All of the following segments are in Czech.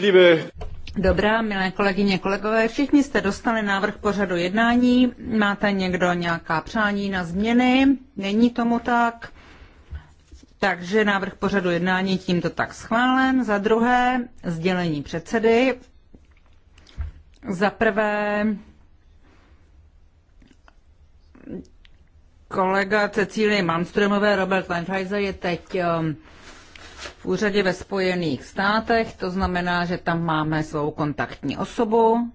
liebe Dobrá, milé kolegyně, kolegové, všichni jste dostali návrh pořadu jednání. Máte někdo nějaká přání na změny? Není tomu tak. Takže návrh pořadu jednání tímto tak schválen. Za druhé, sdělení předsedy. Za prvé, kolega Cecílie Malmströmové, Robert Weinheiser je teď um, v úřadě ve Spojených státech, to znamená, že tam máme svou kontaktní osobu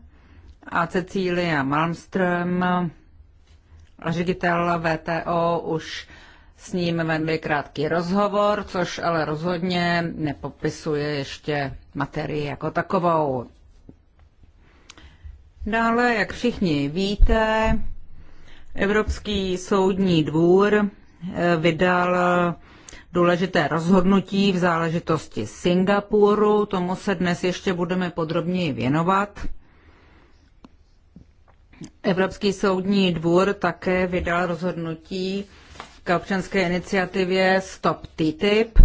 a Cecília Malmström, ředitel VTO, už s ním vedli krátký rozhovor, což ale rozhodně nepopisuje ještě materii jako takovou. Dále, jak všichni víte, Evropský soudní dvůr eh, vydal důležité rozhodnutí v záležitosti Singapuru. Tomu se dnes ještě budeme podrobněji věnovat. Evropský soudní dvůr také vydal rozhodnutí k občanské iniciativě Stop TTIP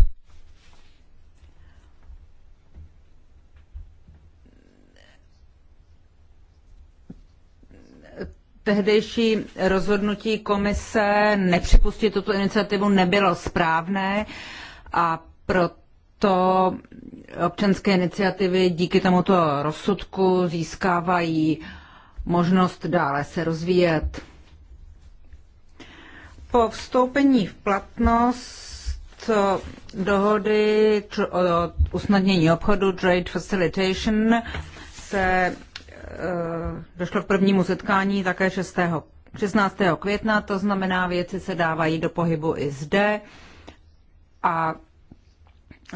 tehdejší rozhodnutí komise nepřipustit tuto iniciativu nebylo správné a proto občanské iniciativy díky tomuto rozsudku získávají možnost dále se rozvíjet. Po vstoupení v platnost dohody o usnadnění obchodu Trade Facilitation se Eh, došlo k prvnímu setkání také 6. 16. května, to znamená, věci se dávají do pohybu i zde. A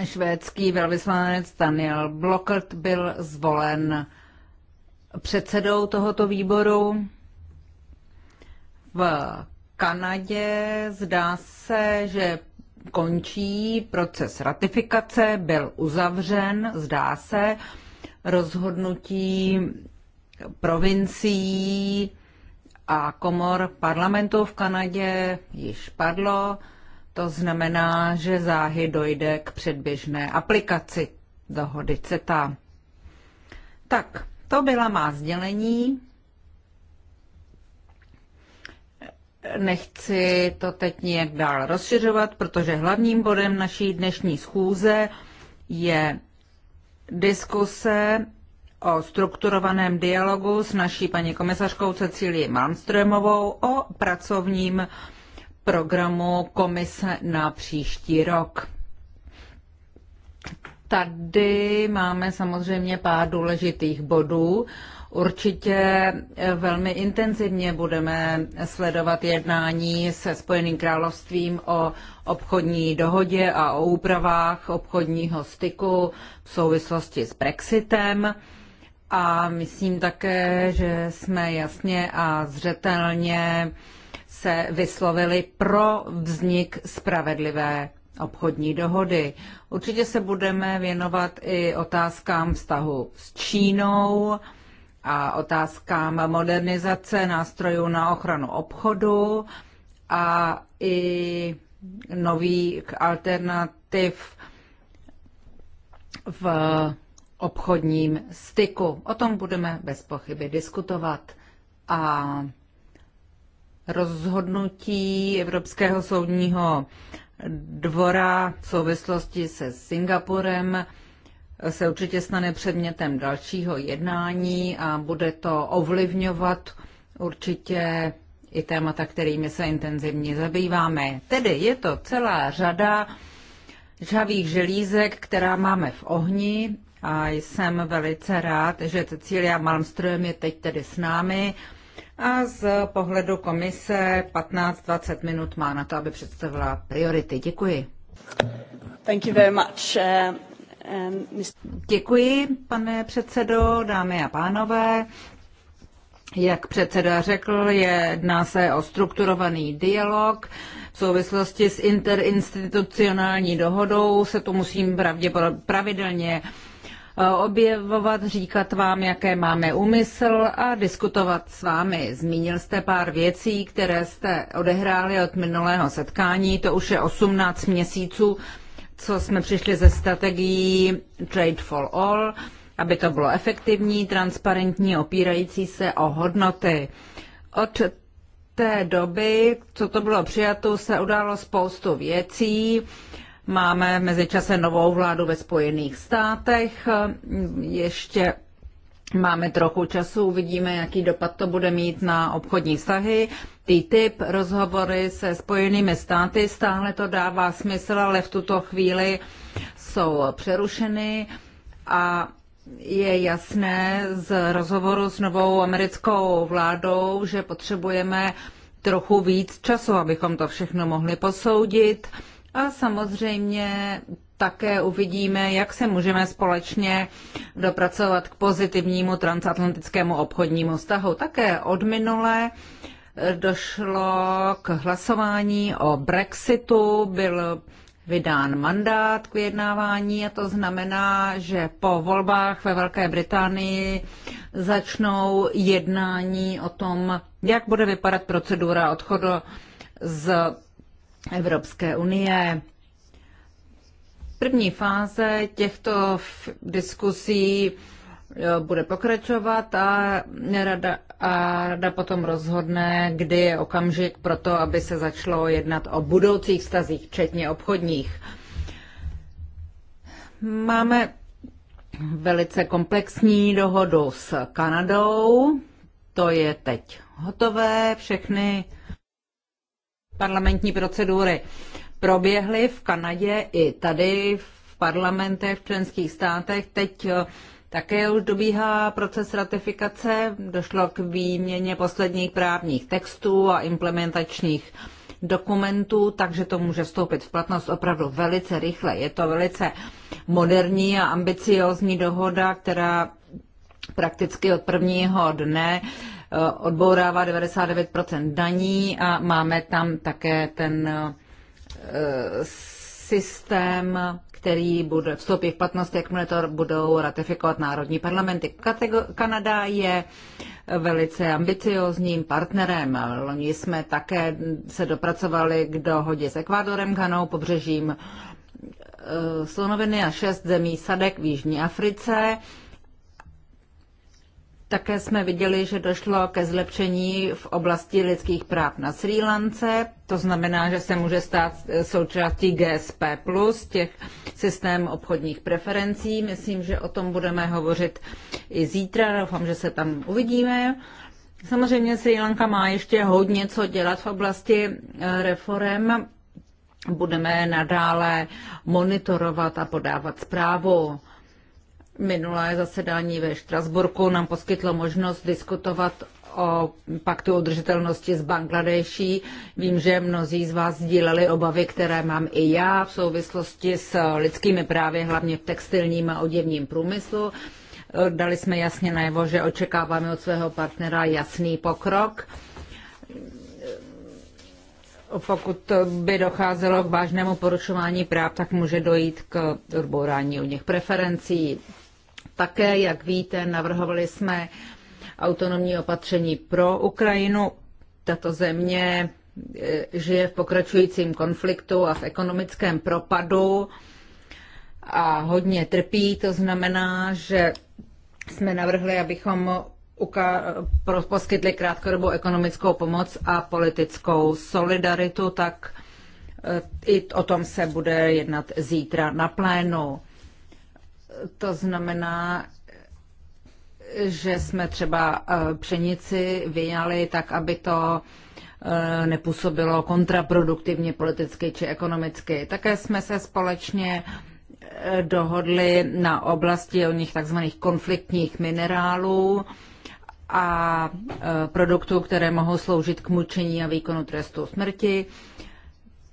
švédský velvyslanec Daniel Blokert byl zvolen předsedou tohoto výboru v Kanadě. Zdá se, že končí proces ratifikace, byl uzavřen, zdá se, rozhodnutí provincií a komor parlamentu v Kanadě již padlo. To znamená, že záhy dojde k předběžné aplikaci dohody CETA. Tak, to byla má sdělení. Nechci to teď nějak dál rozšiřovat, protože hlavním bodem naší dnešní schůze je diskuse o strukturovaném dialogu s naší paní komisařkou Cecílii Malmströmovou o pracovním programu komise na příští rok. Tady máme samozřejmě pár důležitých bodů. Určitě velmi intenzivně budeme sledovat jednání se Spojeným královstvím o obchodní dohodě a o úpravách obchodního styku v souvislosti s Brexitem a myslím také, že jsme jasně a zřetelně se vyslovili pro vznik spravedlivé obchodní dohody. Určitě se budeme věnovat i otázkám vztahu s Čínou a otázkám modernizace nástrojů na ochranu obchodu a i nových alternativ v obchodním styku. O tom budeme bez pochyby diskutovat. A rozhodnutí Evropského soudního dvora v souvislosti se Singapurem se určitě stane předmětem dalšího jednání a bude to ovlivňovat určitě i témata, kterými se intenzivně zabýváme. Tedy je to celá řada žavých želízek, která máme v ohni a jsem velice rád, že Cecília Malmström je teď tedy s námi a z pohledu komise 15-20 minut má na to, aby představila priority. Děkuji. Thank you very much. Uh, um, Děkuji, pane předsedo, dámy a pánové. Jak předseda řekl, jedná se o strukturovaný dialog. V souvislosti s interinstitucionální dohodou se to musím pravděpodobně pravidelně Eh, objevovat, říkat vám, jaké máme úmysl a diskutovat s vámi. Zmínil jste pár věcí, které jste odehráli od minulého setkání, to už je 18 měsíců, co jsme přišli ze strategií Trade for All, aby to bylo efektivní, transparentní, opírající se o hodnoty. Od té doby, co to bylo přijato, se událo spoustu věcí. Máme mezičase novou vládu ve Spojených státech, ještě máme trochu času, uvidíme, jaký dopad to bude mít na obchodní vztahy. TTIP, rozhovory se Spojenými státy, stále to dává smysl, ale v tuto chvíli jsou přerušeny a je jasné z rozhovoru s novou americkou vládou, že potřebujeme trochu víc času, abychom to všechno mohli posoudit. A samozřejmě také uvidíme, jak se můžeme společně dopracovat k pozitivnímu transatlantickému obchodnímu vztahu. Také od minule došlo k hlasování o Brexitu, byl vydán mandát k vyjednávání a to znamená, že po volbách ve Velké Británii začnou jednání o tom, jak bude vypadat procedura odchodu z Evropské unie. První fáze těchto diskusí eh, bude pokračovat a rada, a rada potom rozhodne, kdy je okamžik pro to, aby se začalo jednat o budoucích vztazích, včetně obchodních. Máme velice komplexní dohodu s Kanadou. To je teď hotové. Všechny parlamentní procedury proběhly v Kanadě i tady v parlamentech v členských státech. Teď eh, také už dobíhá proces ratifikace. Došlo k výměně posledních právních textů a implementačních dokumentů, takže to může vstoupit v platnost opravdu velice rychle. Je to velice moderní a ambiciózní dohoda, která prakticky od prvního dne uh, Eh, odbourává 99% daní a máme tam také ten eh, systém, který bude vstoupí v platnost, jakmile to budou ratifikovat národní parlamenty. Katego- Kanada je velice ambiciozním partnerem. Loni jsme také se dopracovali k dohodě s Ekvádorem, Ganou, pobřežím eh, slonoviny a šest zemí sadek v Jižní Africe. Také jsme viděli, že došlo ke zlepšení v oblasti lidských práv na Sri Lance, to znamená, že se může stát součástí GSP+, těch systém obchodních preferencí. Myslím, že o tom budeme hovořit i zítra, doufám, že se tam uvidíme. Samozřejmě Sri Lanka má ještě hodně co dělat v oblasti eh, reform. Budeme nadále monitorovat a podávat zprávu. Minulé zasedání ve Štrasburku nám poskytlo možnost diskutovat o paktu udržitelnosti z Bangladeší. Vím, že mnozí z vás sdíleli obavy, které mám i já v souvislosti s lidskými právy, hlavně v textilním a oděvním průmyslu. Dali jsme jasně najevo, že očekáváme od svého partnera jasný pokrok. Pokud by docházelo k vážnému porušování práv, tak může dojít k odbourání u nich preferencí. Také, jak víte, navrhovali jsme autonomní opatření pro Ukrajinu. Tato země eh, žije v pokračujícím konfliktu a v ekonomickém propadu a hodně trpí. To znamená, že jsme navrhli, abychom poskytli krátkodobou ekonomickou pomoc a politickou solidaritu, tak eh, i o tom se bude jednat zítra na plénu. To znamená, že jsme třeba eh, pšenici vyňali tak, aby to eh, nepůsobilo kontraproduktivně politicky či ekonomicky. Také jsme se společně eh, dohodli na oblasti o nich takzvaných konfliktních minerálů a produktů, které mohou sloužit k mučení a výkonu trestu smrti.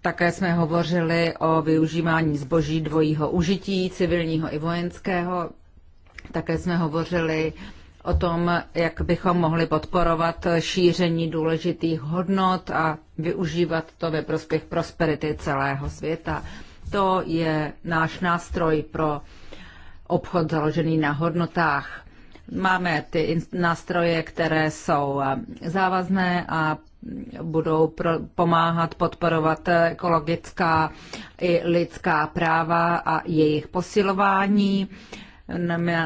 Také jsme hovořili o využívání zboží dvojího užití, civilního i vojenského. Také jsme hovořili o tom, jak bychom mohli podporovat šíření důležitých hodnot a využívat to ve prospěch prosperity celého světa. To je náš nástroj pro obchod založený na hodnotách. Máme ty nástroje, které jsou eh, závazné a budou pro, pomáhat podporovat ekologická i lidská práva a jejich posilování.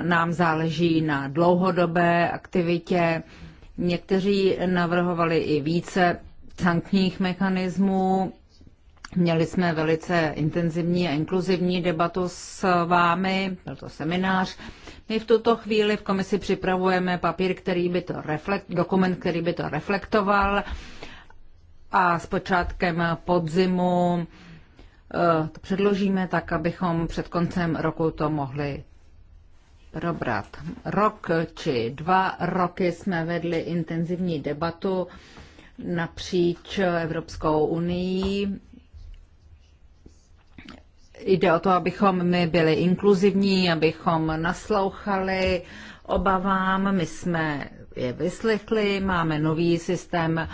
Nám záleží na dlouhodobé aktivitě. Někteří navrhovali i více sankčních mechanismů. Měli jsme velice intenzivní a inkluzivní debatu s vámi, byl to seminář, my v tuto chvíli v komisi připravujeme papír, který by to reflekt, dokument, který by to reflektoval a s počátkem podzimu eh, to předložíme tak, abychom před koncem roku to mohli probrat. Rok či dva roky jsme vedli intenzivní debatu napříč Evropskou unii jde o to, abychom my byli inkluzivní, abychom naslouchali obavám. My jsme je vyslechli, máme nový systém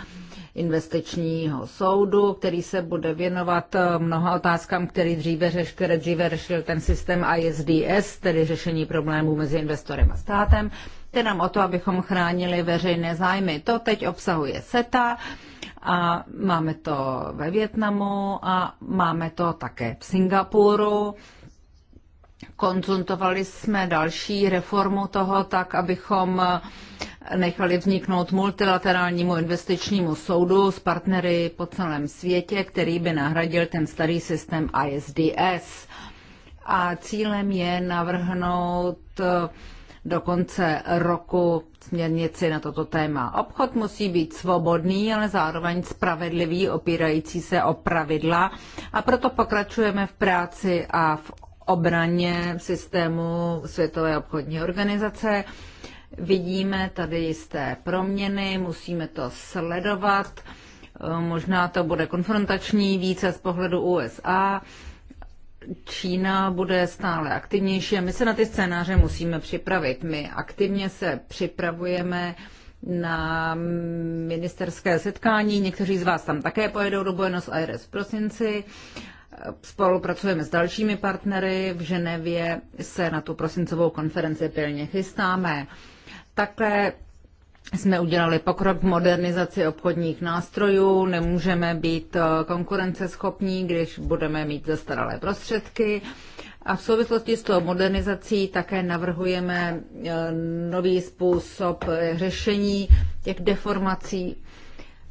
investičního soudu, který se bude věnovat eh, mnoha otázkám, který dříve řeš, které dříve řešil ten systém ISDS, tedy řešení problémů mezi investorem a státem. Jde nám o to, abychom chránili veřejné zájmy. To teď obsahuje SETA a máme to ve Větnamu a máme to také v Singapuru. Konzultovali jsme další reformu toho tak, abychom nechali vzniknout multilaterálnímu investičnímu soudu s partnery po celém světě, který by nahradil ten starý systém ISDS. A cílem je navrhnout do konce roku směrnici na toto téma. Obchod musí být svobodný, ale zároveň spravedlivý, opírající se o pravidla a proto pokračujeme v práci a v obraně systému Světové obchodní organizace. Vidíme tady jisté proměny, musíme to sledovat. Možná to bude konfrontační více z pohledu USA, Čína bude stále aktivnější a my se na ty scénáře musíme připravit. My aktivně se připravujeme na ministerské setkání. Někteří z vás tam také pojedou do Buenos Aires v prosinci. Spolupracujeme s dalšími partnery. V Ženevě se na tu prosincovou konferenci pilně chystáme. Také jsme udělali pokrok v modernizaci obchodních nástrojů, nemůžeme být eh, konkurenceschopní, když budeme mít zastaralé prostředky. A v souvislosti s tou modernizací také navrhujeme eh, nový způsob eh, řešení těch deformací.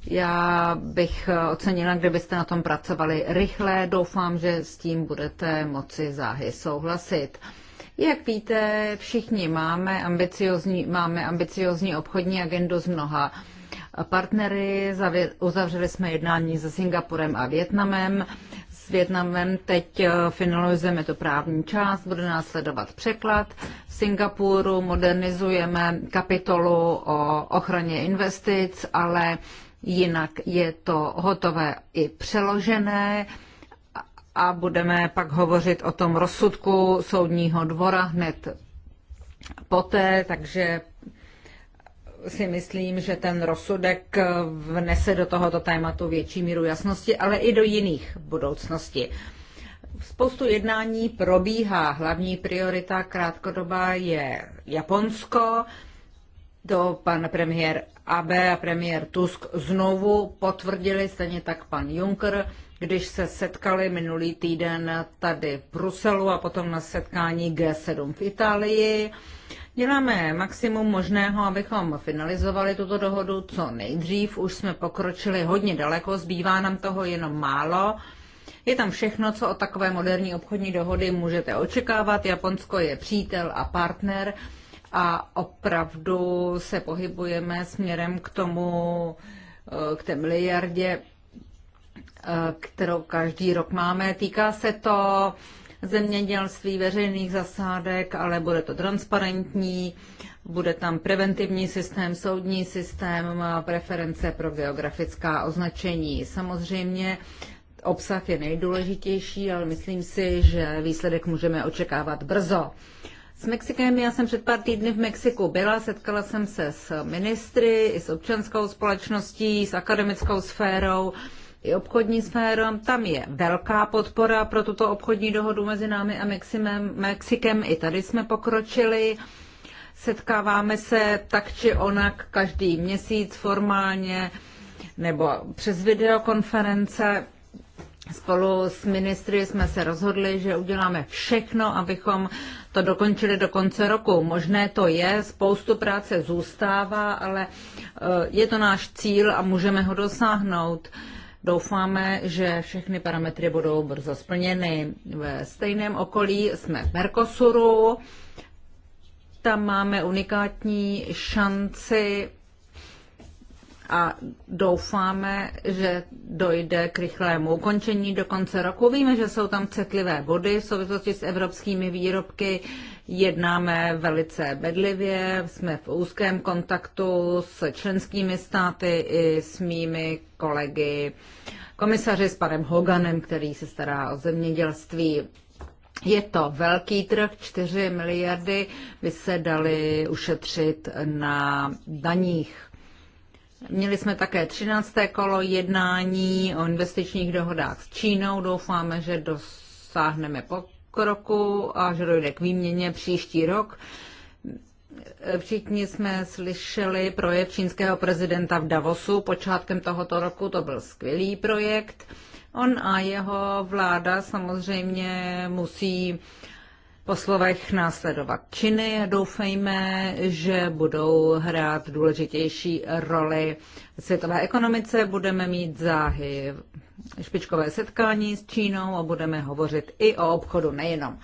Já bych ocenila, kdybyste na tom pracovali rychle. Doufám, že s tím budete moci záhy souhlasit. Jak víte, všichni máme ambiciozní, máme ambiciozní obchodní agendu z mnoha partnery. Uzavřeli jsme jednání se Singapurem a Větnamem. S Větnamem teď eh, finalizujeme tu právní část, bude následovat překlad. V Singapuru modernizujeme kapitolu o ochraně investic, ale jinak je to hotové i přeložené a budeme pak hovořit o tom rozsudku soudního dvora hned poté, takže si myslím, že ten rozsudek vnese do tohoto tématu větší míru jasnosti, ale i do jiných budoucnosti. Spoustu jednání probíhá. Hlavní priorita krátkodobá je Japonsko. To pan premiér Abe a premiér Tusk znovu potvrdili, stejně tak pan Juncker když se setkali minulý týden tady v Bruselu a potom na setkání G7 v Itálii. Děláme maximum možného, abychom finalizovali tuto dohodu co nejdřív. Už jsme pokročili hodně daleko, zbývá nám toho jenom málo. Je tam všechno, co od takové moderní obchodní dohody můžete očekávat. Japonsko je přítel a partner a opravdu se pohybujeme směrem k tomu, eh, k té miliardě kterou každý rok máme. Týká se to zemědělství, veřejných zasádek, ale bude to transparentní, bude tam preventivní systém, soudní systém, preference pro geografická označení. Samozřejmě obsah je nejdůležitější, ale myslím si, že výsledek můžeme očekávat brzo. S Mexikem já jsem před pár týdny v Mexiku byla, setkala jsem se s ministry, i s občanskou společností, s akademickou sférou i obchodní sférou. Tam je velká podpora pro tuto obchodní dohodu mezi námi a Mexikem. Mexikem. I tady jsme pokročili. Setkáváme se tak či onak každý měsíc formálně nebo přes videokonference. Spolu s ministry jsme se rozhodli, že uděláme všechno, abychom to dokončili do konce roku. Možné to je, spoustu práce zůstává, ale eh, je to náš cíl a můžeme ho dosáhnout. Doufáme, že všechny parametry budou brzo splněny. Ve stejném okolí jsme v Mercosuru. Tam máme unikátní šanci a doufáme, že dojde k rychlému ukončení do konce roku. Víme, že jsou tam citlivé body v souvislosti s evropskými výrobky. Jednáme velice bedlivě, jsme v úzkém kontaktu s členskými státy i s mými kolegy komisaři, s panem Hoganem, který se stará o zemědělství. Je to velký trh, 4 miliardy by se daly ušetřit na daních. Měli jsme také 13. kolo jednání o investičních dohodách s Čínou. Doufáme, že dosáhneme pokroku a že dojde k výměně příští rok. Všichni jsme slyšeli projekt čínského prezidenta v Davosu počátkem tohoto roku, to byl skvělý projekt. On a jeho vláda samozřejmě musí po slovech následovat činy a doufejme, že budou hrát důležitější roli v světové ekonomice. Budeme mít záhy špičkové setkání s Čínou a budeme hovořit i o obchodu nejenom.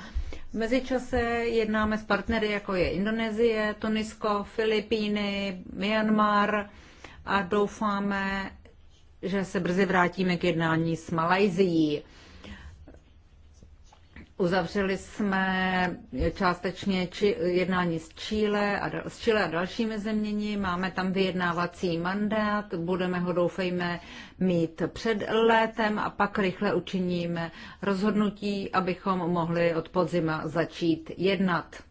V mezičase jednáme s partnery, jako je Indonésie, Tunisko, Filipíny, Myanmar a doufáme, že se brzy vrátíme k jednání s Malajzií. Uzavřeli jsme částečně či, jednání s Chile, a, s Chile a dalšími zeměmi. Máme tam vyjednávací mandát, budeme ho doufejme mít před létem a pak rychle učiníme rozhodnutí, abychom mohli od podzima začít jednat.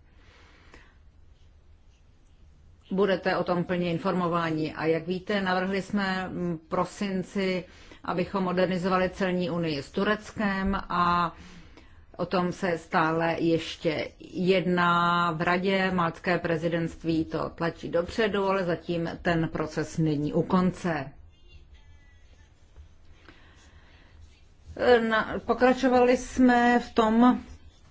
Budete o tom plně informováni. A jak víte, navrhli jsme prosinci, abychom modernizovali celní unii s Tureckem a O tom se stále ještě jedná v radě. Maltské prezidentství to tlačí dopředu, ale zatím ten proces není u konce. Na, pokračovali jsme v tom,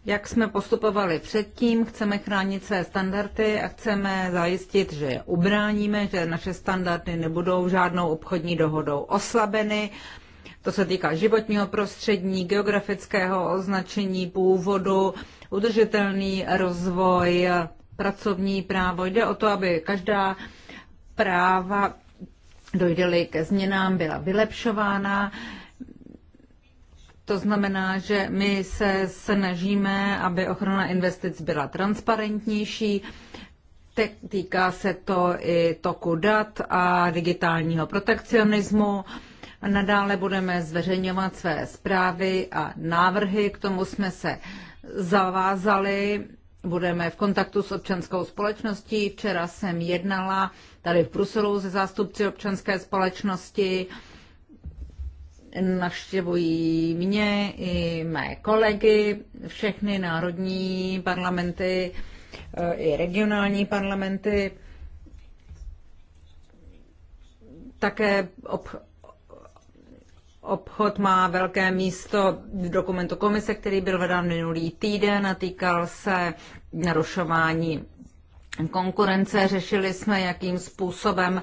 jak jsme postupovali předtím. Chceme chránit své standardy a chceme zajistit, že je ubráníme, že naše standardy nebudou žádnou obchodní dohodou oslabeny. To se týká životního prostředí, geografického označení původu, udržitelný rozvoj, pracovní právo. Jde o to, aby každá práva dojde ke změnám, byla vylepšována. To znamená, že my se snažíme, aby ochrana investic byla transparentnější. Týká se to i toku dat a digitálního protekcionismu. Nadále budeme zveřejňovat své zprávy a návrhy, k tomu jsme se zavázali. Budeme v kontaktu s občanskou společností. Včera jsem jednala tady v Bruselu se zástupci občanské společnosti. Navštěvují mě i mé kolegy, všechny národní parlamenty eh, i regionální parlamenty. Také Obchod má velké místo v dokumentu komise, který byl vedán minulý týden a týkal se narušování konkurence. Řešili jsme, jakým způsobem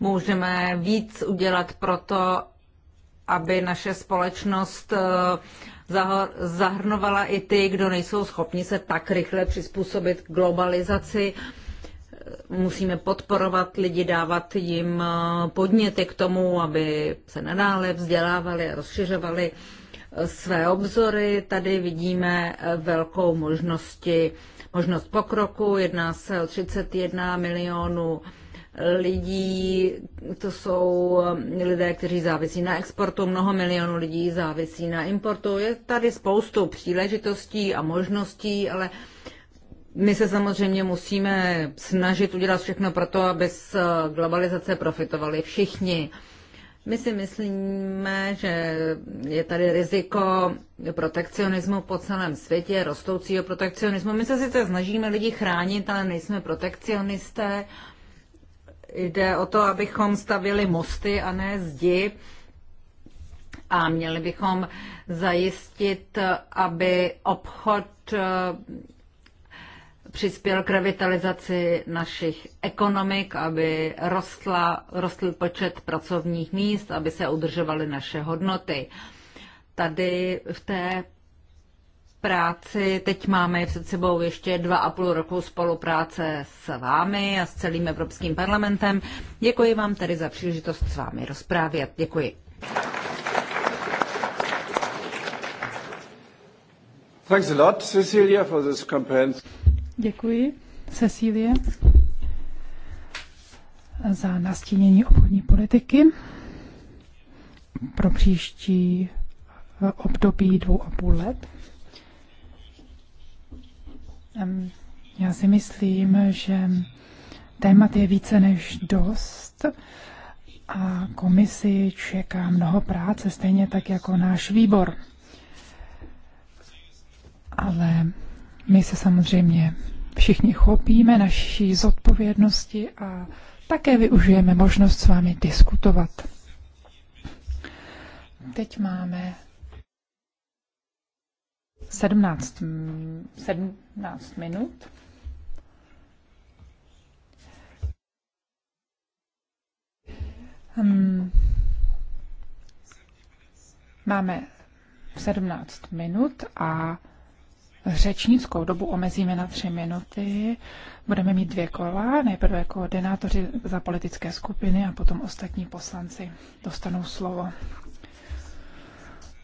můžeme víc udělat pro to, aby naše společnost eh, zahrnovala i ty, kdo nejsou schopni se tak rychle přizpůsobit globalizaci musíme podporovat lidi, dávat jim eh, podněty k tomu, aby se nadále vzdělávali a rozšiřovali eh, své obzory. Tady vidíme eh, velkou možnosti, možnost pokroku. Jedná se o 31 milionů lidí, to jsou lidé, kteří závisí na exportu, mnoho milionů lidí závisí na importu. Je tady spoustu příležitostí a možností, ale my se samozřejmě musíme snažit udělat všechno pro to, aby z eh, globalizace profitovali všichni. My si myslíme, že je tady riziko protekcionismu po celém světě, rostoucího protekcionismu. My se sice snažíme lidi chránit, ale nejsme protekcionisté. Jde o to, abychom stavili mosty a ne zdi. A měli bychom zajistit, aby obchod eh, přispěl k revitalizaci našich ekonomik, aby rostla, rostl počet pracovních míst, aby se udržovaly naše hodnoty. Tady v té práci teď máme před sebou ještě dva a půl roku spolupráce s vámi a s celým Evropským parlamentem. Děkuji vám tedy za příležitost s vámi rozprávět. Děkuji. Thanks a lot, Cecilia, for this comprehensive. Děkuji, Cecílie, za nastínění obchodní politiky pro příští eh, období dvou a půl let. Já si myslím, že témat je více než dost a komisi čeká mnoho práce, stejně tak jako náš výbor. Ale my se samozřejmě všichni chopíme naší zodpovědnosti a také využijeme možnost s vámi diskutovat. Teď máme 17, 17 minut. Hm. máme 17 minut a Řečnickou dobu omezíme na tři minuty. Budeme mít dvě kola. Nejprve koordinátoři za politické skupiny a potom ostatní poslanci dostanou slovo.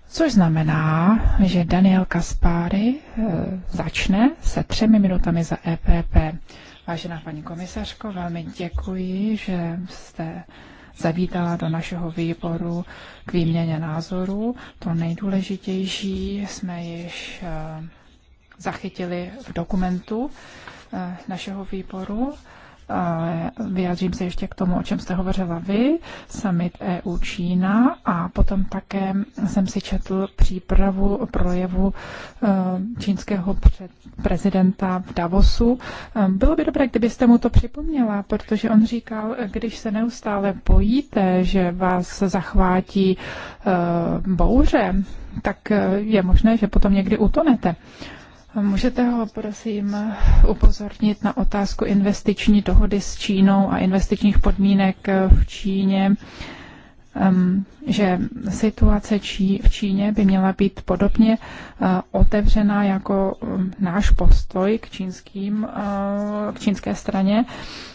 Což znamená, že Daniel Kaspáry eh, začne se třemi minutami za EPP. Vážená paní komisařko, velmi děkuji, že jste zavítala do našeho výboru k výměně názorů. To nejdůležitější jsme již eh, zachytili v dokumentu eh, našeho výboru. Ale vyjádřím se ještě k tomu, o čem jste hovořila vy, summit EU Čína a potom také jsem si četl přípravu projevu eh, čínského prezidenta v Davosu. Eh, bylo by dobré, kdybyste mu to připomněla, protože on říkal, když se neustále bojíte, že vás zachvátí bouře, tak je možné, že potom někdy utonete. Můžete ho prosím upozornit na otázku investiční dohody s Čínou a investičních podmínek v Číně, že situace v Číně by měla být podobně eh, otevřená jako náš postoj k, čínským, eh, k čínské straně.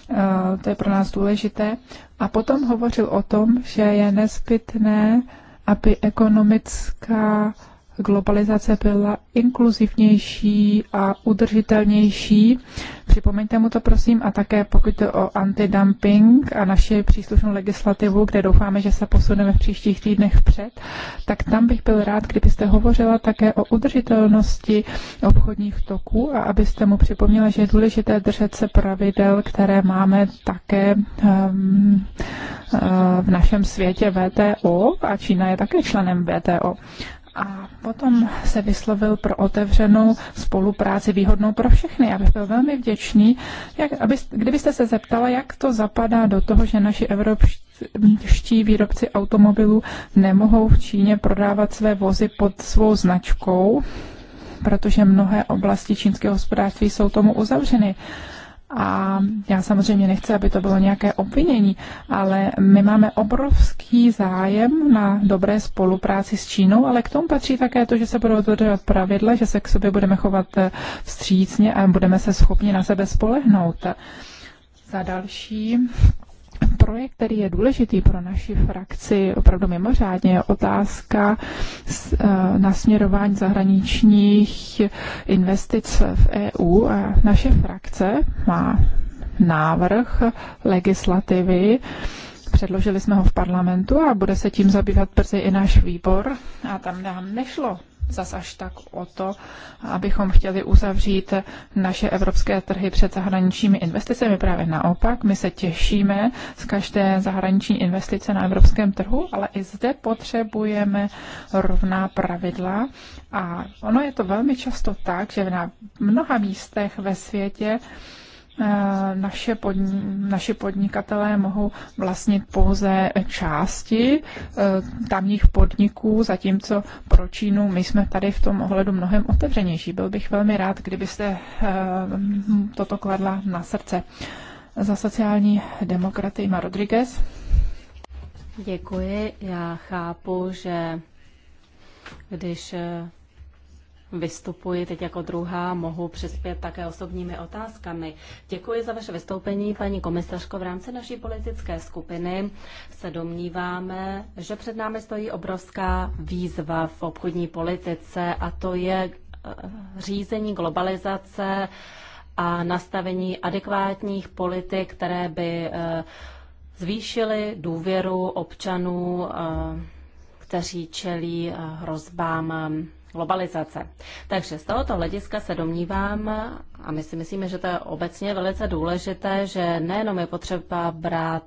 Eh, to je pro nás důležité. A potom hovořil o tom, že je nezbytné, aby ekonomická globalizace byla inkluzivnější a udržitelnější. Připomeňte mu to prosím a také pokud to o antidumping a naši příslušnou legislativu, kde doufáme, že se posuneme v příštích týdnech před, tak tam bych byl rád, kdybyste hovořila také o udržitelnosti obchodních toků a abyste mu připomněla, že je důležité držet se pravidel, které máme také um, uh, v našem světě VTO a Čína je také členem VTO a potom se vyslovil pro otevřenou spolupráci výhodnou pro všechny. Já bych byl velmi vděčný, jak, aby, kdybyste se zeptala, jak to zapadá do toho, že naši evropští výrobci automobilů nemohou v Číně prodávat své vozy pod svou značkou, protože mnohé oblasti čínského hospodářství jsou tomu uzavřeny. A já samozřejmě nechci, aby to bylo nějaké obvinění, ale my máme obrovský zájem na dobré spolupráci s Čínou, ale k tomu patří také to, že se budou dodržovat pravidla, že se k sobě budeme chovat eh, vstřícně a budeme se schopni na sebe spolehnout. Za další, projekt, který je důležitý pro naši frakci, opravdu mimořádně, je otázka eh, nasměrování zahraničních investic v EU. A naše frakce má návrh legislativy, Předložili jsme ho v parlamentu a bude se tím zabývat brzy i náš výbor. A tam nám nešlo zas až tak o to, abychom chtěli uzavřít naše evropské trhy před zahraničními investicemi. Právě naopak, my se těšíme z každé zahraniční investice na evropském trhu, ale i zde potřebujeme rovná pravidla. A ono je to velmi často tak, že na mnoha místech ve světě Eh, naše, podni- naše podnikatelé mohou vlastnit pouze části eh, tamních podniků, zatímco pro Čínu my jsme tady v tom ohledu mnohem otevřenější. Byl bych velmi rád, kdybyste eh, toto kladla na srdce. Za sociální demokraty Ima Rodriguez. Děkuji. Já chápu, že když vystupuji teď jako druhá, mohu přispět také osobními otázkami. Děkuji za vaše vystoupení, paní komisařko. V rámci naší politické skupiny se domníváme, že před námi stojí obrovská výzva v obchodní politice a to je eh, řízení globalizace a nastavení adekvátních politik, které by eh, zvýšily důvěru občanů, eh, kteří čelí hrozbám globalizace. Takže z tohoto hlediska se domnívám, a my si myslíme, že to je obecně velice důležité, že nejenom je potřeba brát,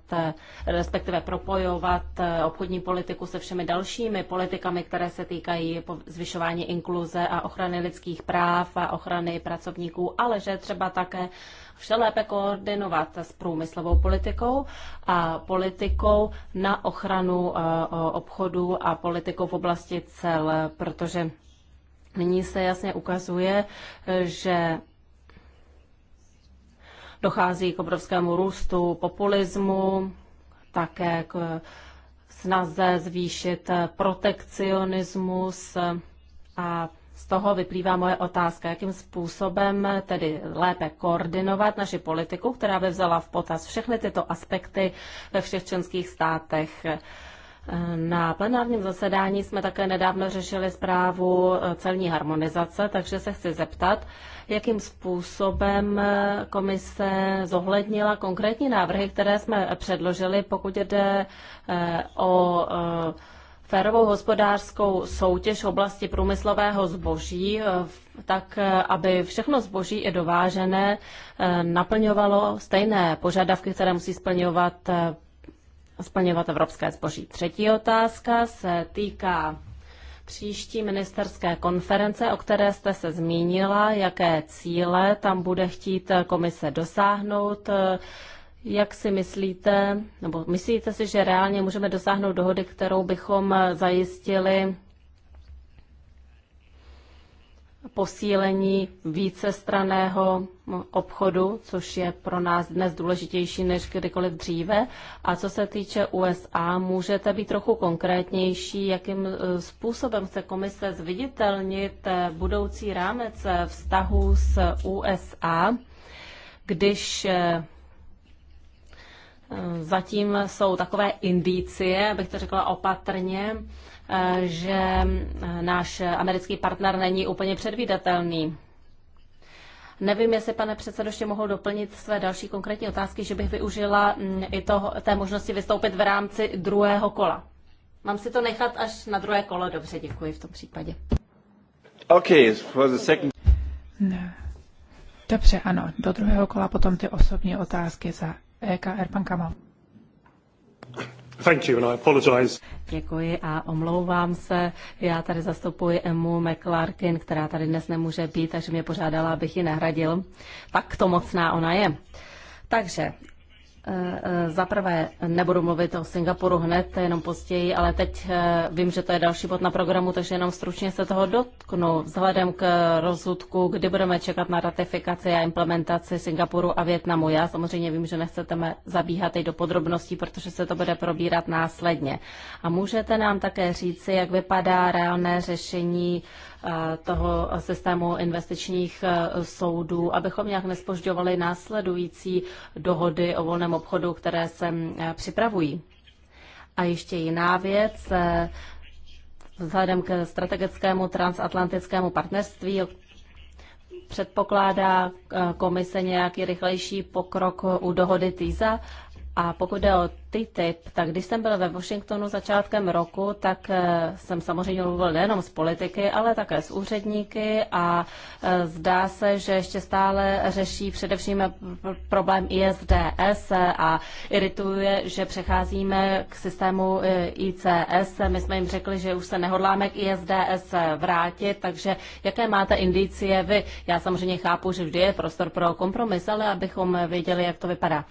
respektive propojovat eh, obchodní politiku se všemi dalšími politikami, které se týkají zvyšování inkluze a ochrany lidských práv a ochrany pracovníků, ale že třeba také vše lépe koordinovat s průmyslovou politikou a politikou na ochranu eh, obchodu a politikou v oblasti cel, protože Nyní se jasně ukazuje, že dochází k obrovskému růstu populismu, také k snaze zvýšit protekcionismus a z toho vyplývá moje otázka, jakým způsobem tedy lépe koordinovat naši politiku, která by vzala v potaz všechny tyto aspekty ve všech členských státech. Na plenárním zasedání jsme také nedávno řešili zprávu eh, celní harmonizace, takže se chci zeptat, jakým způsobem eh, komise zohlednila konkrétní návrhy, které jsme předložili, pokud jde eh, o férovou hospodářskou soutěž v oblasti průmyslového zboží, tak aby všechno zboží i dovážené naplňovalo stejné požadavky, které musí splňovat splňovat evropské zboží. Třetí otázka se týká příští ministerské konference, o které jste se zmínila, jaké cíle tam bude chtít komise dosáhnout. Jak si myslíte, nebo myslíte si, že reálně můžeme dosáhnout dohody, kterou bychom zajistili posílení vícestraného obchodu, což je pro nás dnes důležitější než kdykoliv dříve. A co se týče USA, můžete být trochu konkrétnější, jakým e, způsobem chce komise zviditelnit e, budoucí rámec e, vztahu s USA, když zatím jsou takové indicie, abych to řekla opatrně, Eh, že eh, náš americký partner není úplně předvídatelný. Nevím, jestli, pane předsedo, ještě mohl doplnit své další konkrétní otázky, že bych využila mm, i toho, té možnosti vystoupit v rámci druhého kola. Mám si to nechat až na druhé kolo? Dobře, děkuji v tom případě. Okay, for the second... Ne. Dobře, ano. Do druhého kola potom ty osobní otázky za EKR pan Kamal. Thank you and I apologize. Děkuji a omlouvám se. Já tady zastupuji Emu McClarkin, která tady dnes nemůže být, takže mě požádala, abych ji nahradil. Tak to mocná ona je. Takže Eh, eh, za prvé nebudu mluvit o Singapuru hned, to jenom později, ale teď eh, vím, že to je další bod na programu, takže jenom stručně se toho dotknu. Vzhledem k rozsudku, kdy budeme čekat na ratifikaci a implementaci Singapuru a Větnamu. Já samozřejmě vím, že nechcete zabíhat i do podrobností, protože se to bude probírat následně. A můžete nám také říci, jak vypadá reálné řešení uh, Eh, toho systému investičních eh, soudů, abychom nějak nespožďovali následující dohody o volném obchodu, které se eh, připravují. A ještě jiná věc, vzhledem k strategickému transatlantickému partnerství, předpokládá komise nějaký rychlejší pokrok u dohody TISA a pokud jde o typ, tak když jsem byl ve Washingtonu začátkem roku, tak eh, jsem samozřejmě mluvil nejenom z politiky, ale také s úředníky a eh, zdá se, že ještě stále řeší především eh, problém ISDS a irituje, že přecházíme k systému ICS. My jsme jim řekli, že už se nehodláme k ISDS vrátit, takže jaké máte indicie vy? Já samozřejmě chápu, že vždy je prostor pro kompromis, ale abychom věděli, jak to vypadá.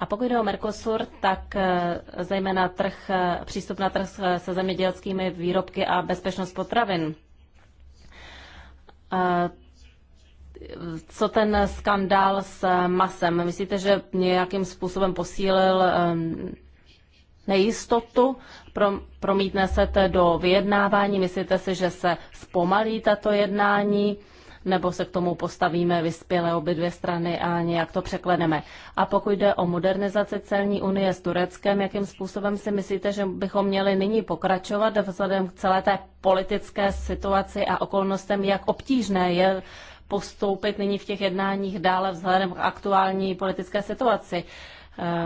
A pokud jde o Mercosur, tak eh, zejména trh, eh, přístup na trh se zemědělskými výrobky a bezpečnost potravin. Eh, co ten skandál s masem? Myslíte, že nějakým způsobem posílil nejistotu? Promítne se to do vyjednávání? Myslíte si, že se zpomalí tato jednání? nebo se k tomu postavíme vyspěle obě dvě strany a nějak to překleneme. A pokud jde o modernizaci celní unie s Tureckem, jakým způsobem si myslíte, že bychom měli nyní pokračovat vzhledem k celé té politické situaci a okolnostem, jak obtížné je postoupit nyní v těch jednáních dále vzhledem k aktuální politické situaci.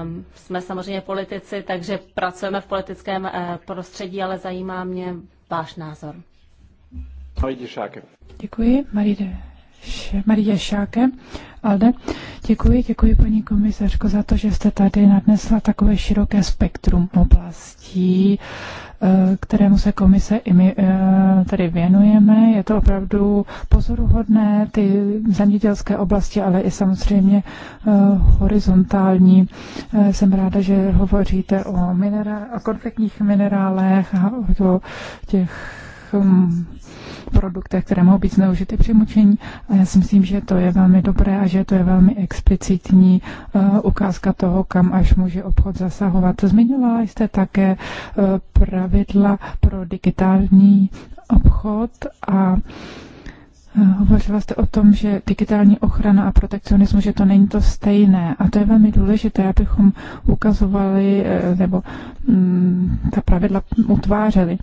Um, jsme samozřejmě politici, takže pracujeme v politickém uh, prostředí, ale zajímá mě váš názor. Děkuji, Marie Marie Šáke. Alde, děkuji, děkuji paní komisařko za to, že jste tady nadnesla takové široké spektrum oblastí, eh, kterému se komise i my eh, tady věnujeme. Je to opravdu pozoruhodné, ty zemědělské oblasti, ale i samozřejmě eh, horizontální. Jsem ráda, že hovoříte o, minerál, o konfliktních minerálech a o těch hm, produktech, které mohou být zneužity při mučení. A já si myslím, že to je velmi dobré a že to je velmi explicitní eh, ukázka toho, kam až může obchod zasahovat. Zmiňovala jste také eh, pravidla pro digitální obchod a Hovořila jste o tom, že digitální ochrana a protekcionismus, že to není to stejné. A to je velmi důležité, abychom ukazovali eh, nebo mm, ta pravidla utvářeli.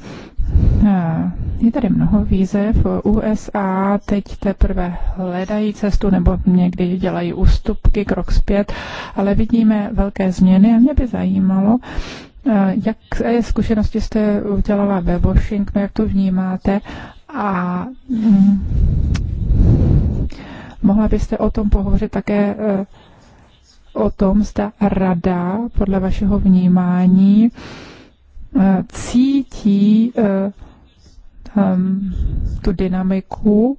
Eh, je tady mnoho výzev. USA teď teprve hledají cestu nebo někdy dělají ústupky, krok zpět, ale vidíme velké změny a mě by zajímalo, eh, jak zkušenosti jste udělala ve Washingtonu, jak to vnímáte a mm, mohla byste o tom pohovořit také eh, o tom, zda rada podle vašeho vnímání eh, cítí eh, ehm, tu dynamiku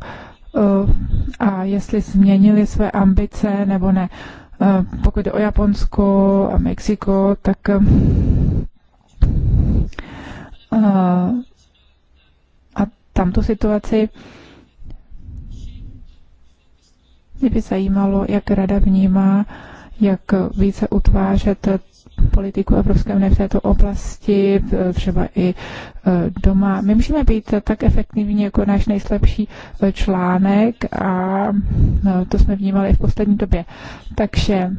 a jestli změnili své ambice nebo ne. Pokud jde o Japonsko a Mexiko, tak tamto situaci. Mě by zajímalo, jak rada vnímá, jak více utvářet politiku Evropské unie v této oblasti, třeba i e, doma. My můžeme být tak efektivní jako náš nejslabší e, článek a e, to jsme vnímali i v poslední době. Takže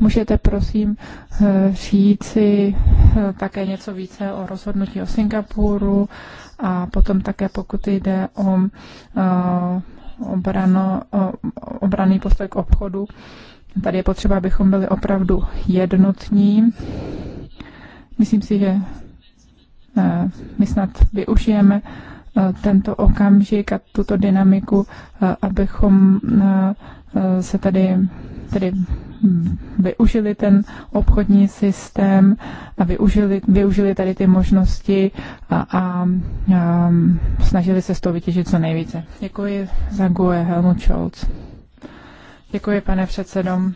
můžete prosím říci také něco více o rozhodnutí o Singapuru a potom také pokud jde o obrano, obraný postoj k obchodu, Tady je potřeba, abychom byli opravdu jednotní. Myslím si, že eh, my snad využijeme eh, tento okamžik a tuto dynamiku, eh, abychom se tady, tady využili ten obchodní systém a využili, využili tady ty možnosti a, a, a snažili se z toho vytěžit co nejvíce. Děkuji za Goe Helmut Scholz. Děkuji, pane předsedom.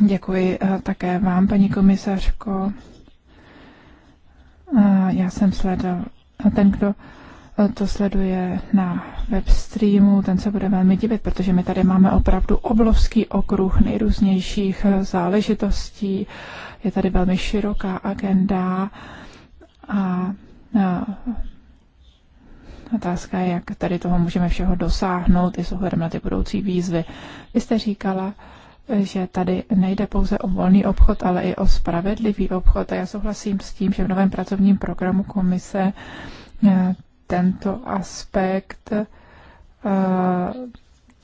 Děkuji eh, také vám, paní komisařko. Eh, já jsem sledoval, ten, kdo eh, to sleduje na webstreamu, ten se bude velmi divit, protože my tady máme opravdu obrovský okruh nejrůznějších záležitostí. Je tady velmi široká agenda a Otázka je, jak tady toho můžeme všeho dosáhnout i s ohledem na ty budoucí výzvy. Vy jste říkala, že tady nejde pouze o volný obchod, ale i o spravedlivý obchod. A já souhlasím s tím, že v novém pracovním programu komise eh, tento aspekt eh,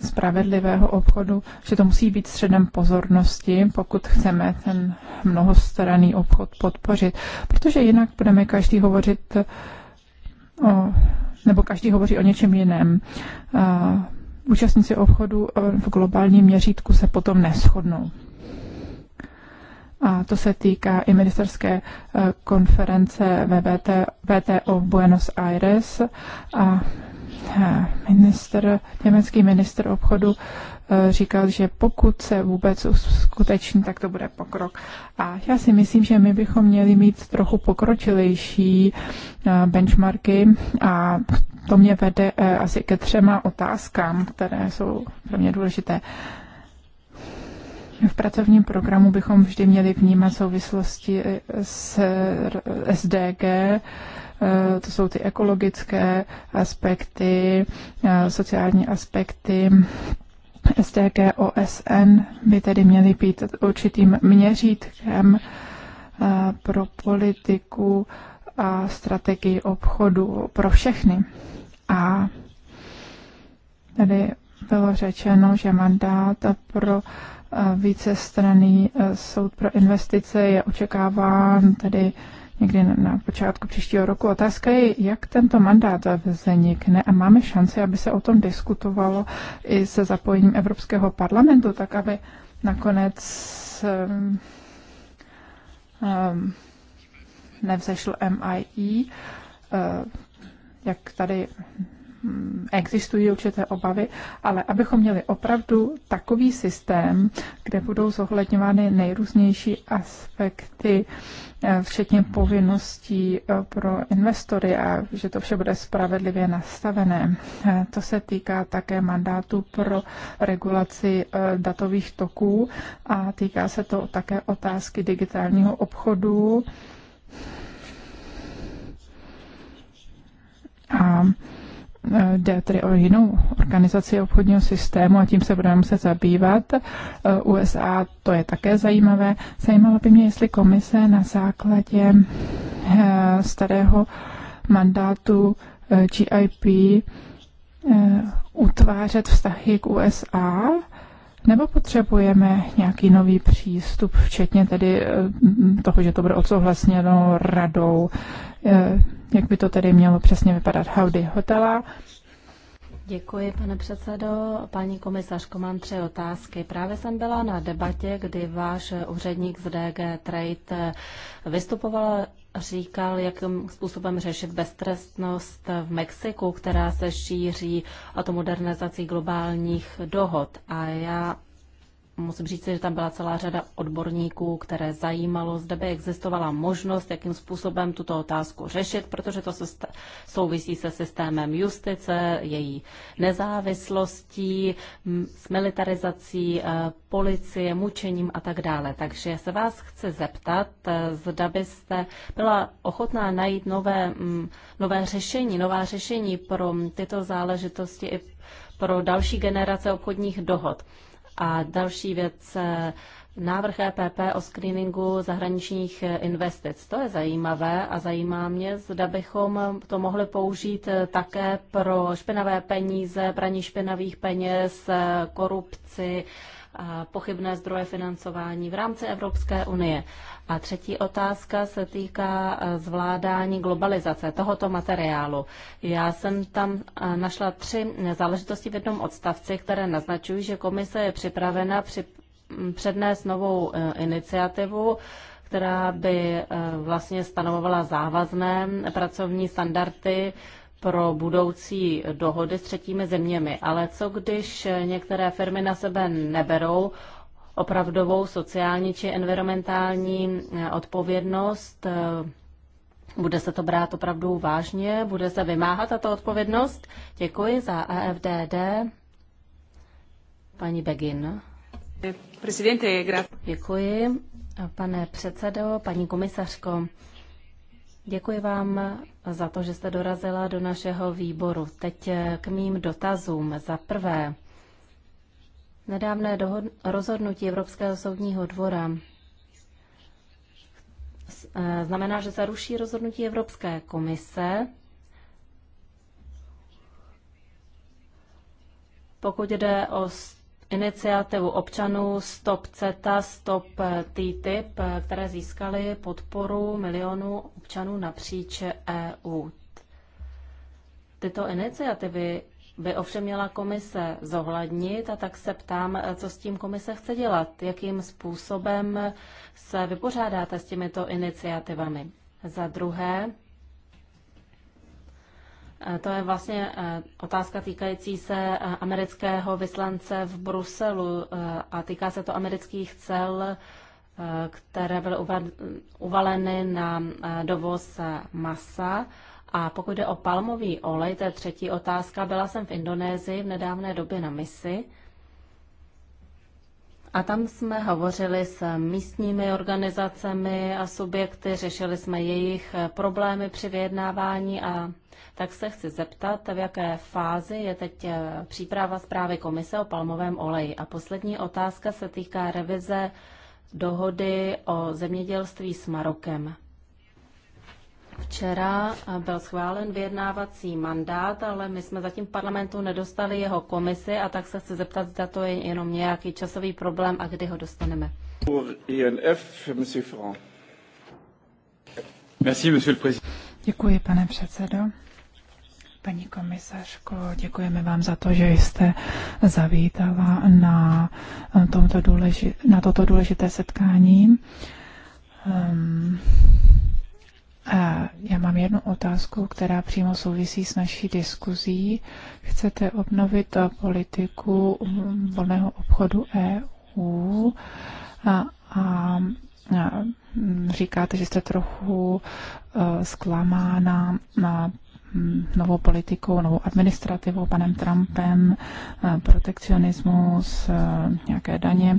spravedlivého obchodu, že to musí být středem pozornosti, pokud chceme ten mnohostranný obchod podpořit, protože jinak budeme každý hovořit eh, o nebo každý hovoří o něčem jiném. Účastníci obchodu v globálním měřítku se potom neschodnou. A to se týká i ministerské e, konference VTO v Buenos Aires a e, minister, německý minister obchodu Eh, říkal, že pokud se vůbec uskuteční, tak to bude pokrok. A já si myslím, že my bychom měli mít trochu pokročilejší eh, benchmarky a to mě vede eh, asi ke třema otázkám, které jsou pro mě důležité. V pracovním programu bychom vždy měli vnímat souvislosti s SDG, to jsou ty ekologické aspekty, sociální aspekty SDG OSN by tedy měly být určitým měřítkem eh, pro politiku a strategii obchodu pro všechny. A tady bylo řečeno, že mandát pro eh, vícestranný eh, soud pro investice je očekáván tedy někdy na počátku příštího roku. Otázka je, jak tento mandát vznikne a máme šanci, aby se o tom diskutovalo i se zapojením Evropského parlamentu, tak aby nakonec um, ehm, um, ehm, nevzešl MIE, uh, eh, jak tady existují určité obavy, ale abychom měli opravdu takový systém, kde budou zohledňovány nejrůznější aspekty, eh, včetně povinností eh, pro investory a že to vše bude spravedlivě nastavené. Eh, to se týká také mandátu pro regulaci datových toků a týká se to také otázky digitálního obchodu Eh, jde tedy o jinou organizaci obchodního systému a tím se budeme muset zabývat. Eh, USA to je také zajímavé. Zajímalo by mě, jestli komise na základě eh, starého mandátu GIP utvářet vztahy k USA, nebo potřebujeme nějaký nový přístup, včetně tedy toho, že to bude odsouhlasněno radou? jak by to tedy mělo přesně vypadat. Howdy hotela. Děkuji, pane předsedo. Paní komisařko, mám tři otázky. Právě jsem byla na debatě, kdy váš úředník z DG Trade vystupoval říkal, jakým způsobem řešit beztrestnost v Mexiku, která se šíří a to modernizací globálních dohod. A já Musím říct, že tam byla celá řada odborníků, které zajímalo, zda by existovala možnost, jakým způsobem tuto otázku řešit, protože to souvisí se systémem justice, její nezávislostí, s militarizací eh, policie, mučením a tak dále. Takže se vás chci zeptat, eh, zda byste byla ochotná najít nové, mm, nové řešení, nová řešení pro tyto záležitosti i pro další generace obchodních dohod. A další věc, návrh EPP o screeningu zahraničních investic. To je zajímavé a zajímá mě, zda bychom to mohli použít také pro špinavé peníze, praní špinavých peněz, korupci, pochybné zdroje financování v rámci Evropské unie. A třetí otázka se týká eh, zvládání globalizace tohoto materiálu. Já jsem tam eh, našla tři záležitosti v jednom odstavci, které naznačují, že komise je připravena při mm, přednést novou eh, iniciativu, která by vlastně stanovovala závazné pracovní standardy pro budoucí dohody s třetími zeměmi. Ale co když některé firmy na sebe neberou opravdovou sociální či environmentální eh, odpovědnost. Eh, bude se to brát opravdu vážně? Bude se vymáhat tato odpovědnost? Děkuji za AFDD. Paní Begin. Děkuji, pane předsedo, paní komisařko. Děkuji vám za to, že jste dorazila do našeho výboru. Teď eh, k mým dotazům. Za prvé, Nedávné dohod- rozhodnutí Evropského soudního dvora e, znamená, že se ruší rozhodnutí Evropské komise, pokud jde o iniciativu občanů Stop CETA, Stop TTIP, e, které získaly podporu milionů občanů napříč EU. Tyto iniciativy by ovšem měla komise zohlednit a tak se ptám, co s tím komise chce dělat, jakým způsobem se vypořádáte s těmito iniciativami. Za druhé, to je vlastně eh, otázka týkající se eh, amerického vyslance v Bruselu eh, a týká se to amerických cel, které byly uvaleny na dovoz masa. A pokud jde o palmový olej, to je třetí otázka. Byla jsem v Indonésii v nedávné době na misi. A tam jsme hovořili s místními organizacemi a subjekty, řešili jsme jejich problémy při vyjednávání a tak se chci zeptat, v jaké fázi je teď eh, příprava zprávy komise o palmovém oleji. A poslední otázka se týká revize dohody o zemědělství s Marokem. Včera byl schválen vyjednávací mandát, ale my jsme zatím v parlamentu nedostali jeho komisi a tak se chci zeptat, zda to je jenom nějaký časový problém a kdy ho dostaneme. Merci, Děkuji, pane předsedo. Paní komisařko, děkujeme vám za to, že jste zavítala na, tomto důleži- na toto důležité setkání. Um, já mám jednu otázku, která přímo souvisí s naší diskuzí. Chcete obnovit eh, politiku mm, volného obchodu EU a, a mm, říkáte, že jste trochu eh, zklamána na eh, mm, novou politikou, novou administrativou, panem Trumpem, protekcionismus, nějaké daně.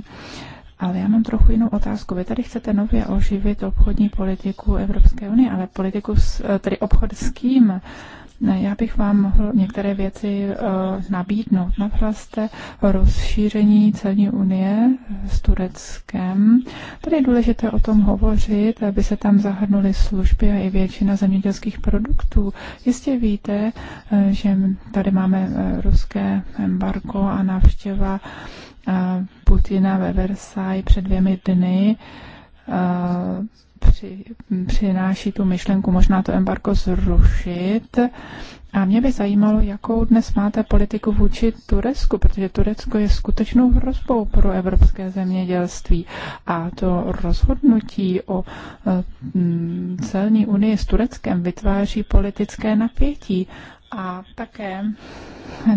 Ale já mám trochu jinou otázku. Vy tady chcete nově oživit obchodní politiku Evropské unie, ale politiku, s, eh, tedy obchod s kým? Já bych vám mohl některé věci uh, nabídnout. Například rozšíření celní unie s Tureckem. Tady je důležité o tom hovořit, aby se tam zahrnuly služby a i většina zemědělských produktů. Jistě víte, uh, že tady máme uh, ruské embargo a návštěva uh, Putina ve Versailles před dvěmi dny. Uh, při, přináší tu myšlenku možná to embargo zrušit. A mě by zajímalo, jakou dnes máte politiku vůči Turecku, protože Turecko je skutečnou hrozbou pro evropské zemědělství. A to rozhodnutí o eh, celní unii s Tureckem vytváří politické napětí. A také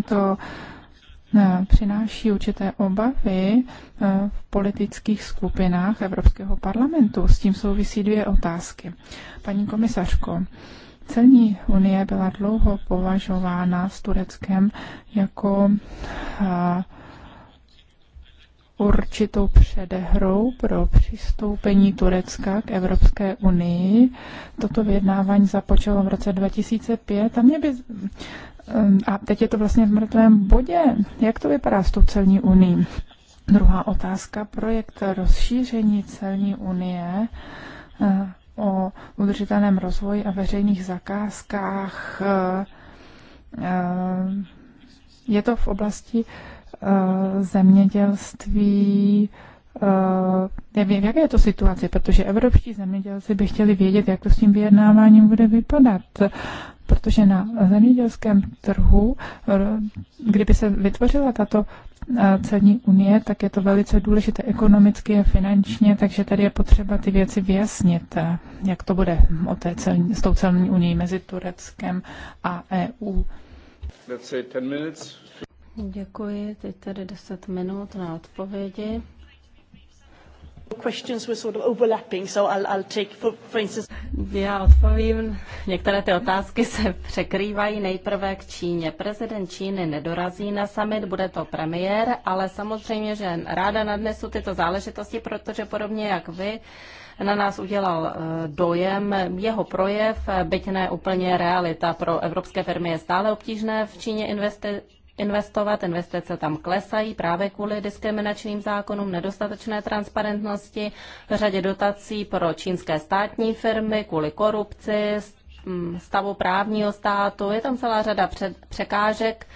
to Eh, přináší určité obavy eh, v politických skupinách Evropského parlamentu. S tím souvisí dvě otázky. Paní komisařko, celní unie byla dlouho považována s Tureckem jako eh, určitou předehrou pro přistoupení Turecka k Evropské unii. Toto vyjednávání započalo v roce 2005 a mě by... A teď je to vlastně v mrtvém bodě. Jak to vypadá s tou celní unii? Druhá otázka. Projekt rozšíření celní unie eh, o udržitelném rozvoji a veřejných zakázkách. Eh, eh, je to v oblasti Eh, zemědělství, eh, v jaké je to situace? protože evropští zemědělci by chtěli vědět, jak to s tím vyjednáváním bude vypadat protože na zemědělském trhu, eh, kdyby se vytvořila tato celní unie, tak je to velice důležité ekonomicky a finančně, takže tady je potřeba ty věci vyjasnit, jak to bude o té celní, s tou celní unii mezi Tureckem a EU. Let's say 10 minutes. Děkuji. Teď tady 10 minut na odpovědi. Questions were sort of overlapping, so I'll, I'll take, for, for instance... Já odpovím. Některé ty otázky se překrývají nejprve k Číně. Prezident Číny nedorazí na summit, bude to premiér, ale samozřejmě, že ráda nadnesu tyto záležitosti, protože podobně jak vy, na nás udělal eh, dojem jeho projev, eh, byť ne úplně realita. Pro evropské firmy je stále obtížné v Číně investi- investovat, investice tam klesají právě kvůli diskriminačním zákonům, nedostatečné transparentnosti, řadě dotací pro čínské státní firmy, kvůli korupci, stavu právního státu. Je tam celá řada před, překážek.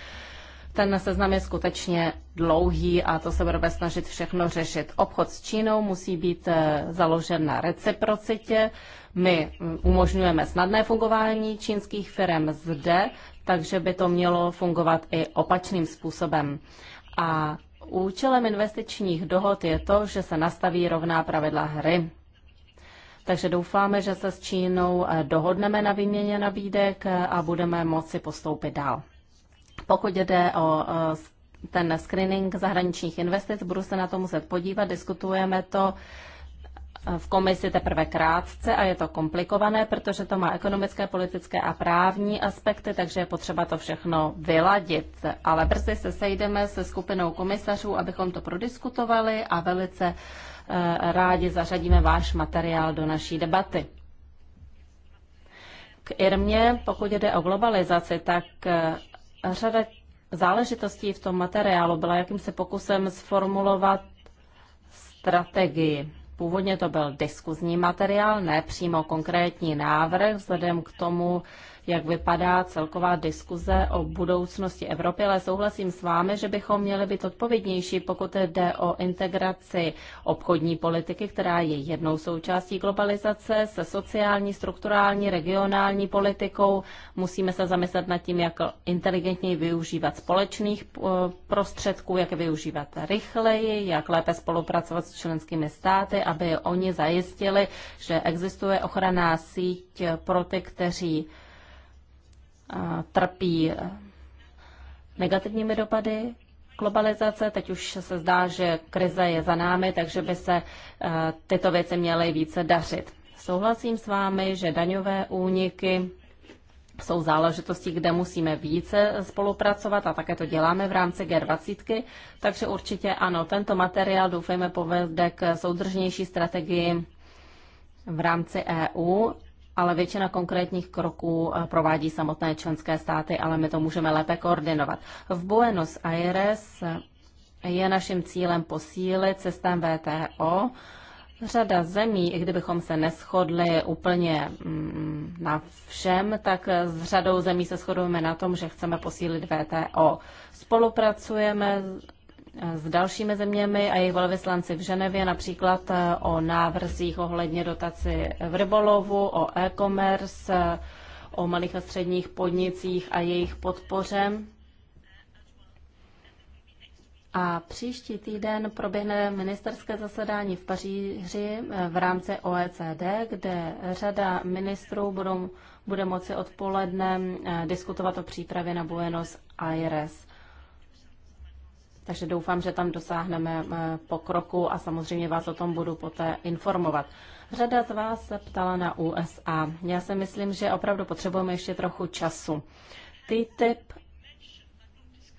Ten seznam je skutečně dlouhý a to se budeme snažit všechno řešit. Obchod s Čínou musí být eh, založen na reciprocitě. My mm, umožňujeme snadné fungování čínských firm zde, takže by to mělo fungovat i opačným způsobem. A účelem investičních dohod je to, že se nastaví rovná pravidla hry. Takže doufáme, že se s Čínou eh, dohodneme na výměně nabídek eh, a budeme moci postoupit dál. Pokud jde o eh, ten screening zahraničních investic, budu se na to muset podívat, diskutujeme to v komisi teprve krátce a je to komplikované, protože to má ekonomické, politické a právní aspekty, takže je potřeba to všechno vyladit. Ale brzy se sejdeme se skupinou komisařů, abychom to prodiskutovali a velice eh, rádi zařadíme váš materiál do naší debaty. K Irmě, pokud jde o globalizaci, tak eh, řada záležitostí v tom materiálu byla jakýmsi pokusem sformulovat strategii. Původně to byl diskuzní materiál, ne přímo konkrétní návrh, vzhledem k tomu, jak vypadá celková diskuze o budoucnosti Evropy, ale souhlasím s vámi, že bychom měli být odpovědnější, pokud jde o integraci obchodní politiky, která je jednou součástí globalizace, se sociální, strukturální, regionální politikou. Musíme se zamyslet nad tím, jak inteligentněji využívat společných eh, prostředků, jak využívat rychleji, jak lépe spolupracovat s členskými státy, aby oni zajistili, že existuje ochranná síť pro ty, kteří trpí eh, negativními dopady globalizace. Teď už se zdá, že krize je za námi, takže by se eh, tyto věci měly více dařit. Souhlasím s vámi, že daňové úniky jsou záležitosti, kde musíme více spolupracovat a také to děláme v rámci G20, takže určitě ano, tento materiál doufejme povede k soudržnější strategii v rámci EU ale většina konkrétních kroků eh, provádí samotné členské státy, ale my to můžeme lépe koordinovat. V Buenos Aires eh, je naším cílem posílit systém VTO. Řada zemí, i kdybychom se neschodli úplně mm, na všem, tak eh, s řadou zemí se shodujeme na tom, že chceme posílit VTO. Spolupracujeme s dalšími zeměmi a jejich velvyslanci v Ženevě, například eh, o návrzích ohledně dotaci v rybolovu, o e-commerce, eh, o malých a středních podnicích a jejich podpoře. A příští týden proběhne ministerské zasedání v Paříži eh, v rámci OECD, kde řada ministrů budou, bude moci odpoledne diskutovat o přípravě na Buenos Aires takže doufám, že tam dosáhneme eh, pokroku a samozřejmě vás o tom budu poté informovat. Řada z vás se ptala na USA. Já si myslím, že opravdu potřebujeme ještě trochu času. typ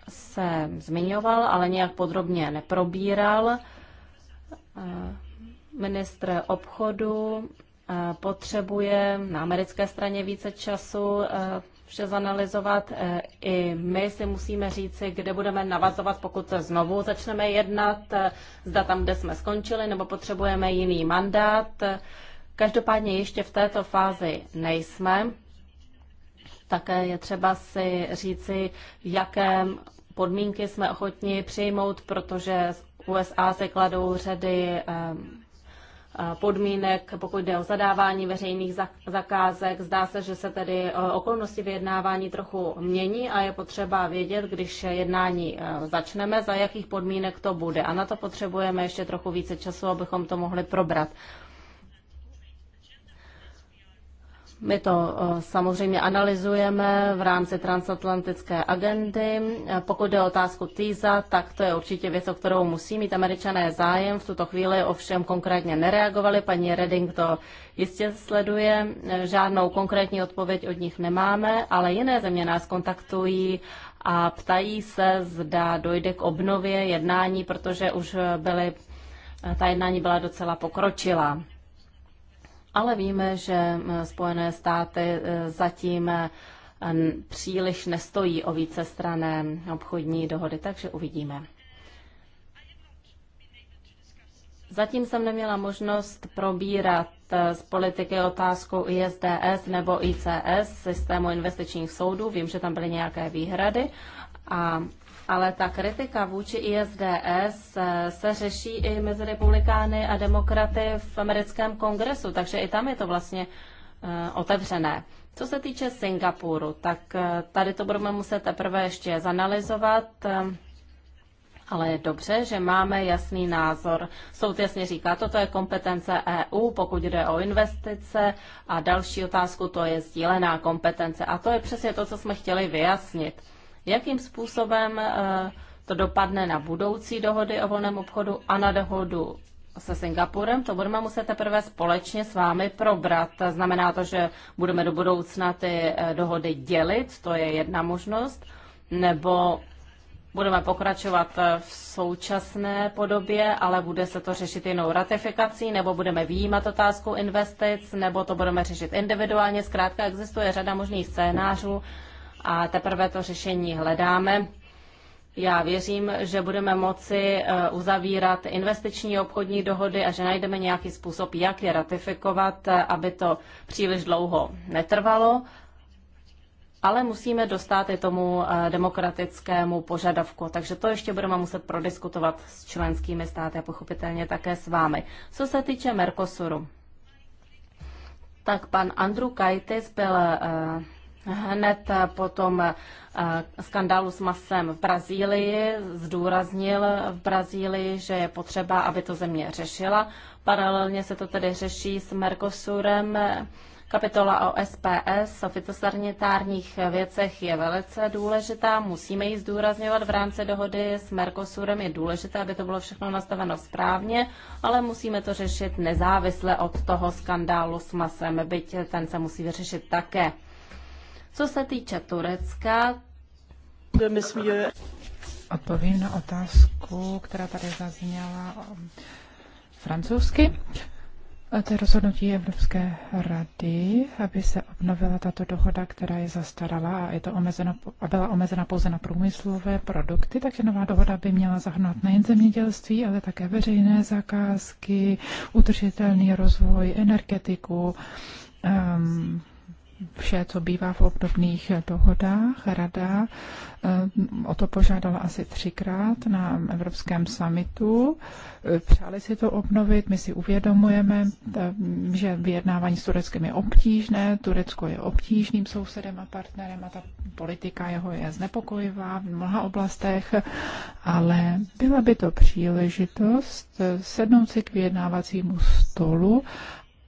se zmiňoval, ale nějak podrobně neprobíral. Eh, ministr obchodu eh, potřebuje na americké straně více času, vše eh, I my si musíme říci, kde budeme navazovat, pokud se znovu začneme jednat, eh, zda tam, kde jsme skončili, nebo potřebujeme jiný mandát. Každopádně ještě v této fázi nejsme. Také je třeba si říci, jaké podmínky jsme ochotni přijmout, protože USA se kladou řady eh, Eh, podmínek, pokud jde o zadávání veřejných zakázek. Zdá se, že se tedy eh, okolnosti vyjednávání trochu mění a je potřeba vědět, když jednání eh, začneme, za jakých podmínek to bude. A na to potřebujeme ještě trochu více času, abychom to mohli probrat. My to eh, samozřejmě analyzujeme v rámci transatlantické agendy. Eh, pokud jde o otázku TISA, tak to je určitě věc, o kterou musí mít američané zájem. V tuto chvíli ovšem konkrétně nereagovali. Paní Redding to jistě sleduje. Eh, žádnou konkrétní odpověď od nich nemáme, ale jiné země nás kontaktují a ptají se, zda dojde k obnově jednání, protože už byly, ta jednání byla docela pokročilá ale víme, že Spojené státy e, zatím e, příliš nestojí o více strané obchodní dohody, takže uvidíme. Zatím jsem neměla možnost probírat e, z politiky otázku ISDS nebo ICS, systému investičních soudů. Vím, že tam byly nějaké výhrady a ale ta kritika vůči ISDS eh, se řeší i mezi republikány a demokraty v americkém kongresu, takže i tam je to vlastně eh, otevřené. Co se týče Singapuru, tak eh, tady to budeme muset teprve ještě zanalizovat, ale je dobře, že máme jasný názor. Soud jasně říká, toto je kompetence EU, pokud jde o investice a další otázku, to je sdílená kompetence. A to je přesně to, co jsme chtěli vyjasnit jakým způsobem eh, to dopadne na budoucí dohody o volném obchodu a na dohodu se Singapurem, to budeme muset teprve společně s vámi probrat. Znamená to, že budeme do budoucna ty eh, dohody dělit, to je jedna možnost, nebo budeme pokračovat eh, v současné podobě, ale bude se to řešit jinou ratifikací, nebo budeme výjímat otázku investic, nebo to budeme řešit individuálně. Zkrátka existuje řada možných scénářů a teprve to řešení hledáme. Já věřím, že budeme moci eh, uzavírat investiční obchodní dohody a že najdeme nějaký způsob, jak je ratifikovat, eh, aby to příliš dlouho netrvalo, ale musíme dostat i tomu eh, demokratickému požadavku. Takže to ještě budeme muset prodiskutovat s členskými státy a pochopitelně také s vámi. Co se týče Mercosuru, tak pan Andrew Kajtis byl hned eh, po tom eh, skandálu s masem v Brazílii zdůraznil v Brazílii, že je potřeba, aby to země řešila. Paralelně se to tedy řeší s Mercosurem. Kapitola o SPS, o fitosanitárních věcech je velice důležitá. Musíme ji zdůrazňovat v rámci dohody s Mercosurem. Je důležité, aby to bylo všechno nastaveno správně, ale musíme to řešit nezávisle od toho skandálu s masem, byť ten se musí vyřešit také. Co se týče Turecka, Odpovím na otázku, která tady zazněla um, francouzsky. To je rozhodnutí Evropské rady, aby se obnovila tato dohoda, která je zastarala a, je to omezeno, a byla omezena pouze na průmyslové produkty, takže nová dohoda by měla zahrnout nejen zemědělství, ale také veřejné zakázky, udržitelný rozvoj, energetiku, um, vše, co bývá v obdobných dohodách. Rada eh, o to požádala asi třikrát na Evropském summitu. Eh, přáli si to obnovit, my si uvědomujeme, eh, že vyjednávání s Tureckem je obtížné, Turecko je obtížným sousedem a partnerem a ta politika jeho je znepokojivá v mnoha oblastech, ale byla by to příležitost sednout si k vyjednávacímu stolu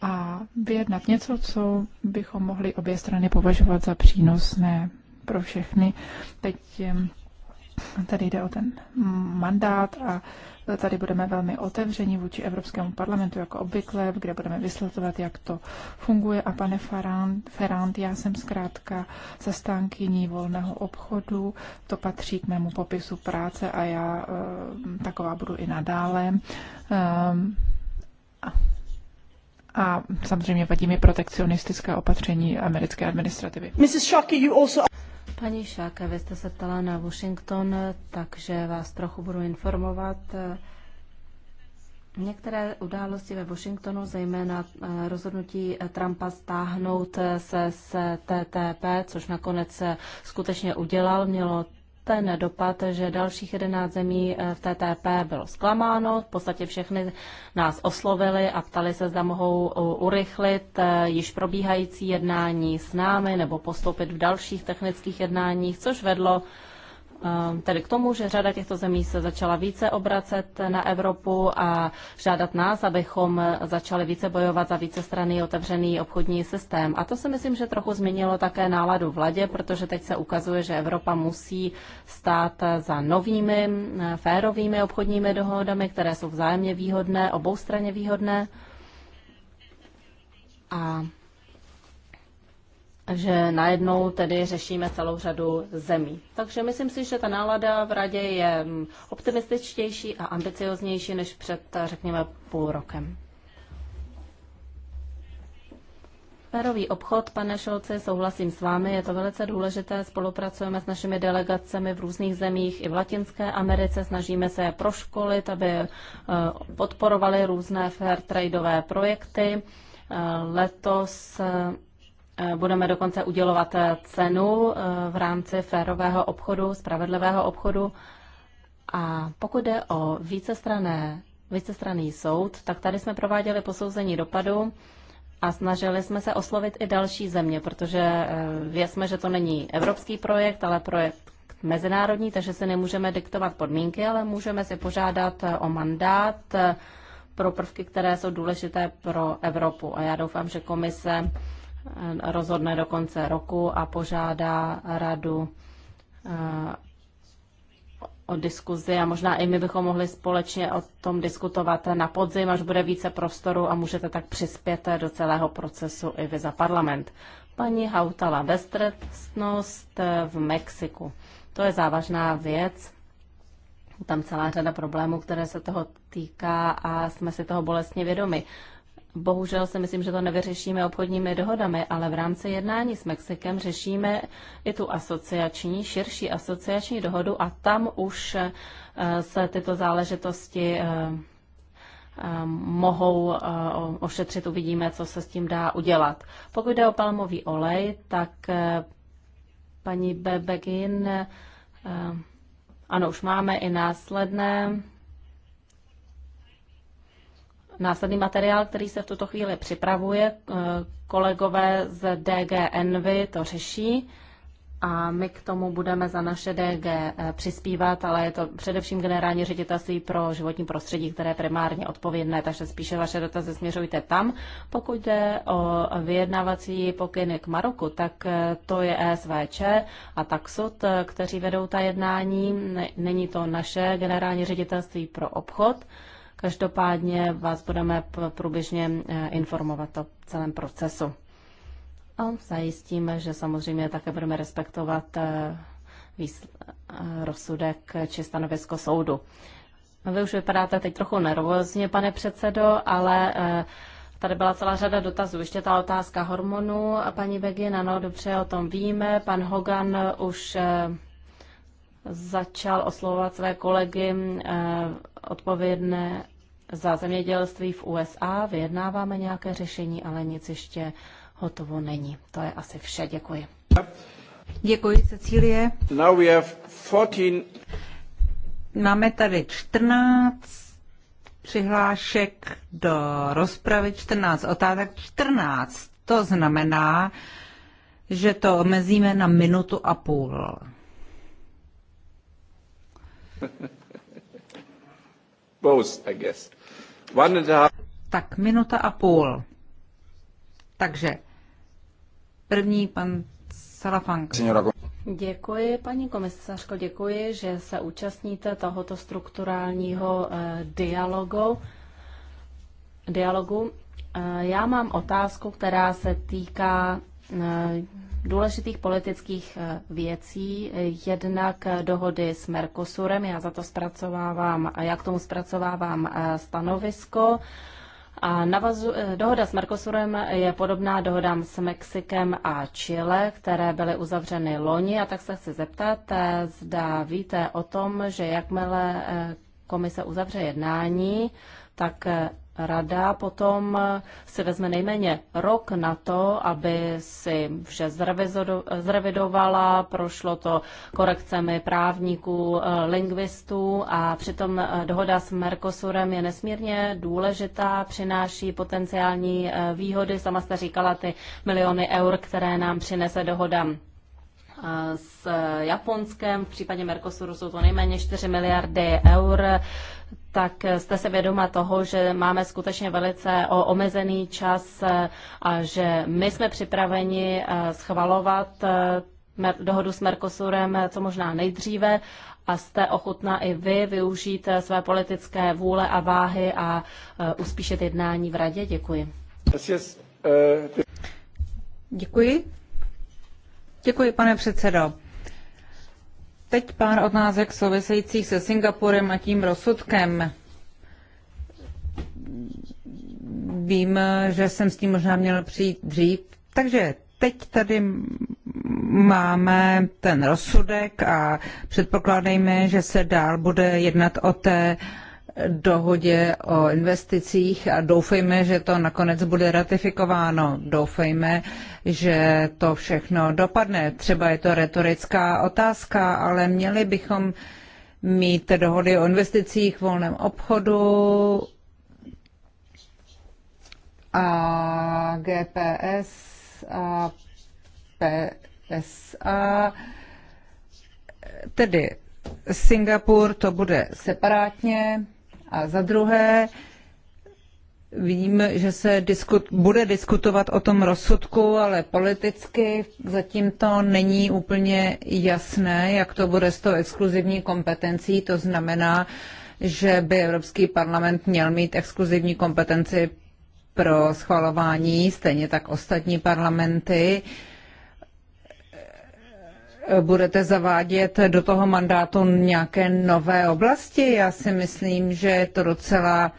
a vyjednat něco, co bychom mohli obě strany považovat za přínosné pro všechny. Teď tady jde o ten mandát a tady budeme velmi otevření vůči Evropskému parlamentu jako obvykle, kde budeme vysvětlovat, jak to funguje. A pane Ferrand, já jsem zkrátka zastánkyní volného obchodu, to patří k mému popisu práce a já taková budu i nadále a samozřejmě vadí mi protekcionistická opatření americké administrativy. Mrs. Shockey, you also... Paní Šáke, vy jste se ptala na Washington, takže vás trochu budu informovat. Některé události ve Washingtonu, zejména eh, rozhodnutí eh, Trumpa stáhnout eh, se z TTP, což nakonec skutečně udělal, mělo ten dopad, že dalších 11 zemí eh, v TTP bylo zklamáno. V podstatě všechny nás oslovili a ptali se, zda mohou eh, urychlit eh, již probíhající jednání s námi nebo postoupit v dalších technických jednáních, což vedlo Ehm, tedy k tomu, že řada těchto zemí se začala více obracet na Evropu a žádat nás, abychom začali více bojovat za více strany otevřený obchodní systém. A to si myslím, že trochu změnilo také náladu vladě, protože teď se ukazuje, že Evropa musí stát za novými férovými obchodními dohodami, které jsou vzájemně výhodné, oboustranně výhodné. A že najednou tedy řešíme celou řadu zemí. Takže myslím si, že ta nálada v radě je mm, optimističtější a ambicioznější než před, řekněme, půl rokem. Férový obchod, pane Šolci, souhlasím s vámi, je to velice důležité. Spolupracujeme s našimi delegacemi v různých zemích i v Latinské Americe, snažíme se je proškolit, aby eh, podporovali různé fair tradeové projekty. Eh, letos eh, Eh, budeme dokonce udělovat eh, cenu eh, v rámci férového obchodu, spravedlivého obchodu. A pokud jde o vícestrané, vícestranný soud, tak tady jsme prováděli posouzení dopadu a snažili jsme se oslovit i další země, protože věříme, že to není evropský projekt, ale projekt mezinárodní, takže se nemůžeme diktovat podmínky, ale můžeme si požádat o mandát pro prvky, které jsou důležité pro Evropu. A já doufám, že komise rozhodne do konce roku a požádá radu eh, o diskuzi a možná i my bychom mohli společně o tom diskutovat na podzim, až bude více prostoru a můžete tak přispět do celého procesu i vy za parlament. Paní Hautala, beztrestnost eh, v Mexiku. To je závažná věc. Tam celá řada problémů, které se toho týká a jsme si toho bolestně vědomi bohužel si myslím, že to nevyřešíme obchodními dohodami, ale v rámci jednání s Mexikem řešíme i tu asociační, širší asociační dohodu a tam už eh, se tyto záležitosti eh, eh, mohou ošetřit, uvidíme, co se s tím dá udělat. Pokud jde o palmový olej, tak paní Bebegin, ano, už máme i následné Následný materiál, který se v tuto chvíli připravuje, eh, kolegové z DG Envy to řeší a my k tomu budeme za naše DG eh, přispívat, ale je to především generální ředitelství pro životní prostředí, které je primárně odpovědné, takže spíše vaše dotazy směřujte tam. Pokud jde o vyjednávací pokyny k Maroku, tak eh, to je ESVČ a Taxud, kteří vedou ta jednání. Není to naše generální ředitelství pro obchod. Každopádně vás budeme průběžně eh, informovat o celém procesu. A zajistíme, že samozřejmě také budeme respektovat eh, eh, rozsudek či stanovisko soudu. Vy už vypadáte teď trochu nervózně, pane předsedo, ale tady byla celá řada dotazů. Ještě ta otázka hormonů, paní Begin, ano, dobře, o tom víme. Pan Hogan už začal oslovovat své kolegy eh, odpovědné za zemědělství v USA. Vyjednáváme nějaké řešení, ale nic ještě hotovo není. To je asi vše. Děkuji. Děkuji, Cecílie. Now we have 14... Máme tady 14 přihlášek do rozpravy, 14 otázek, 14. To znamená, že to omezíme na minutu a půl. Both, I guess. One and a half. Tak minuta a půl. Takže první pan Salafank. Děkuji, paní komisařko, děkuji, že se účastníte tohoto strukturálního eh, dialogu. dialogu. Eh, já mám otázku, která se týká eh, důležitých politických eh, věcí, eh, jednak eh, dohody s Mercosurem, já za to zpracovávám, já k tomu zpracovávám stanovisko, a navazu, dohoda s Mercosurem je podobná dohodám s Mexikem a Chile, které byly uzavřeny loni. A tak se chci zeptat, zda víte o tom, že jakmile komise uzavře jednání, tak Rada potom si vezme nejméně rok na to, aby si vše zrevidovala, prošlo to korekcemi právníků, eh, lingvistů a přitom eh, dohoda s Mercosurem je nesmírně důležitá, přináší potenciální eh, výhody. Sama jste říkala ty miliony eur, které nám přinese dohoda s Japonskem. V případě Mercosuru jsou to nejméně 4 miliardy eur tak jste se vědoma toho, že máme skutečně velice omezený čas eh, a že my jsme připraveni eh, schvalovat eh, dohodu s Mercosurem co možná nejdříve a jste ochutná i vy využít své politické vůle a váhy a uspíšit jednání v radě? Děkuji. Děkuji. Děkuji, pane předsedo. Teď pár otázek souvisejících se Singapurem a tím rozsudkem. Vím, že jsem s tím možná měl přijít dřív, takže teď tady máme ten rozsudek a předpokládejme, že se dál bude jednat o té uh, dohodě o investicích a doufejme, že to nakonec bude ratifikováno. Doufejme, že to všechno dopadne. Třeba je to retorická otázka, ale měli bychom mít dohody o investicích, volném obchodu a GPS a PSA. Tedy Singapur to bude separátně. A za druhé, vím, že se diskut, bude diskutovat o tom rozsudku, ale politicky zatím to není úplně jasné, jak to bude s tou exkluzivní kompetencí. To znamená, že by Evropský parlament měl mít exkluzivní kompetenci pro schvalování, stejně tak ostatní parlamenty. Uh, budete zavádět do toho mandátu nějaké nové oblasti. Já si myslím, že je to docela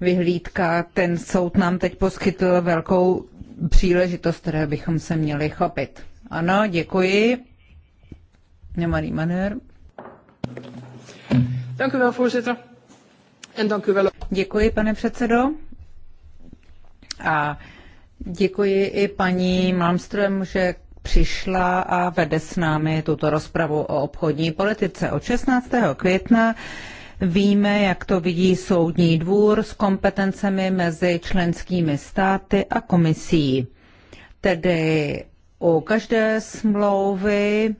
vyhlídka. Ten soud nám teď poskytl velkou příležitost, které bychom se měli chopit. Ano, děkuji. Nemalý manér. Děkuji, pane předsedo. A děkuji i paní Malmström, že přišla a vede s námi tuto rozpravu o obchodní politice. Od 16. května víme, jak to vidí Soudní dvůr s kompetencemi mezi členskými státy a komisí. Tedy u každé smlouvy,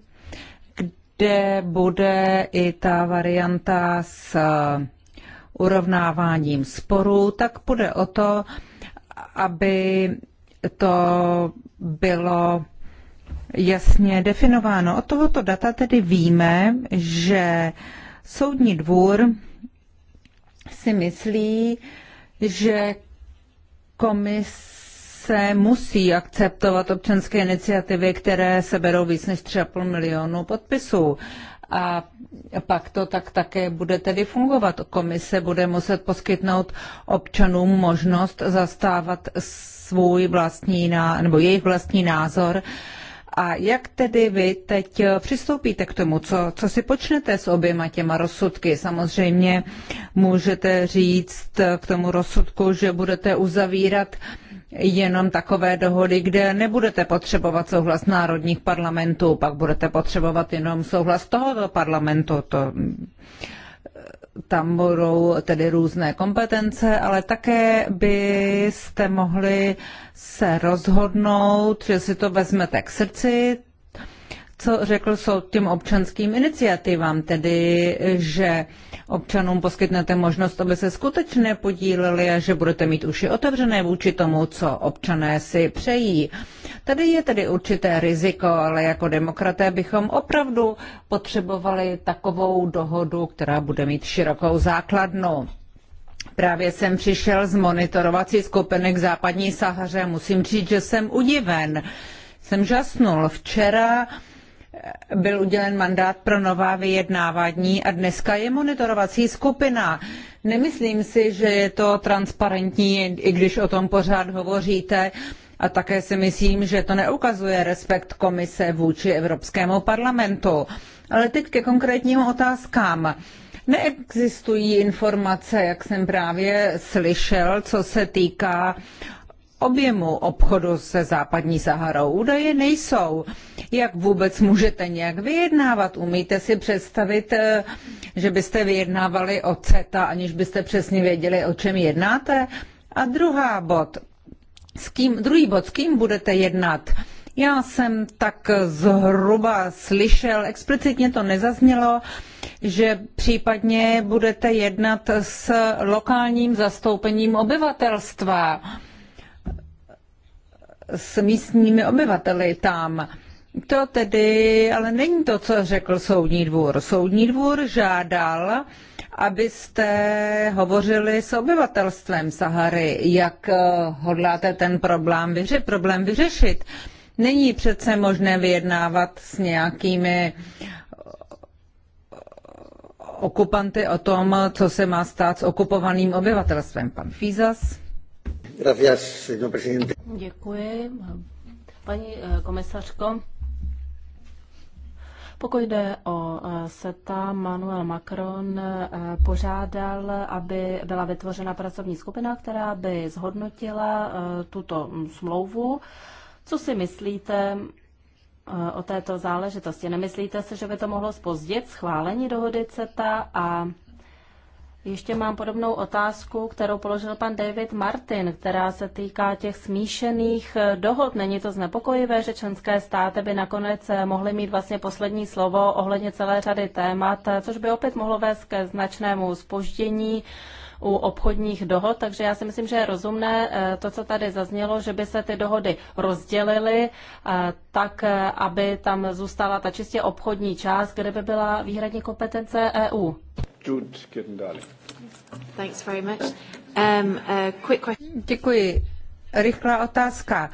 kde bude i ta varianta s urovnáváním sporů, tak bude o to, aby to bylo jasně definováno. Od tohoto data tedy víme, že soudní dvůr si myslí, že komise musí akceptovat občanské iniciativy, které se berou víc než 3,5 milionu podpisů. A pak to tak také bude tedy fungovat. Komise bude muset poskytnout občanům možnost zastávat svůj vlastní, nebo jejich vlastní názor a jak tedy vy teď eh, přistoupíte k tomu, co, co si počnete s oběma těma rozsudky? Samozřejmě můžete říct eh, k tomu rozsudku, že budete uzavírat jenom takové dohody, kde nebudete potřebovat souhlas národních parlamentů, pak budete potřebovat jenom souhlas tohoto parlamentu. To tam budou tedy různé kompetence, ale také byste mohli se rozhodnout, že si to vezmete k srdci, co řekl soud těm občanským iniciativám, tedy že občanům poskytnete možnost, aby se skutečně podíleli a že budete mít uši otevřené vůči tomu, co občané si přejí. Tady je tedy určité riziko, ale jako demokraté bychom opravdu potřebovali takovou dohodu, která bude mít širokou základnu. Právě jsem přišel z monitorovací skupiny k západní Sahaře. Musím říct, že jsem udiven. Jsem žasnul. Včera byl udělen mandát pro nová vyjednávání a dneska je monitorovací skupina. Nemyslím si, že je to transparentní, i když o tom pořád hovoříte. A také si myslím, že to neukazuje respekt komise vůči Evropskému parlamentu. Ale teď ke konkrétním otázkám. Neexistují informace, jak jsem právě slyšel, co se týká uh, objemu obchodu se západní Saharou. Údaje nejsou. Jak vůbec můžete nějak vyjednávat? Umíte si představit, eh, že byste vyjednávali o CETA, aniž byste přesně věděli, o čem jednáte? A druhá bod. S kým, druhý bod, s kým budete jednat? Já jsem tak zhruba slyšel, explicitně to nezaznělo, že případně budete jednat s lokálním zastoupením obyvatelstva. Uh, s místními obyvateli tam. To tedy, ale není to, co řekl soudní dvůr. Soudní dvůr žádal, abyste hovořili s obyvatelstvem Sahary, jak eh, hodláte ten problém, vyře- problém vyřešit. Není přece možné vyjednávat s nějakými eh, okupanty o tom, co se má stát s okupovaným obyvatelstvem. Pan Fízas. Gracias, señor presidente. Děkuji. Paní eh, komisařko, pokud jde o eh, SETA, Manuel Macron eh, požádal, aby byla vytvořena pracovní skupina, která by zhodnotila tuto mm, smlouvu. Co si myslíte o této záležitosti? Nemyslíte si, že by to mohlo spozdit schválení dohody CETA a ještě mám podobnou otázku, kterou položil pan David Martin, která se týká těch smíšených eh, dohod. Není to znepokojivé, že členské státy by nakonec eh, mohly mít vlastně poslední slovo ohledně celé řady témat, eh, což by opět mohlo vést ke značnému spoždění u obchodních dohod, takže já si myslím, že je rozumné to, co tady zaznělo, že by se ty dohody rozdělily tak, aby tam zůstala ta čistě obchodní část, kde by byla výhradní kompetence EU. Thanks very much. Um, a quick question. Děkuji. Rychlá otázka.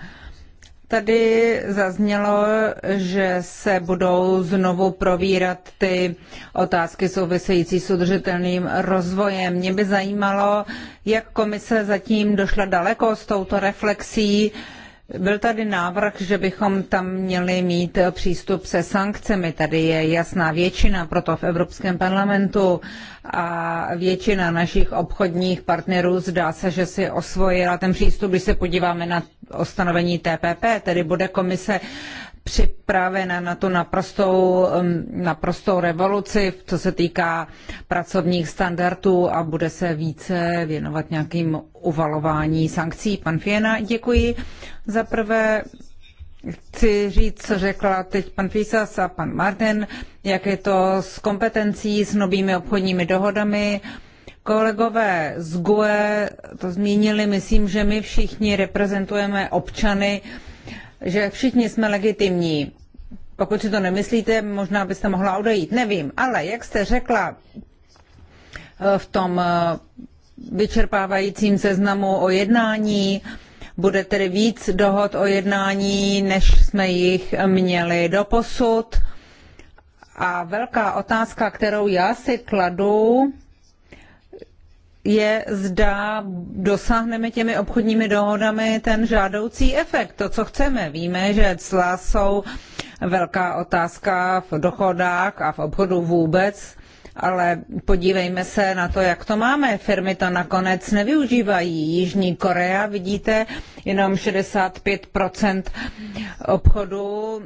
Tady zaznělo, že se budou znovu provírat ty otázky související s udržitelným rozvojem. Mě by zajímalo, jak komise zatím došla daleko s touto reflexí, byl tady návrh, že bychom tam měli mít přístup se sankcemi. Tady je jasná většina, proto v Evropském parlamentu a většina našich obchodních partnerů zdá se, že si osvojila ten přístup, když se podíváme na ostanovení TPP, tedy bude komise připravena na tu naprostou, naprostou revoluci, co se týká pracovních standardů a bude se více věnovat nějakým uvalování sankcí. Pan Fiena, děkuji. Za prvé chci říct, co řekla teď pan Fisas a pan Martin, jak je to s kompetencí, s novými obchodními dohodami. Kolegové z GUE to zmínili, myslím, že my všichni reprezentujeme občany, že všichni jsme legitimní. Pokud si to nemyslíte, možná byste mohla odejít, nevím. Ale jak jste řekla eh, v tom eh, vyčerpávajícím seznamu o jednání, bude tedy víc dohod o jednání, než jsme jich měli do posud. A velká otázka, kterou já si kladu, je, zda dosáhneme těmi obchodními dohodami ten žádoucí efekt, to, co chceme. Víme, že cla jsou velká otázka v dochodách a v obchodu vůbec, ale podívejme se na to, jak to máme. Firmy to nakonec nevyužívají. Jižní Korea, vidíte, jenom 65% obchodu.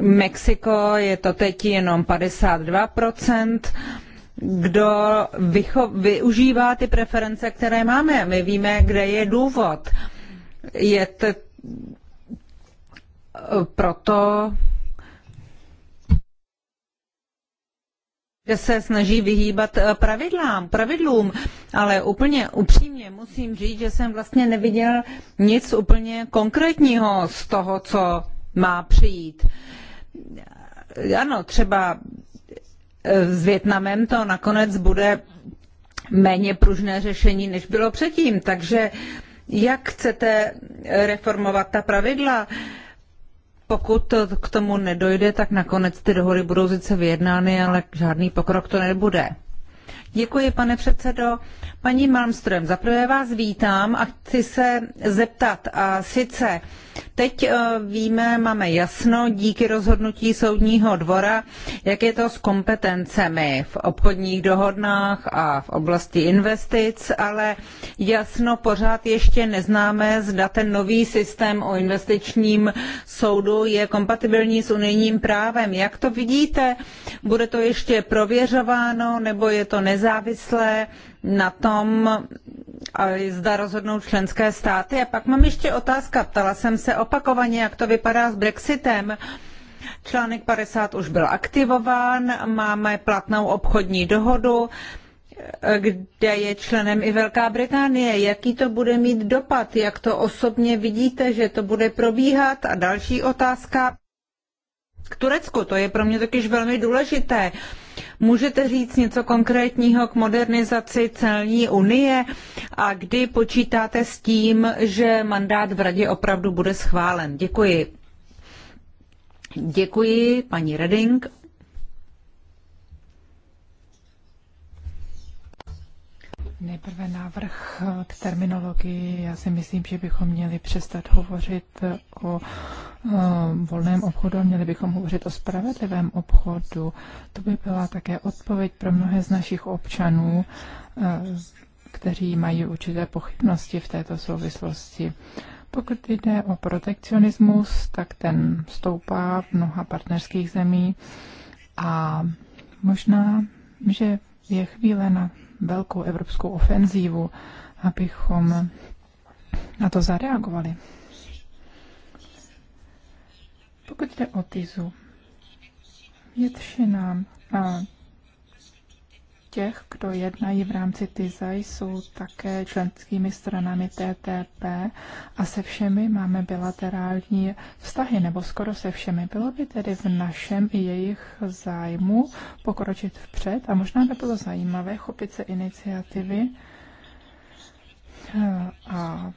Mexiko je to teď jenom 52% kdo vycho- využívá ty preference, které máme. My víme, kde je důvod. Je to proto že se snaží vyhýbat eh, pravidlám, pravidlům, ale úplně upřímně musím říct, že jsem vlastně neviděl nic úplně konkrétního z toho, co má přijít. Ano, třeba s Větnamem to nakonec bude méně pružné řešení, než bylo předtím. Takže jak chcete reformovat ta pravidla? Pokud k tomu nedojde, tak nakonec ty dohody budou sice vyjednány, ale žádný pokrok to nebude. Děkuji, pane předsedo. Paní Malmström, zaprvé vás vítám a chci se zeptat. A sice teď eh, víme, máme jasno díky rozhodnutí soudního dvora, jak je to s kompetencemi v obchodních dohodnách a v oblasti investic, ale jasno pořád ještě neznáme, zda ten nový systém o investičním soudu je kompatibilní s unijním právem. Jak to vidíte? Bude to ještě prověřováno nebo je to nezávislé? nezávislé na tom, zda rozhodnou členské státy. A pak mám ještě otázka. Ptala jsem se opakovaně, jak to vypadá s Brexitem. Článek 50 už byl aktivován, máme platnou obchodní dohodu, kde je členem i Velká Británie. Jaký to bude mít dopad? Jak to osobně vidíte, že to bude probíhat? A další otázka k Turecku. To je pro mě totiž velmi důležité. Můžete říct něco konkrétního k modernizaci celní unie a kdy počítáte s tím, že mandát v radě opravdu bude schválen? Děkuji. Děkuji, paní Reding. Nejprve návrh eh, k terminologii. Já si myslím, že bychom měli přestat hovořit eh, o, eh, volném obchodu a měli bychom hovořit o spravedlivém obchodu. To by byla také odpověď pro mnohé z našich občanů, kteří mají určité pochybnosti v této souvislosti. Pokud jde o protekcionismus, tak ten stoupá v mnoha partnerských zemí a možná, že je chvíle na velkou evropskou ofenzívu, abychom na to zareagovali. Pokud jde o Tizu, většina těch, kdo jednají v rámci TISA, jsou také členskými stranami TTP a se všemi máme bilaterální vztahy, nebo skoro se všemi. Bylo by tedy v našem i jejich zájmu pokročit vpřed a možná by bylo zajímavé chopit se iniciativy eh, a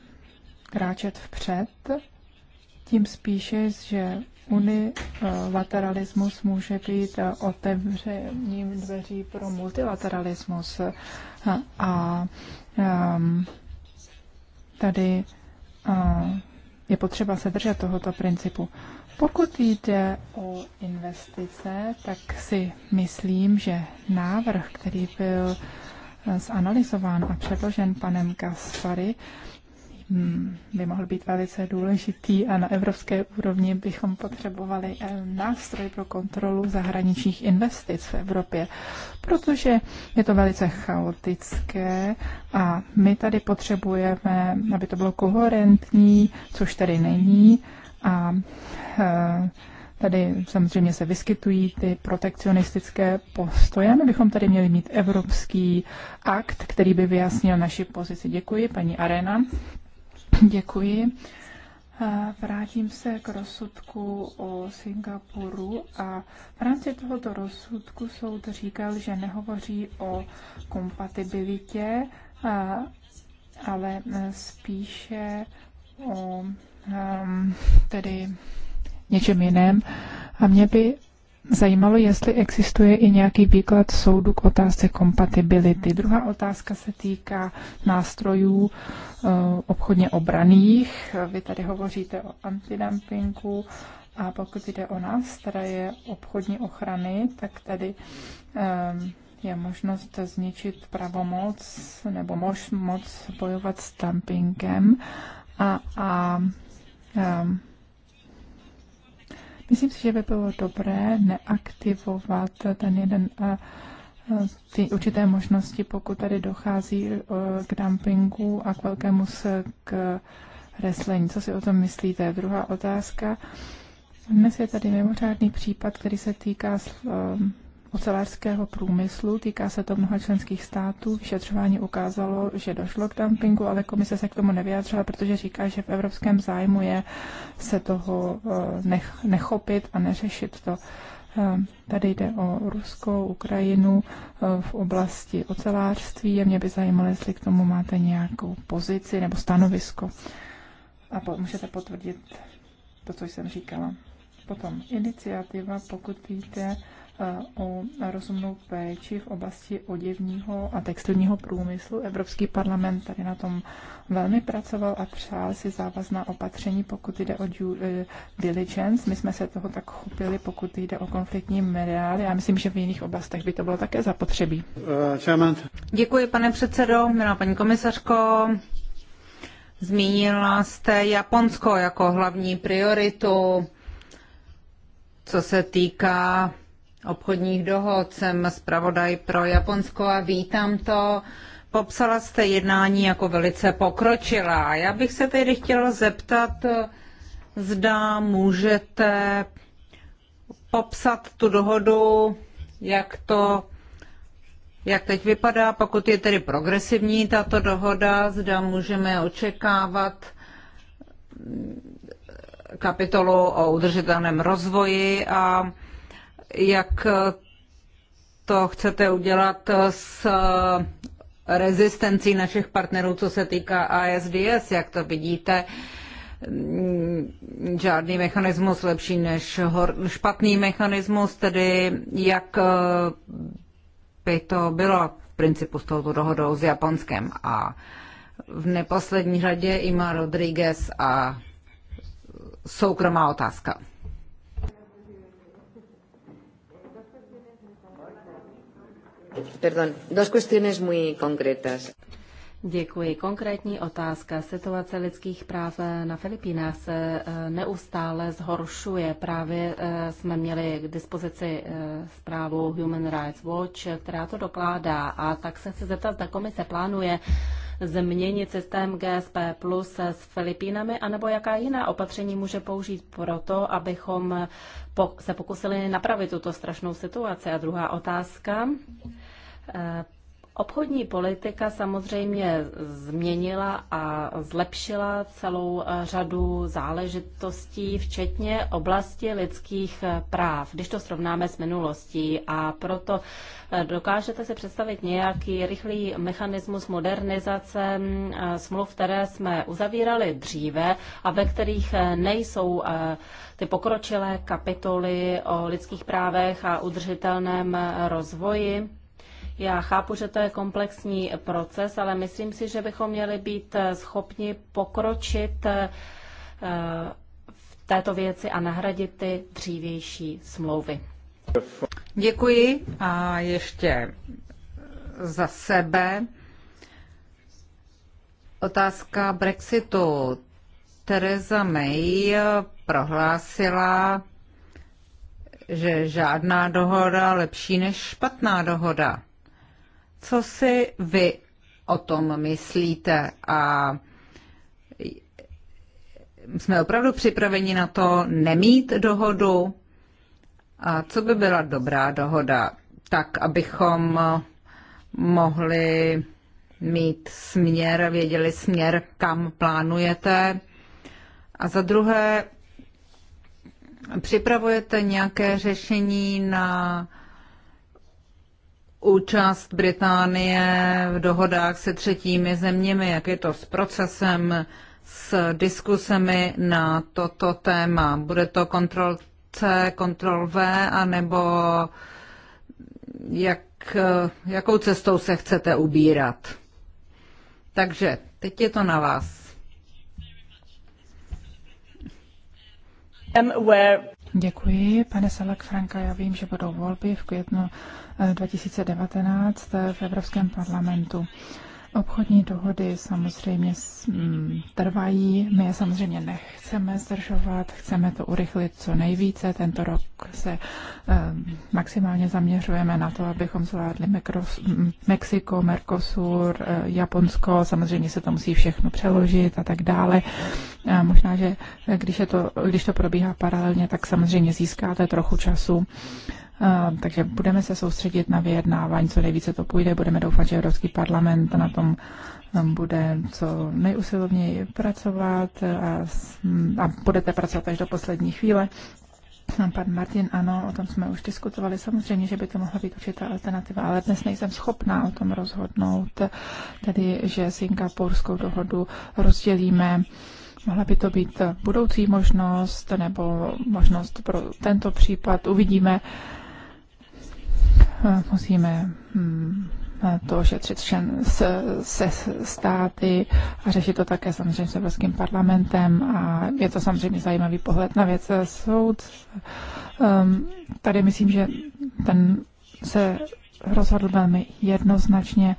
kráčet vpřed, tím spíše, že unilateralismus může být otevřením dveří pro multilateralismus. A, um, tady uh, je potřeba se držet tohoto principu. Pokud jde o investice, tak si myslím, že návrh, který byl uh, zanalizován a předložen panem Gaspary, Hmm, by mohl být velice důležitý a na evropské úrovni bychom potřebovali eh, nástroj pro kontrolu zahraničních investic v Evropě, protože je to velice chaotické a my tady potřebujeme, aby to bylo koherentní, což tady není a eh, Tady samozřejmě se vyskytují ty protekcionistické postoje. My bychom tady měli mít evropský akt, který by vyjasnil naši pozici. Děkuji, paní Arena. Děkuji. Vrátím se k rozsudku o Singapuru a v rámci tohoto rozsudku soud říkal, že nehovoří o kompatibilitě, ale spíše o um, tedy něčem jiném. A mě by zajímalo, jestli existuje i nějaký výklad soudu k otázce kompatibility. Druhá otázka se týká nástrojů eh, obchodně obraných. Vy tady hovoříte o antidumpingu a pokud jde o nástroje obchodní ochrany, tak tady ehm, je možnost zničit pravomoc nebo mož, moc bojovat s dumpingem a, a, a ehm, Myslím si, že by bylo dobré neaktivovat ten jeden eh, eh, ty určité možnosti, pokud tady dochází eh, k dumpingu a k velkému k reslení. Co si o tom myslíte? Druhá otázka. Dnes je tady mimořádný případ, který se týká ocelářského průmyslu. Týká se to mnoha členských států. Vyšetřování ukázalo, že došlo k dumpingu, ale komise se k tomu nevyjádřila, protože říká, že v evropském zájmu je se toho eh, nech, nechopit a neřešit to. Eh, tady jde o Rusko, Ukrajinu eh, v oblasti ocelářství a mě by zajímalo, jestli k tomu máte nějakou pozici nebo stanovisko. A po, můžete potvrdit to, co jsem říkala. Potom iniciativa, pokud víte, o rozumnou péči v oblasti oděvního a textilního průmyslu. Evropský parlament tady na tom velmi pracoval a přál si závazná opatření, pokud jde o due eh, diligence. My jsme se toho tak chopili, pokud jde o konfliktní mediály. Já myslím, že v jiných oblastech by to bylo také zapotřebí. Eh, Děkuji, pane předsedo, milá paní komisařko. Zmínila jste Japonsko jako hlavní prioritu, co se týká obchodních dohod. Jsem zpravodaj pro Japonsko a vítám to. Popsala jste jednání jako velice pokročilá. Já bych se tedy chtěla zeptat, zda můžete popsat tu dohodu, jak to jak teď vypadá, pokud je tedy progresivní tato dohoda, zda můžeme očekávat kapitolu o udržitelném rozvoji a jak to chcete udělat s rezistencí našich partnerů, co se týká ASDS, jak to vidíte, mm, žádný mechanismus lepší než špatný mechanismus, tedy jak eh, by to bylo v principu s touto dohodou s Japonskem a v neposlední řadě Ima Rodriguez a soukromá otázka. Perdón, dos cuestiones muy concretas. Děkuji. Konkrétní otázka. Situace lidských práv eh, na Filipínách se eh, neustále zhoršuje. Právě eh, jsme měli k dispozici zprávu Human Rights Watch, která to dokládá. A tak se chci zeptat, zda komise plánuje změnit systém GSP Plus s Filipínami, anebo jaká jiná opatření může použít pro to, abychom se pokusili napravit tuto strašnou situaci. A druhá otázka. Obchodní politika samozřejmě změnila a zlepšila celou eh, řadu záležitostí, včetně oblasti lidských eh, práv, když to srovnáme s minulostí. A proto eh, dokážete si představit nějaký rychlý mechanismus modernizace mm, smluv, které jsme uzavírali dříve a ve kterých nejsou ty pokročilé kapitoly o lidských právech a udržitelném rozvoji? Já chápu, že to je komplexní proces, ale myslím si, že bychom měli být eh, schopni pokročit eh, v této věci a nahradit ty dřívější smlouvy. Děkuji a ještě za sebe. Otázka Brexitu. Theresa May prohlásila, že žádná dohoda lepší než špatná dohoda. Co si vy o tom myslíte a jsme opravdu připraveni na to nemít dohodu? A co by byla dobrá dohoda? Tak, abychom mohli mít směr, věděli směr, kam plánujete. A za druhé, připravujete nějaké řešení na účast Británie v dohodách se třetími zeměmi, jak je to s procesem, s diskusemi na toto téma. Bude to kontrol C, kontrol V, anebo jak, jakou cestou se chcete ubírat. Takže teď je to na vás. Um, Děkuji, pane Salak Franka. Já vím, že budou volby v květnu 2019 eh, eh, v Evropském parlamentu. Obchodní dohody samozřejmě mm, trvají, my je samozřejmě nechceme zdržovat, chceme to urychlit co nejvíce. Tento rok se ehm, maximálně zaměřujeme na to, abychom zvládli Mexiko, Mercosur, eh, Japonsko, samozřejmě se to musí všechno přeložit a tak dále. A možná, že eh, když, je to, když to probíhá paralelně, tak samozřejmě získáte trochu času takže budeme se soustředit na vyjednávání, co nejvíce to půjde. Budeme doufat, že Evropský parlament na tom um, bude co nejusilovněji pracovat a, a budete pracovat až do poslední chvíle. Pan Martin, ano, o tom jsme už diskutovali. Samozřejmě, že by to mohla být určitá alternativa, ale dnes nejsem schopná o tom rozhodnout, tedy že singapurskou dohodu rozdělíme. Mohla by to být budoucí možnost nebo možnost pro tento případ. Uvidíme musíme hm, to ošetřit se, se státy a řešit to také samozřejmě s Evropským parlamentem a je to samozřejmě zajímavý pohled na věc. Soud, hm, tady myslím, že ten se rozhodl velmi jednoznačně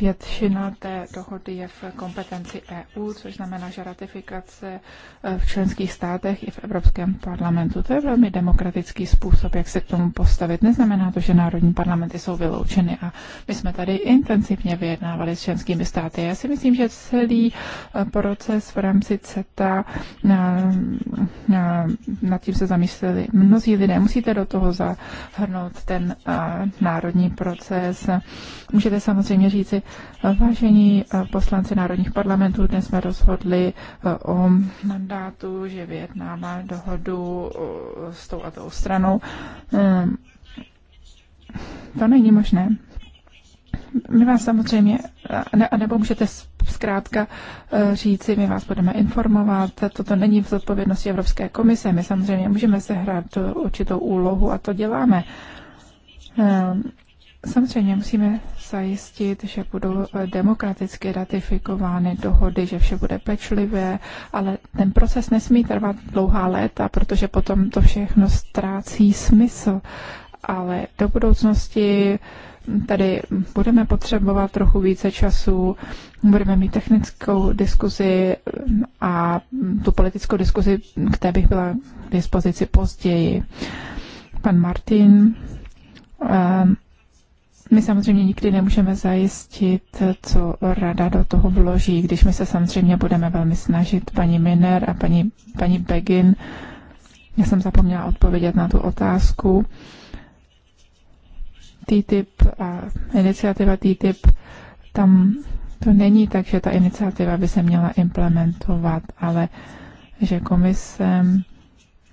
Většina té dohody je v kompetenci EU, což znamená, že ratifikace e, v členských státech i v Evropském parlamentu. To je velmi demokratický způsob, jak se k tomu postavit. Neznamená to, že národní parlamenty jsou vyloučeny a my jsme tady intenzivně vyjednávali s členskými státy. Já si myslím, že celý e, proces v rámci CETA na, e, na, nad tím se zamysleli mnozí lidé. Musíte do toho zahrnout ten národní proces. Můžete samozřejmě říct, říci, vážení eh, poslanci národních parlamentů, dnes jsme rozhodli eh, o mandátu, že vyjednáme dohodu eh, s tou a tou stranou. To není možné. My vás samozřejmě, ne, nebo můžete zkrátka říci, my vás budeme informovat, toto není v zodpovědnosti Evropské komise, my samozřejmě můžeme sehrát určitou úlohu a to děláme. Samozřejmě musíme zajistit, že budou eh, demokraticky ratifikovány dohody, že vše bude pečlivé, ale ten proces nesmí trvat dlouhá léta, protože potom to všechno ztrácí smysl. Ale do budoucnosti tady budeme potřebovat trochu více času, budeme mít technickou diskuzi eh, a tu politickou diskuzi, které bych byla k dispozici později. Pan Martin, eh, my samozřejmě nikdy nemůžeme zajistit, co rada do toho vloží, když my se samozřejmě budeme velmi snažit. Paní Miner a paní, paní Begin, já jsem zapomněla odpovědět na tu otázku. TTIP a iniciativa TTIP, tam to není tak, že ta iniciativa by se měla implementovat, ale že komise,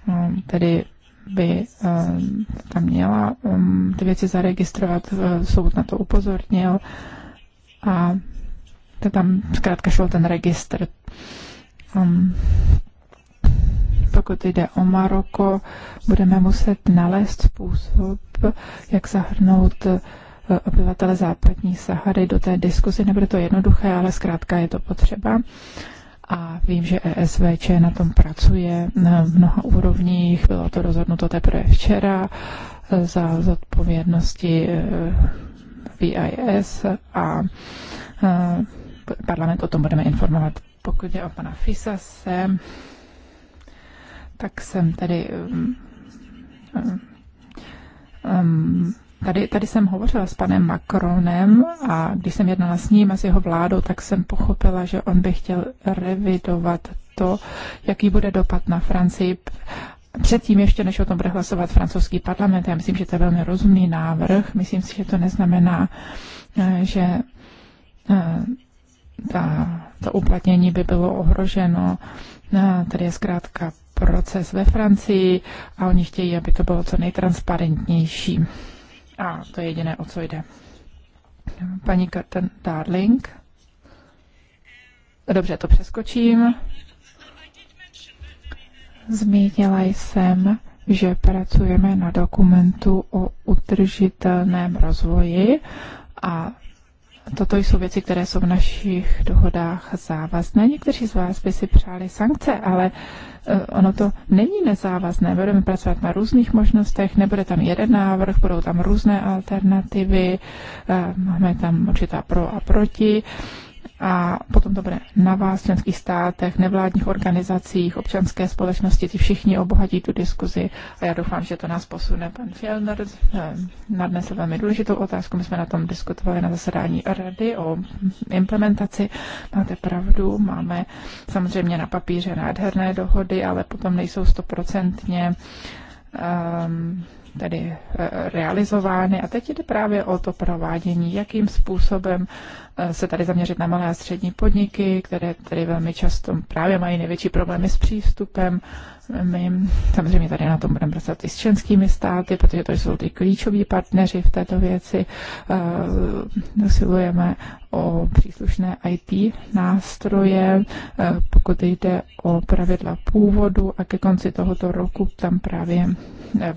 no, tedy by eh, tam měla um, ty věci zaregistrovat, eh, soud na to upozornil a to tam zkrátka šel ten registr. Um, pokud jde o Maroko, budeme muset nalézt způsob, jak zahrnout eh, obyvatele západní Sahary do té diskuzi. Nebude to jednoduché, ale zkrátka je to potřeba a vím, že ESVČ na tom pracuje na eh, mnoha úrovních. Bylo to rozhodnuto teprve včera eh, za zodpovědnosti eh, VIS a parlament o tom budeme informovat. Pokud je o pana Fisase, tak jsem tady um, um, Tady, tady jsem hovořila s panem Macronem a když jsem jednala s ním a s jeho vládou, tak jsem pochopila, že on by chtěl revidovat to, jaký bude dopad na Francii předtím ještě, než o tom bude hlasovat francouzský parlament. Já myslím, že to je velmi rozumný návrh. Myslím si, že to neznamená, eh, že eh, ta, to uplatnění by bylo ohroženo. Eh, tady je zkrátka proces ve Francii a oni chtějí, aby to bylo co nejtransparentnější. A to je jediné, o co jde. Paní Karten Darling. Dobře, to přeskočím. Zmínila jsem, že pracujeme na dokumentu o udržitelném rozvoji a Toto jsou věci, které jsou v našich dohodách závazné. Někteří z vás by si přáli sankce, ale Eh, ono to není nezávazné. Budeme pracovat na různých možnostech, nebude tam jeden návrh, budou tam různé alternativy, eh, máme tam určitá pro a proti a potom to bude na vás, členských státech, nevládních organizacích, občanské společnosti, ty všichni obohatí tu diskuzi a já doufám, že to nás posune. Pan Fjellner eh, nadnesl velmi důležitou otázku, my jsme na tom diskutovali na zasedání rady o implementaci. Máte pravdu, máme samozřejmě na papíře nádherné dohody, ale potom nejsou stoprocentně um, tedy eh, realizovány. A teď jde právě o to provádění, jakým způsobem eh, se tady zaměřit na malé a střední podniky, které tady velmi často právě mají největší problémy s přístupem my samozřejmě tady na tom budeme pracovat i s členskými státy, protože to jsou ty klíčoví partneři v této věci. Dosilujeme eh, o příslušné IT nástroje, eh, pokud jde o pravidla původu a ke konci tohoto roku tam právě eh,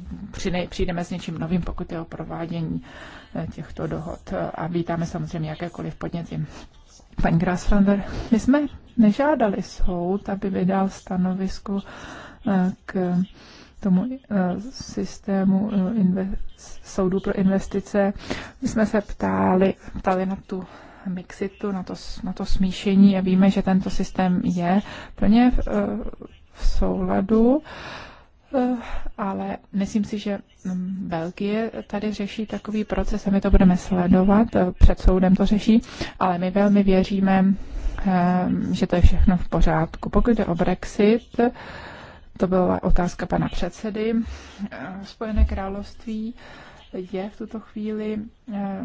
přijdeme s něčím novým, pokud je o provádění těchto dohod. A vítáme samozřejmě jakékoliv podněty. Pan Grasslander, my jsme nežádali soud, aby vydal stanovisko k tomu eh, systému eh, soudu pro investice. My jsme se ptali, ptali na tu mixitu, na to, na to smíšení a víme, že tento systém je plně v, eh, v souladu, ale myslím si, že mm, Belgie tady řeší takový proces a my to budeme sledovat, před soudem to řeší, ale my velmi věříme, že to je všechno v pořádku. Pokud jde o Brexit, to byla otázka pana předsedy. Eh, Spojené království je v tuto chvíli eh,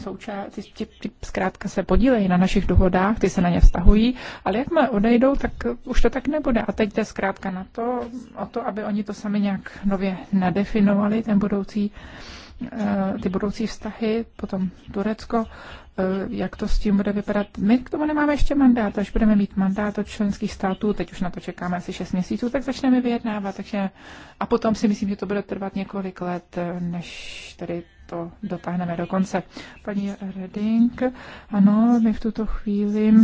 součást, ty, ty, ty zkrátka se podílejí na našich dohodách, ty se na ně vztahují, ale jakmile odejdou, tak už to tak nebude. A teď jde zkrátka na to, o to, aby oni to sami nějak nově nadefinovali, ten budoucí, eh, ty budoucí vztahy, potom Turecko. Eh, jak to s tím bude vypadat. My k tomu nemáme ještě mandát, až budeme mít mandát od členských států, teď už na to čekáme asi 6 měsíců, tak začneme vyjednávat. Takže, a potom si myslím, že to bude trvat několik let, eh, než tady to dotáhneme do konce. Paní Reding, ano, my v tuto chvíli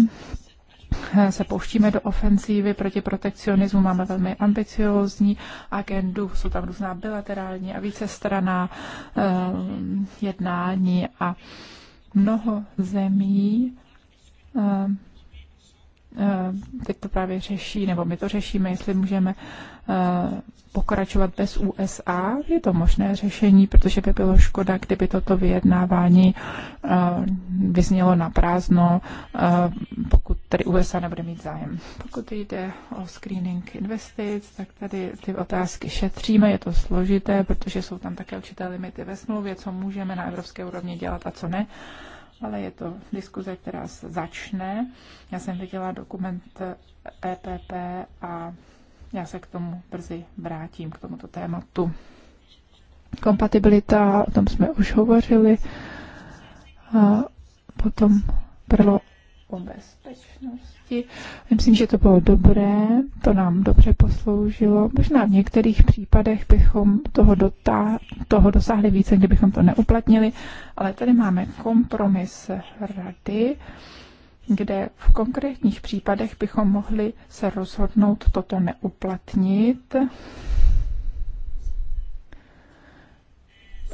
eh, se pouštíme do ofensívy proti protekcionismu, máme velmi ambiciózní agendu, jsou tam různá bilaterální a vícestraná um, jednání a eh, mnoho zemí eh, eh, teď to právě řeší, nebo my to řešíme, jestli můžeme eh, pokračovat bez USA. Je to možné řešení, protože by bylo škoda, kdyby toto vyjednávání vyznělo na prázdno, pokud tady USA nebude mít zájem. Pokud jde o screening investic, tak tady ty otázky šetříme, je to složité, protože jsou tam také určité limity ve smlouvě, co můžeme na evropské úrovni dělat a co ne ale je to diskuze, která se začne. Já jsem viděla dokument EPP a já se k tomu brzy vrátím, k tomuto tématu. Kompatibilita, o tom jsme už hovořili. A potom bylo o bezpečnosti. Myslím, že to bylo dobré, to nám dobře posloužilo. Možná v některých případech bychom toho, dotá- toho dosáhli více, kdybychom to neuplatnili, ale tady máme kompromis rady, kde v konkrétních případech bychom mohli se rozhodnout toto neuplatnit.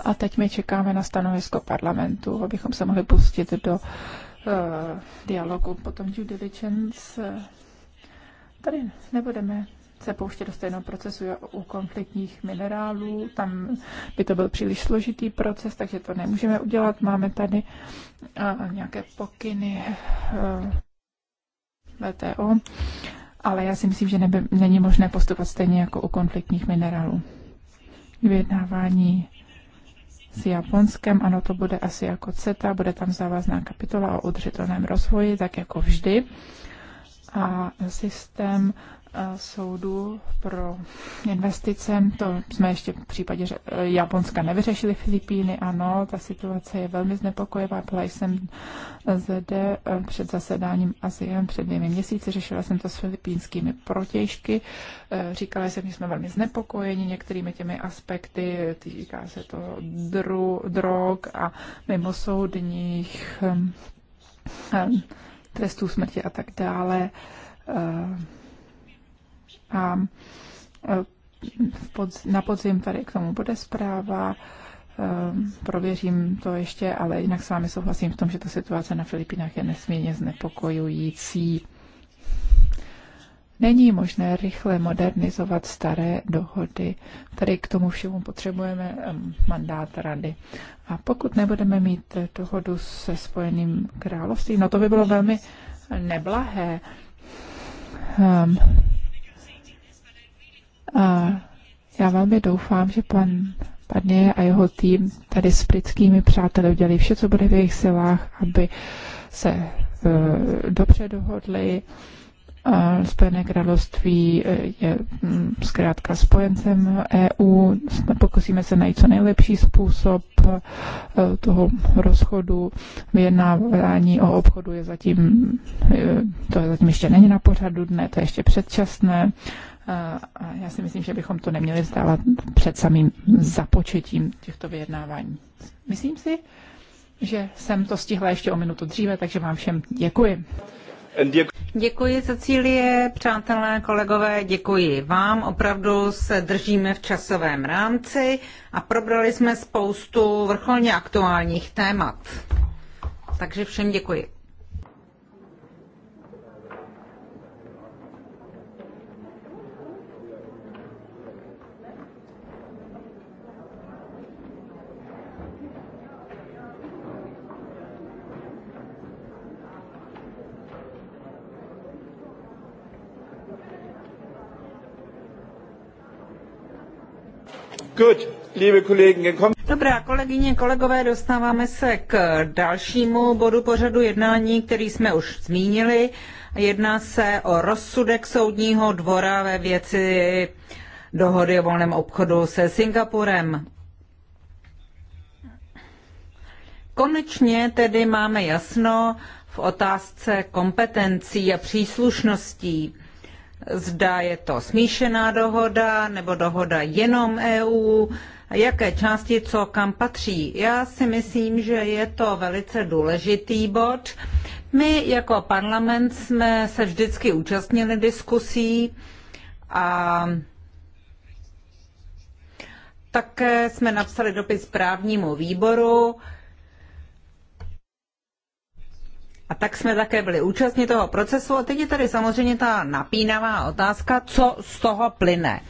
A teď my čekáme na stanovisko parlamentu, abychom se mohli pustit do uh, Eh, dialogu. Potom due diligence. Eh, tady nebudeme se pouštět do stejného procesu jako u konfliktních minerálů. Tam by to byl příliš složitý proces, takže to nemůžeme udělat. Máme tady eh, nějaké pokyny VTO, ale já si myslím, že neby, není možné postupovat stejně jako u konfliktních minerálů. Vyjednávání s Japonskem. Ano, to bude asi jako CETA, bude tam závazná kapitola o udržitelném rozvoji, tak jako vždy. A systém Eh, soudu pro investice. To jsme ještě v případě že eh, Japonska nevyřešili Filipíny. Ano, ta situace je velmi znepokojivá. Byla jsem zde eh, před zasedáním ASEAN před dvěmi měsíci. Řešila jsem to s filipínskými protějšky. Říkala jsem, že jsme velmi znepokojeni některými těmi aspekty. Týká se to dru, drog a mimosoudních trestů smrti a tak dále a e, na podzim tady k tomu bude zpráva. E, prověřím to ještě, ale jinak s vámi souhlasím v tom, že ta situace na Filipínách je nesmírně znepokojující. Není možné rychle modernizovat staré dohody. Tady k tomu všemu potřebujeme mandát rady. A pokud nebudeme mít dohodu se Spojeným královstvím, no to by bylo velmi neblahé. Um, a já velmi doufám, že pan Padně a jeho tým tady s britskými přáteli udělali vše, co bude v jejich silách, aby se uh, dobře dohodli. E, Spojené království e, je mm, zkrátka spojencem EU. Pokusíme se najít co nejlepší způsob e, toho rozchodu. Vyjednávání o obchodu je zatím, e, to to zatím ještě není na pořadu dne, to je ještě předčasné. A já si myslím, že bychom to neměli vzdávat před samým započetím těchto vyjednávání. Myslím si, že jsem to stihla ještě o minutu dříve, takže vám všem děkuji. Děkuji Cecílie, přátelé, kolegové, děkuji vám. Opravdu se držíme v časovém rámci a probrali jsme spoustu vrcholně aktuálních témat. Takže všem děkuji. Good. Dobrá, kolegyně, kolegové, dostáváme se k dalšímu bodu pořadu jednání, který jsme už zmínili. Jedná se o rozsudek soudního dvora ve věci dohody o volném obchodu se Singapurem. Konečně tedy máme jasno v otázce kompetencí a příslušností. Zda je to smíšená dohoda nebo dohoda jenom EU, jaké části co kam patří. Já si myslím, že je to velice důležitý bod. My jako parlament jsme se vždycky účastnili diskusí a také jsme napsali dopis právnímu výboru, a tak jsme také byli účastní toho procesu a teď je tady samozřejmě ta napínavá otázka, co z toho plyne.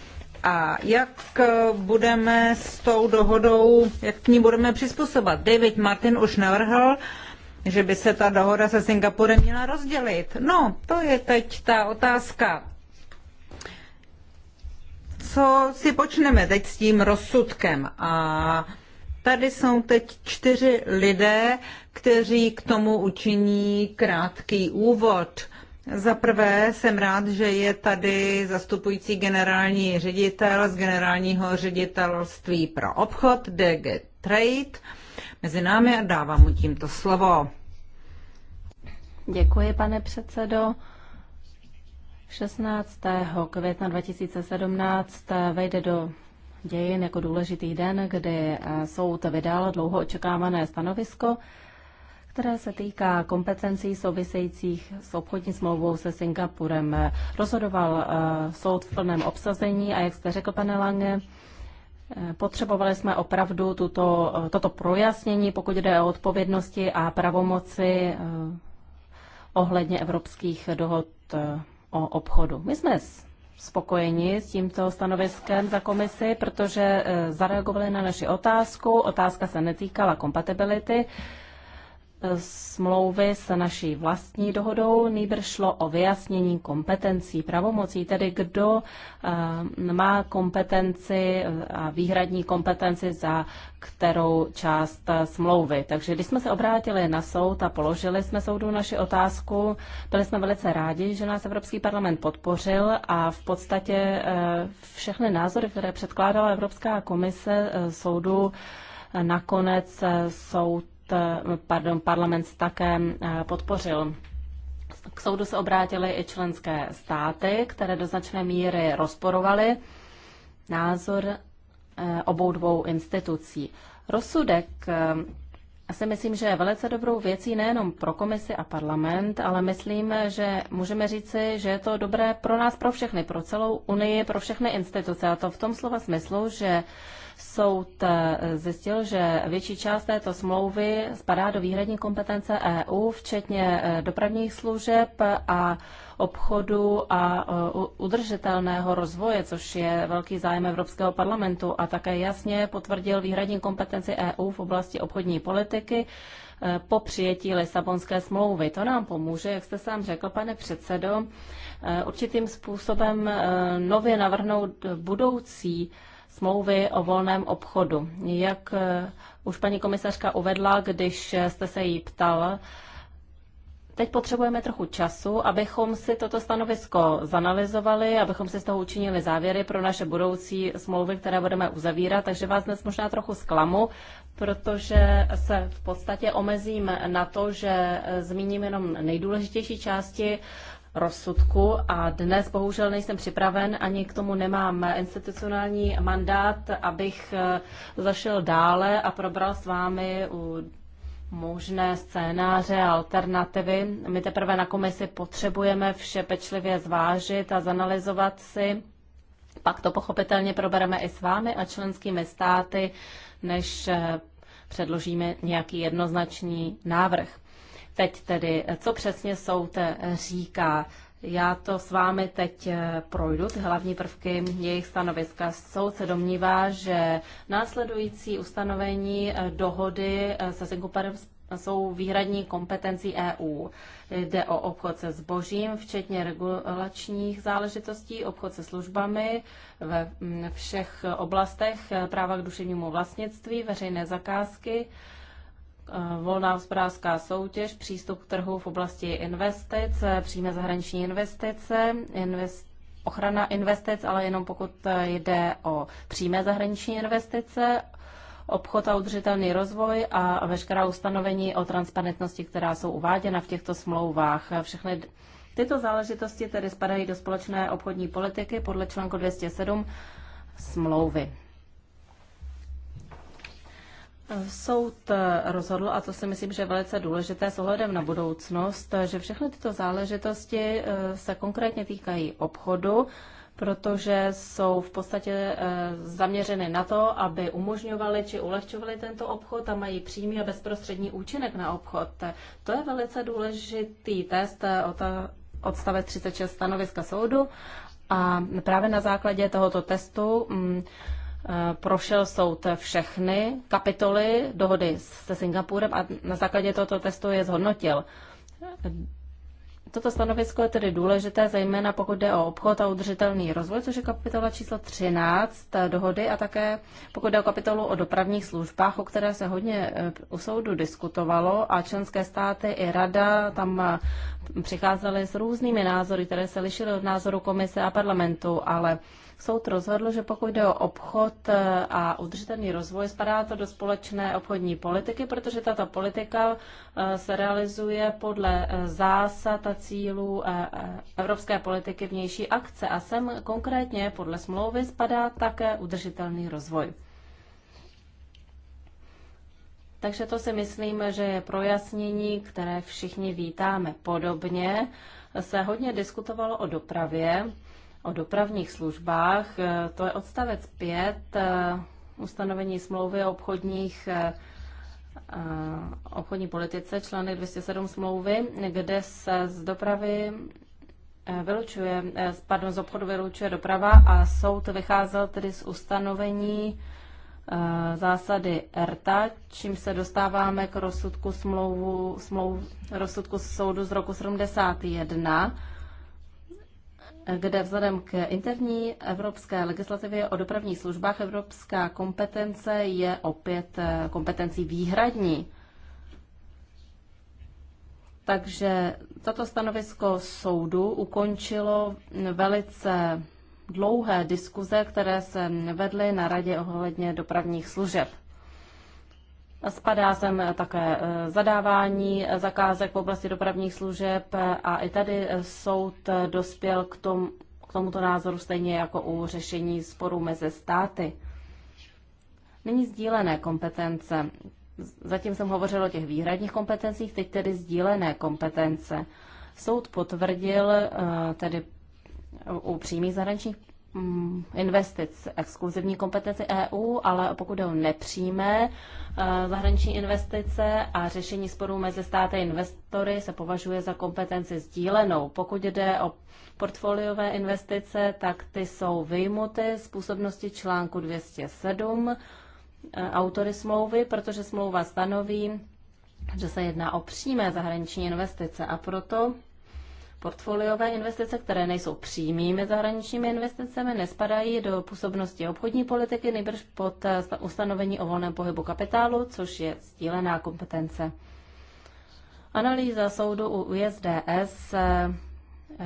A jak eh, budeme s tou dohodou, jak k ní budeme přizpůsobovat? David Martin už navrhl, že by se ta dohoda se Singapurem měla rozdělit. No, to je teď ta otázka. Co si počneme teď s tím rozsudkem? A Tady jsou teď čtyři lidé, kteří k tomu učiní krátký úvod. Za prvé jsem rád, že je tady zastupující generální ředitel z generálního ředitelství pro obchod DG Trade mezi námi a dávám mu tímto slovo. Děkuji, pane předsedo. 16. května 2017 vejde do dějin jako důležitý den, kdy eh, soud vydal dlouho očekávané stanovisko, které se týká kompetencí souvisejících s obchodní smlouvou se Singapurem. Rozhodoval eh, soud v plném obsazení a jak jste řekl, pane Lange, eh, Potřebovali jsme opravdu tuto, toto projasnění, pokud jde o odpovědnosti a pravomoci ohledně evropských dohod o obchodu. My jsme spokojeni s tímto stanoviskem za komisi, protože eh, zareagovali na naši otázku. Otázka se netýkala kompatibility smlouvy s naší vlastní dohodou, nejbrž šlo o vyjasnění kompetencí, pravomocí, tedy kdo eh, má kompetenci a výhradní kompetenci za kterou část eh, smlouvy. Takže když jsme se obrátili na soud a položili jsme soudu naši otázku, byli jsme velice rádi, že nás Evropský parlament podpořil a v podstatě eh, všechny názory, které předkládala Evropská komise soudu, nakonec soud Eh, pardon, parlament také eh, podpořil. K soudu se obrátily i členské státy, které do značné míry rozporovaly názor eh, obou dvou institucí. Rozsudek si myslím, že je velice dobrou věcí nejenom pro komisi a parlament, ale myslím, že můžeme říci, že je to dobré pro nás, pro všechny, pro celou Unii, pro všechny instituce. A to v tom slova smyslu, že Soud eh, zjistil, že větší část této smlouvy spadá do výhradní kompetence EU, včetně eh, dopravních služeb a obchodu a eh, udržitelného rozvoje, což je velký zájem Evropského parlamentu a také jasně potvrdil výhradní kompetenci EU v oblasti obchodní politiky po přijetí Lisabonské smlouvy. To nám pomůže, jak jste sám řekl, pane předsedo, určitým způsobem nově navrhnout budoucí smlouvy o volném obchodu. Jak eh, už paní komisařka uvedla, když jste se jí ptal, Teď potřebujeme trochu času, abychom si toto stanovisko zanalizovali, abychom si z toho učinili závěry pro naše budoucí smlouvy, které budeme uzavírat. Takže vás dnes možná trochu zklamu, protože se v podstatě omezím na to, že zmíním jenom nejdůležitější části rozsudku a dnes bohužel nejsem připraven, ani k tomu nemám institucionální mandát, abych eh, zašel dále a probral s vámi možné scénáře a alternativy. My teprve na komisi potřebujeme vše pečlivě zvážit a zanalizovat si. Pak to pochopitelně probereme i s vámi a členskými státy, než eh, předložíme nějaký jednoznačný návrh. Teď tedy, co přesně soud říká? Já to s vámi teď eh, projdu, ty hlavní prvky jejich stanoviska. Soud se domnívá, že následující ustanovení eh, dohody eh, se Singaporem jsou výhradní kompetencí EU. Jde o obchod se zbožím, včetně regulačních záležitostí, obchod se službami ve mm, všech oblastech práva k duševnímu vlastnictví, veřejné zakázky, Eh, volná hospodářská soutěž, přístup k trhu v oblasti investic, eh, přímé zahraniční investice, invest, ochrana investic, ale jenom pokud eh, jde o přímé zahraniční investice, obchod a udržitelný rozvoj a veškerá ustanovení o transparentnosti, která jsou uváděna v těchto smlouvách. Všechny tyto záležitosti tedy spadají do společné obchodní politiky podle článku 207 smlouvy. Soud eh, rozhodl, a to si myslím, že je velice důležité s ohledem na budoucnost, eh, že všechny tyto záležitosti eh, se konkrétně týkají obchodu, protože jsou v podstatě zaměřeny na to, aby umožňovali či ulehčovali tento obchod a mají přímý a bezprostřední účinek na obchod. To je velice důležitý test odstavec 36 stanoviska soudu a právě na základě tohoto testu mm, Eh, prošel soud všechny kapitoly dohody se Singapurem a na základě tohoto testu je zhodnotil. Toto stanovisko je tedy důležité, zejména pokud jde o obchod a udržitelný rozvoj, což je kapitola číslo 13 eh, dohody a také pokud jde o kapitolu o dopravních službách, o které se hodně eh, u soudu diskutovalo a členské státy i rada tam přicházely s různými názory, které se lišily od názoru komise a parlamentu, ale soud rozhodl, že pokud jde o obchod eh, a udržitelný rozvoj, spadá to do společné obchodní politiky, protože tato politika eh, se realizuje podle eh, zásad a cílů evropské politiky vnější akce a sem konkrétně podle smlouvy spadá také udržitelný rozvoj. Takže to si myslím, že je projasnění, které všichni vítáme. Podobně se hodně diskutovalo o dopravě o dopravních službách. Eh, to je odstavec 5 eh, ustanovení smlouvy o obchodních eh, obchodní politice, článek 207 smlouvy, kde se z dopravy vylučuje, pardon, z obchodu vylučuje doprava a soud vycházel tedy z ustanovení zásady ERTA, čím se dostáváme k rozsudku, smlouvu, smlouv, rozsudku soudu z roku 71, kde vzhledem k interní evropské legislativě o dopravních službách evropská kompetence je opět eh, kompetencí výhradní. Takže toto stanovisko soudu ukončilo velice dlouhé diskuze, které se vedly na radě ohledně dopravních služeb. Spadá sem také e, zadávání zakázek v oblasti dopravních služeb a i tady soud dospěl k, tom, k tomuto názoru stejně jako u řešení sporů mezi státy. Není sdílené kompetence. Zatím jsem hovořil o těch výhradních kompetencích, teď tedy sdílené kompetence. Soud potvrdil e, tedy u přímých zahraničních Mm, investic exkluzivní kompetenci EU, ale pokud jde o nepřímé eh, zahraniční investice a řešení sporů mezi státy investory se považuje za kompetenci sdílenou. Pokud jde o portfoliové investice, tak ty jsou vyjmuty z působnosti článku 207 eh, autory smlouvy, protože smlouva stanoví, že se jedná o přímé zahraniční investice a proto Portfoliové investice, které nejsou přímými zahraničními investicemi, nespadají do působnosti obchodní politiky, nejbrž pod eh, ustanovení o volném pohybu kapitálu, což je sdílená kompetence. Analýza soudu u USDS eh,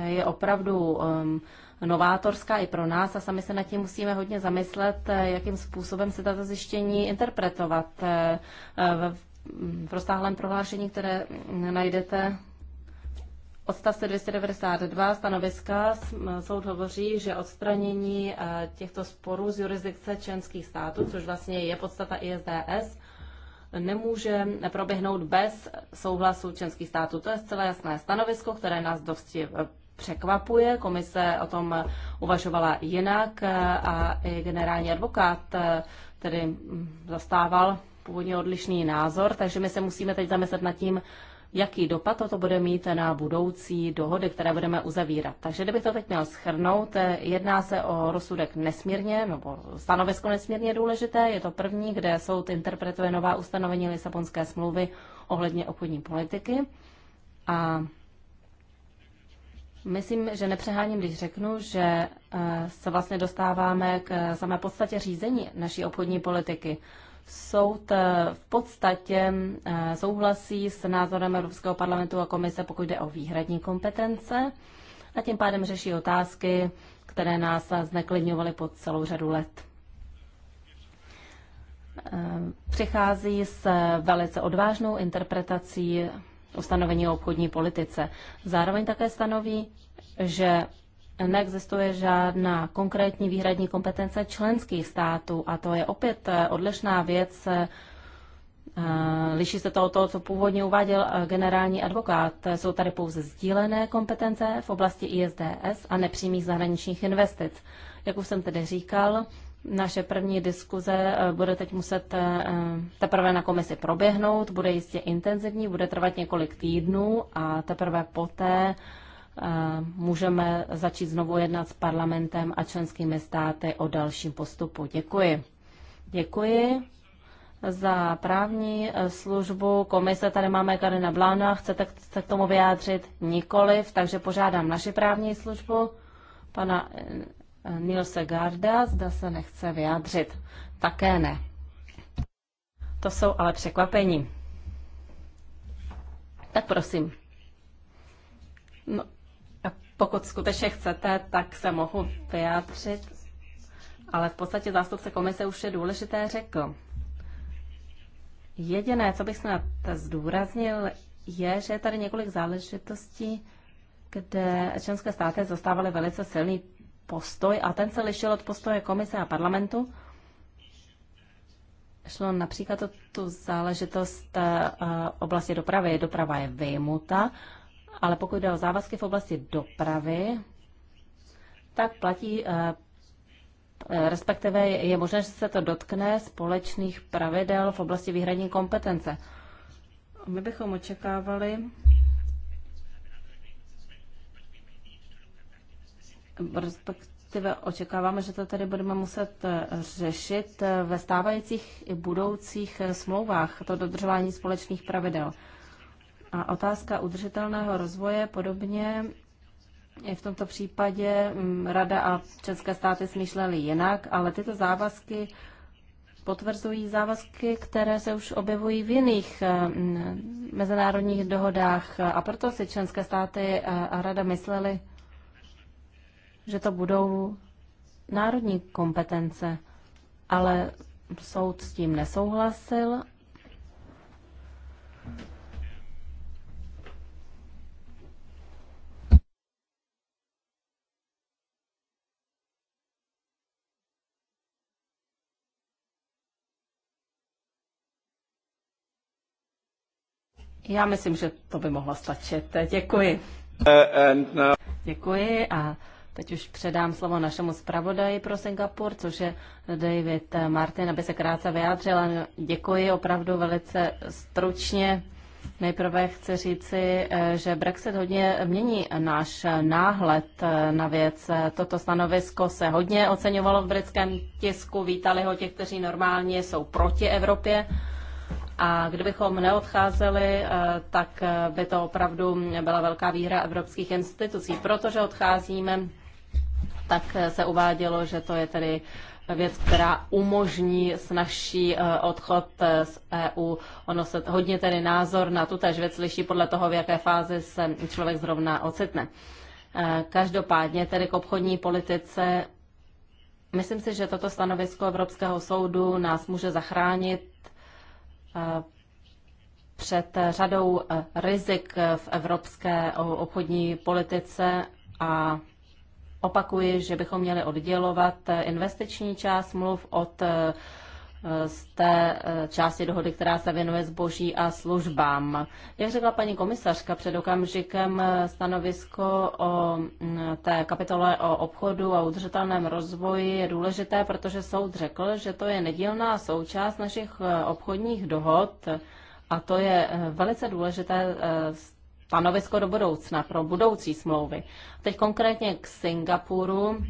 je opravdu um, novátorská i pro nás a sami se nad tím musíme hodně zamyslet, eh, jakým způsobem se tato zjištění interpretovat. V rozsáhlém prohlášení, které najdete odstavce 292 stanoviska soud hovoří, že odstranění eh, těchto sporů z jurisdikce členských států, což vlastně je podstata ISDS, nemůže proběhnout bez souhlasu členských států. To je zcela jasné stanovisko, které nás dosti eh, překvapuje. Komise o tom uvažovala jinak eh, a i generální advokát tedy mm, zastával původně odlišný názor, takže my se musíme teď zamyslet nad tím, jaký dopad toto bude mít na budoucí dohody, které budeme uzavírat. Takže kdybych to teď měl schrnout, eh, jedná se o rozsudek nesmírně, nebo stanovisko nesmírně důležité. Je to první, kde soud interpretuje nová ustanovení Lisabonské smlouvy ohledně obchodní politiky. A Myslím, že nepřeháním, když řeknu, že eh, se vlastně dostáváme k samé podstatě řízení naší obchodní politiky. Soud eh, v podstatě eh, souhlasí s názorem Evropského parlamentu a komise, pokud jde o výhradní kompetence a tím pádem řeší otázky, které nás zneklidňovaly po celou řadu let. Eh, přichází s velice odvážnou interpretací ustanovení o obchodní politice. Zároveň také stanoví, že neexistuje žádná konkrétní výhradní kompetence členských států a to je opět eh, odlišná věc. Eh, liší se to od toho, co původně uváděl eh, generální advokát. Jsou tady pouze sdílené kompetence v oblasti ISDS a nepřímých zahraničních investic. Jak už jsem tedy říkal, naše první diskuze bude teď muset teprve na komisi proběhnout, bude jistě intenzivní, bude trvat několik týdnů a teprve poté můžeme začít znovu jednat s parlamentem a členskými státy o dalším postupu. Děkuji. Děkuji. Za právní službu komise tady máme Karina Blána. Chcete se k tomu vyjádřit? Nikoliv, takže požádám naši právní službu, pana eh, Nilse Garda, zda se nechce vyjádřit. Také ne. To jsou ale překvapení. Tak prosím. No, pokud skutečně chcete, tak se mohu vyjádřit, ale v podstatě zástupce komise už je důležité řekl. Jediné, co bych snad zdůraznil, je, že je tady několik záležitostí, kde členské státy zastávaly velice silný postoj a ten se lišil od postoje komise a parlamentu. Šlo například o tu záležitost eh, oblasti dopravy. Doprava je vyjmuta ale pokud jde o závazky v oblasti dopravy, tak platí, eh, eh, respektive je možné, že se to dotkne společných pravidel v oblasti výhradní kompetence. My bychom očekávali, respektive očekáváme, že to tady budeme muset eh, řešit ve stávajících i budoucích smlouvách, to dodržování společných pravidel. A otázka udržitelného rozvoje podobně je v tomto případě mm, Rada a české státy smýšleli jinak, ale tyto závazky potvrzují závazky, které se už objevují v jiných mm, mezinárodních dohodách. A proto si členské státy a Rada myslely, že to budou národní kompetence. Ale soud s tím nesouhlasil Já myslím, že to by mohlo stačit. Děkuji. Eh, eh, eh. Děkuji a teď už předám slovo našemu zpravodaji pro Singapur, což je David Martin, aby se krátce vyjádřil. Děkuji opravdu velice stručně. Nejprve chci říci, že Brexit hodně mění náš náhled na věc. Toto stanovisko se hodně oceňovalo v britském tisku, vítali ho těch, kteří normálně jsou proti Evropě. A kdybychom neodcházeli, eh, tak eh, by to opravdu byla velká výhra evropských institucí. Protože odcházíme, tak eh, se uvádělo, že to je tedy věc, která umožní snažší odchod z EU. Ono se hodně tedy názor na tu věc liší podle toho, v jaké fázi se člověk zrovna ocitne. Každopádně tedy k obchodní politice myslím si, že toto stanovisko Evropského soudu nás může zachránit před řadou e, rizik v evropské obchodní politice a opakuji, že bychom měli oddělovat e, investiční část mluv od e, z té eh, části dohody, která se věnuje zboží a službám. Jak řekla paní komisařka před okamžikem eh, stanovisko o mm, té kapitole o obchodu a udržitelném rozvoji je důležité, protože soud řekl, že to je nedílná součást našich eh, obchodních dohod a to je velice důležité stanovisko do budoucna, pro budoucí smlouvy. Teď konkrétně k Singapuru,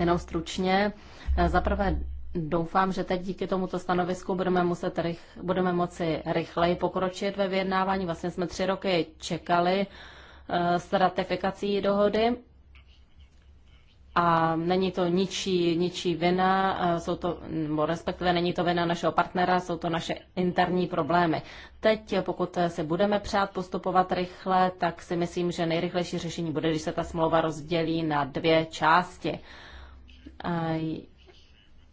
jenom stručně. Za prvé Doufám, že teď díky tomuto stanovisku budeme, muset rych, budeme moci rychleji pokročit ve vyjednávání. Vlastně jsme tři roky čekali eh, s ratifikací dohody a není to ničí, ničí vina, eh, jsou to, nebo respektive není to vina našeho partnera, jsou to naše interní problémy. Teď, eh, pokud se budeme přát postupovat rychle, tak si myslím, že nejrychlejší řešení bude, když se ta smlouva rozdělí na dvě části.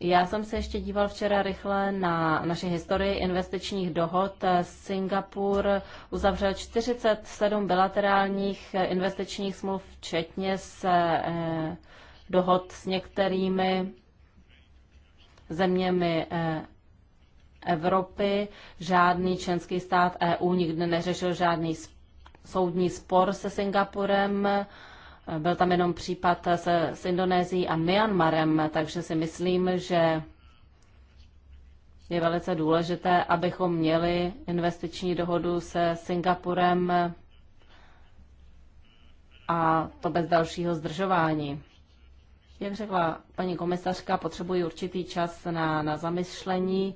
Já jsem se ještě díval včera rychle na naše historii investičních dohod. Singapur uzavřel 47 bilaterálních investičních smluv, včetně s eh, dohod s některými zeměmi eh, Evropy. Žádný členský stát EU nikdy neřešil žádný soudní spor se Singapurem. Byl tam jenom případ s, s Indonésií a Myanmarem, takže si myslím, že je velice důležité, abychom měli investiční dohodu se Singapurem a to bez dalšího zdržování. Jak řekla paní komisařka, potřebuji určitý čas na, na zamyšlení.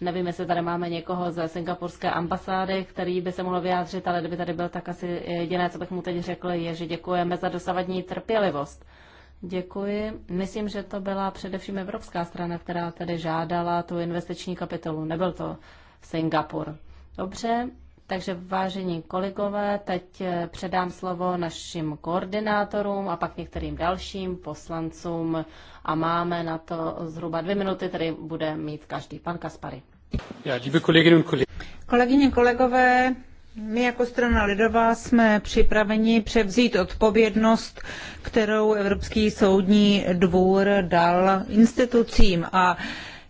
Nevím, jestli tady máme někoho ze singapurské ambasády, který by se mohl vyjádřit, ale kdyby tady byl, tak asi jediné, co bych mu teď řekl, je, že děkujeme za dosavadní trpělivost. Děkuji. Myslím, že to byla především evropská strana, která tedy žádala tu investiční kapitolu. Nebyl to Singapur. Dobře, takže vážení kolegové, teď eh, předám slovo našim koordinátorům a pak některým dalším poslancům a máme na to zhruba dvě minuty, tedy bude mít každý. Pan Kaspary. Já, liebe kolegyně, kolegyně, kolegové, my jako strana Lidová jsme připraveni převzít odpovědnost, kterou Evropský soudní dvůr dal institucím a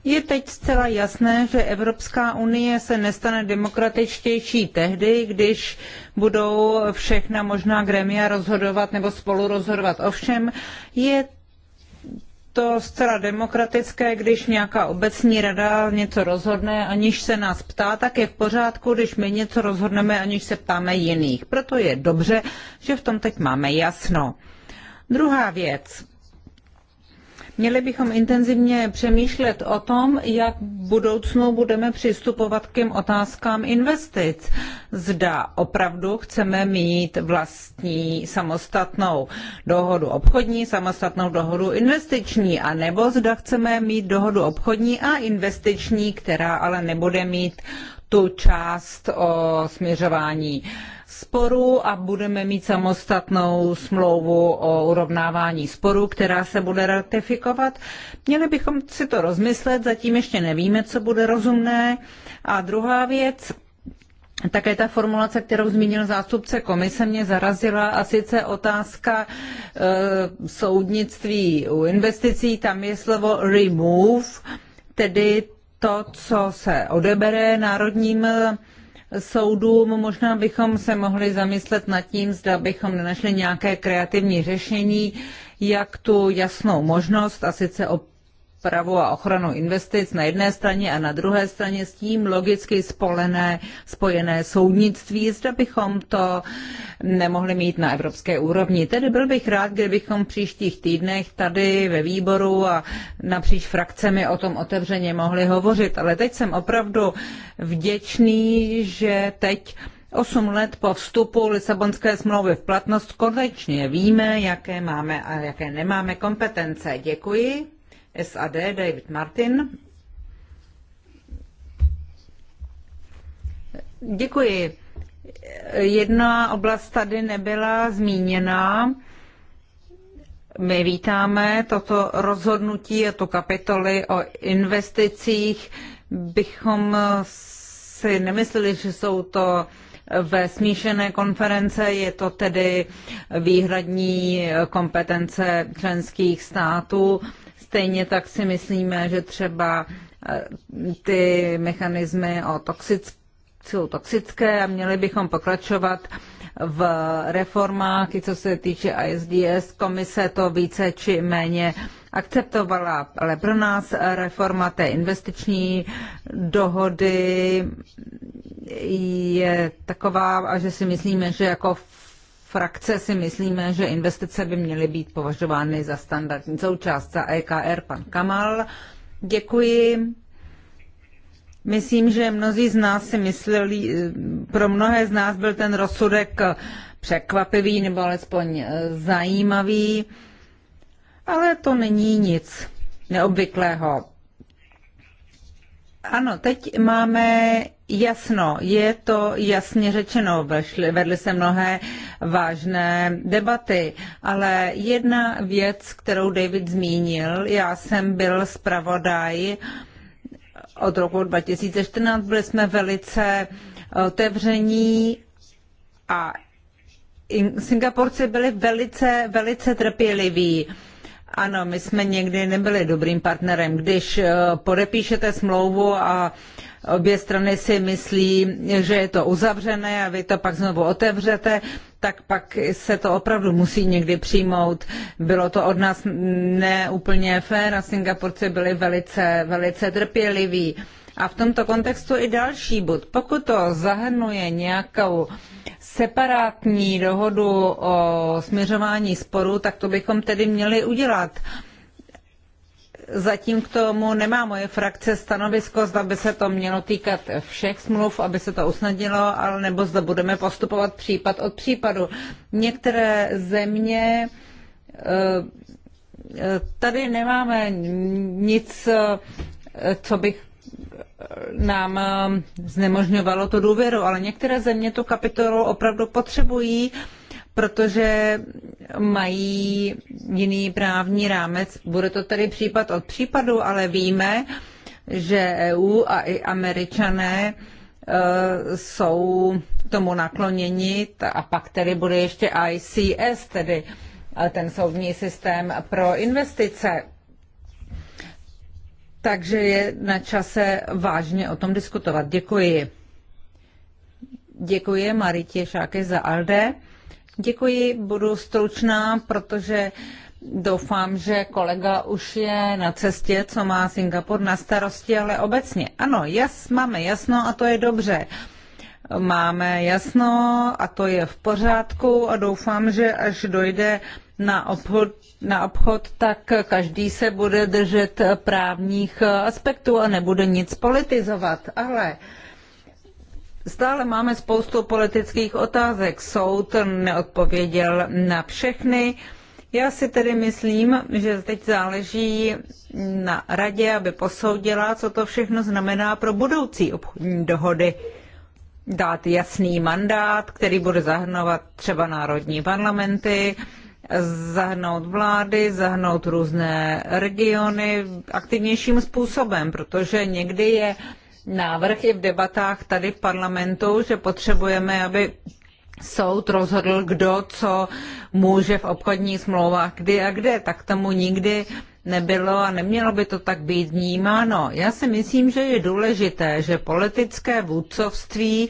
je teď zcela jasné, že Evropská unie se nestane demokratičtější tehdy, když budou všechna možná gremia rozhodovat nebo spolu rozhodovat o všem. Je to zcela demokratické, když nějaká obecní rada něco rozhodne, aniž se nás ptá, tak je v pořádku, když my něco rozhodneme, aniž se ptáme jiných. Proto je dobře, že v tom teď máme jasno. Druhá věc. Měli bychom intenzivně přemýšlet o tom, jak v budoucnu budeme přistupovat k těm otázkám investic. Zda opravdu chceme mít vlastní samostatnou dohodu obchodní, samostatnou dohodu investiční, a nebo zda chceme mít dohodu obchodní a investiční, která ale nebude mít tu část o směřování sporů a budeme mít samostatnou smlouvu o urovnávání sporů, která se bude ratifikovat. Měli bychom si to rozmyslet, zatím ještě nevíme, co bude rozumné. A druhá věc, také ta formulace, kterou zmínil zástupce komise, mě zarazila a sice otázka e, soudnictví u investicí, tam je slovo remove, tedy to, co se odebere národním soudům. Možná bychom se mohli zamyslet nad tím, zda bychom nenašli nějaké kreativní řešení, jak tu jasnou možnost, a sice o právo a ochranu investic na jedné straně a na druhé straně s tím logicky spolené, spojené soudnictví, zda bychom to nemohli mít na evropské úrovni. Tedy byl bych rád, kdybychom v příštích týdnech tady ve výboru a napříč frakcemi o tom otevřeně mohli hovořit. Ale teď jsem opravdu vděčný, že teď Osm let po vstupu Lisabonské smlouvy v platnost konečně víme, jaké máme a jaké nemáme kompetence. Děkuji. SAD David Martin. Děkuji. Jedna oblast tady nebyla zmíněna. My vítáme toto rozhodnutí a to kapitoly o investicích. Bychom si nemysleli, že jsou to eh, ve smíšené konference, je to tedy výhradní eh, kompetence členských států Stejně tak si myslíme, že třeba eh, ty mechanismy o toxic, jsou toxické a měli bychom pokračovat v reformách, i co se týče ISDS. Komise to více či méně akceptovala, ale pro nás reforma té investiční dohody je taková, a že si myslíme, že jako frakce si myslíme, že investice by měly být považovány za standardní součást za EKR, pan Kamal. Děkuji. Myslím, že mnozí z nás si mysleli, pro mnohé z nás byl ten rozsudek překvapivý nebo alespoň zajímavý, ale to není nic neobvyklého. Ano, teď máme jasno, je to jasně řečeno, Vešli, vedly se mnohé vážné debaty, ale jedna věc, kterou David zmínil, já jsem byl zpravodaj od roku 2014, byli jsme velice otevření a Singapurci byli velice, velice trpěliví ano, my jsme někdy nebyli dobrým partnerem. Když eh, podepíšete smlouvu a obě strany si myslí, že je to uzavřené a vy to pak znovu otevřete, tak pak se to opravdu musí někdy přijmout. Bylo to od nás neúplně fér a Singapurci byli velice, velice trpěliví. A v tomto kontextu i další bod. Pokud to zahrnuje nějakou separátní dohodu o směřování sporu, tak to bychom tedy měli udělat. Zatím k tomu nemá moje frakce stanovisko, zda by se to mělo týkat všech smluv, aby se to usnadnilo, ale nebo zda budeme postupovat případ od případu. Některé země eh, eh, tady nemáme nic, eh, co bych nám eh, znemožňovalo to důvěru, ale některé země tu kapitolu opravdu potřebují, protože mají jiný právní rámec. Bude to tedy případ od případu, ale víme, že EU a i američané eh, jsou tomu nakloněni a pak tedy bude ještě ICS, tedy eh, ten soudní systém pro investice. Takže je na čase vážně o tom diskutovat. Děkuji. Děkuji Maritě Šáke za Alde. Děkuji, budu stručná, protože doufám, že kolega už je na cestě, co má Singapur na starosti, ale obecně. Ano, jas, máme jasno a to je dobře. Máme jasno a to je v pořádku a doufám, že až dojde na obchod, na obchod, tak každý se bude držet právních aspektů a nebude nic politizovat. Ale stále máme spoustu politických otázek. Soud neodpověděl na všechny. Já si tedy myslím, že teď záleží na radě, aby posoudila, co to všechno znamená pro budoucí obchodní dohody. Dát jasný mandát, který bude zahrnovat třeba národní parlamenty, zahnout vlády, zahnout různé regiony aktivnějším způsobem, protože někdy je návrh i v debatách tady v parlamentu, že potřebujeme, aby soud rozhodl, kdo co může v obchodních smlouvách, kdy a kde, tak tomu nikdy nebylo a nemělo by to tak být vnímáno. Já si myslím, že je důležité, že politické vůdcovství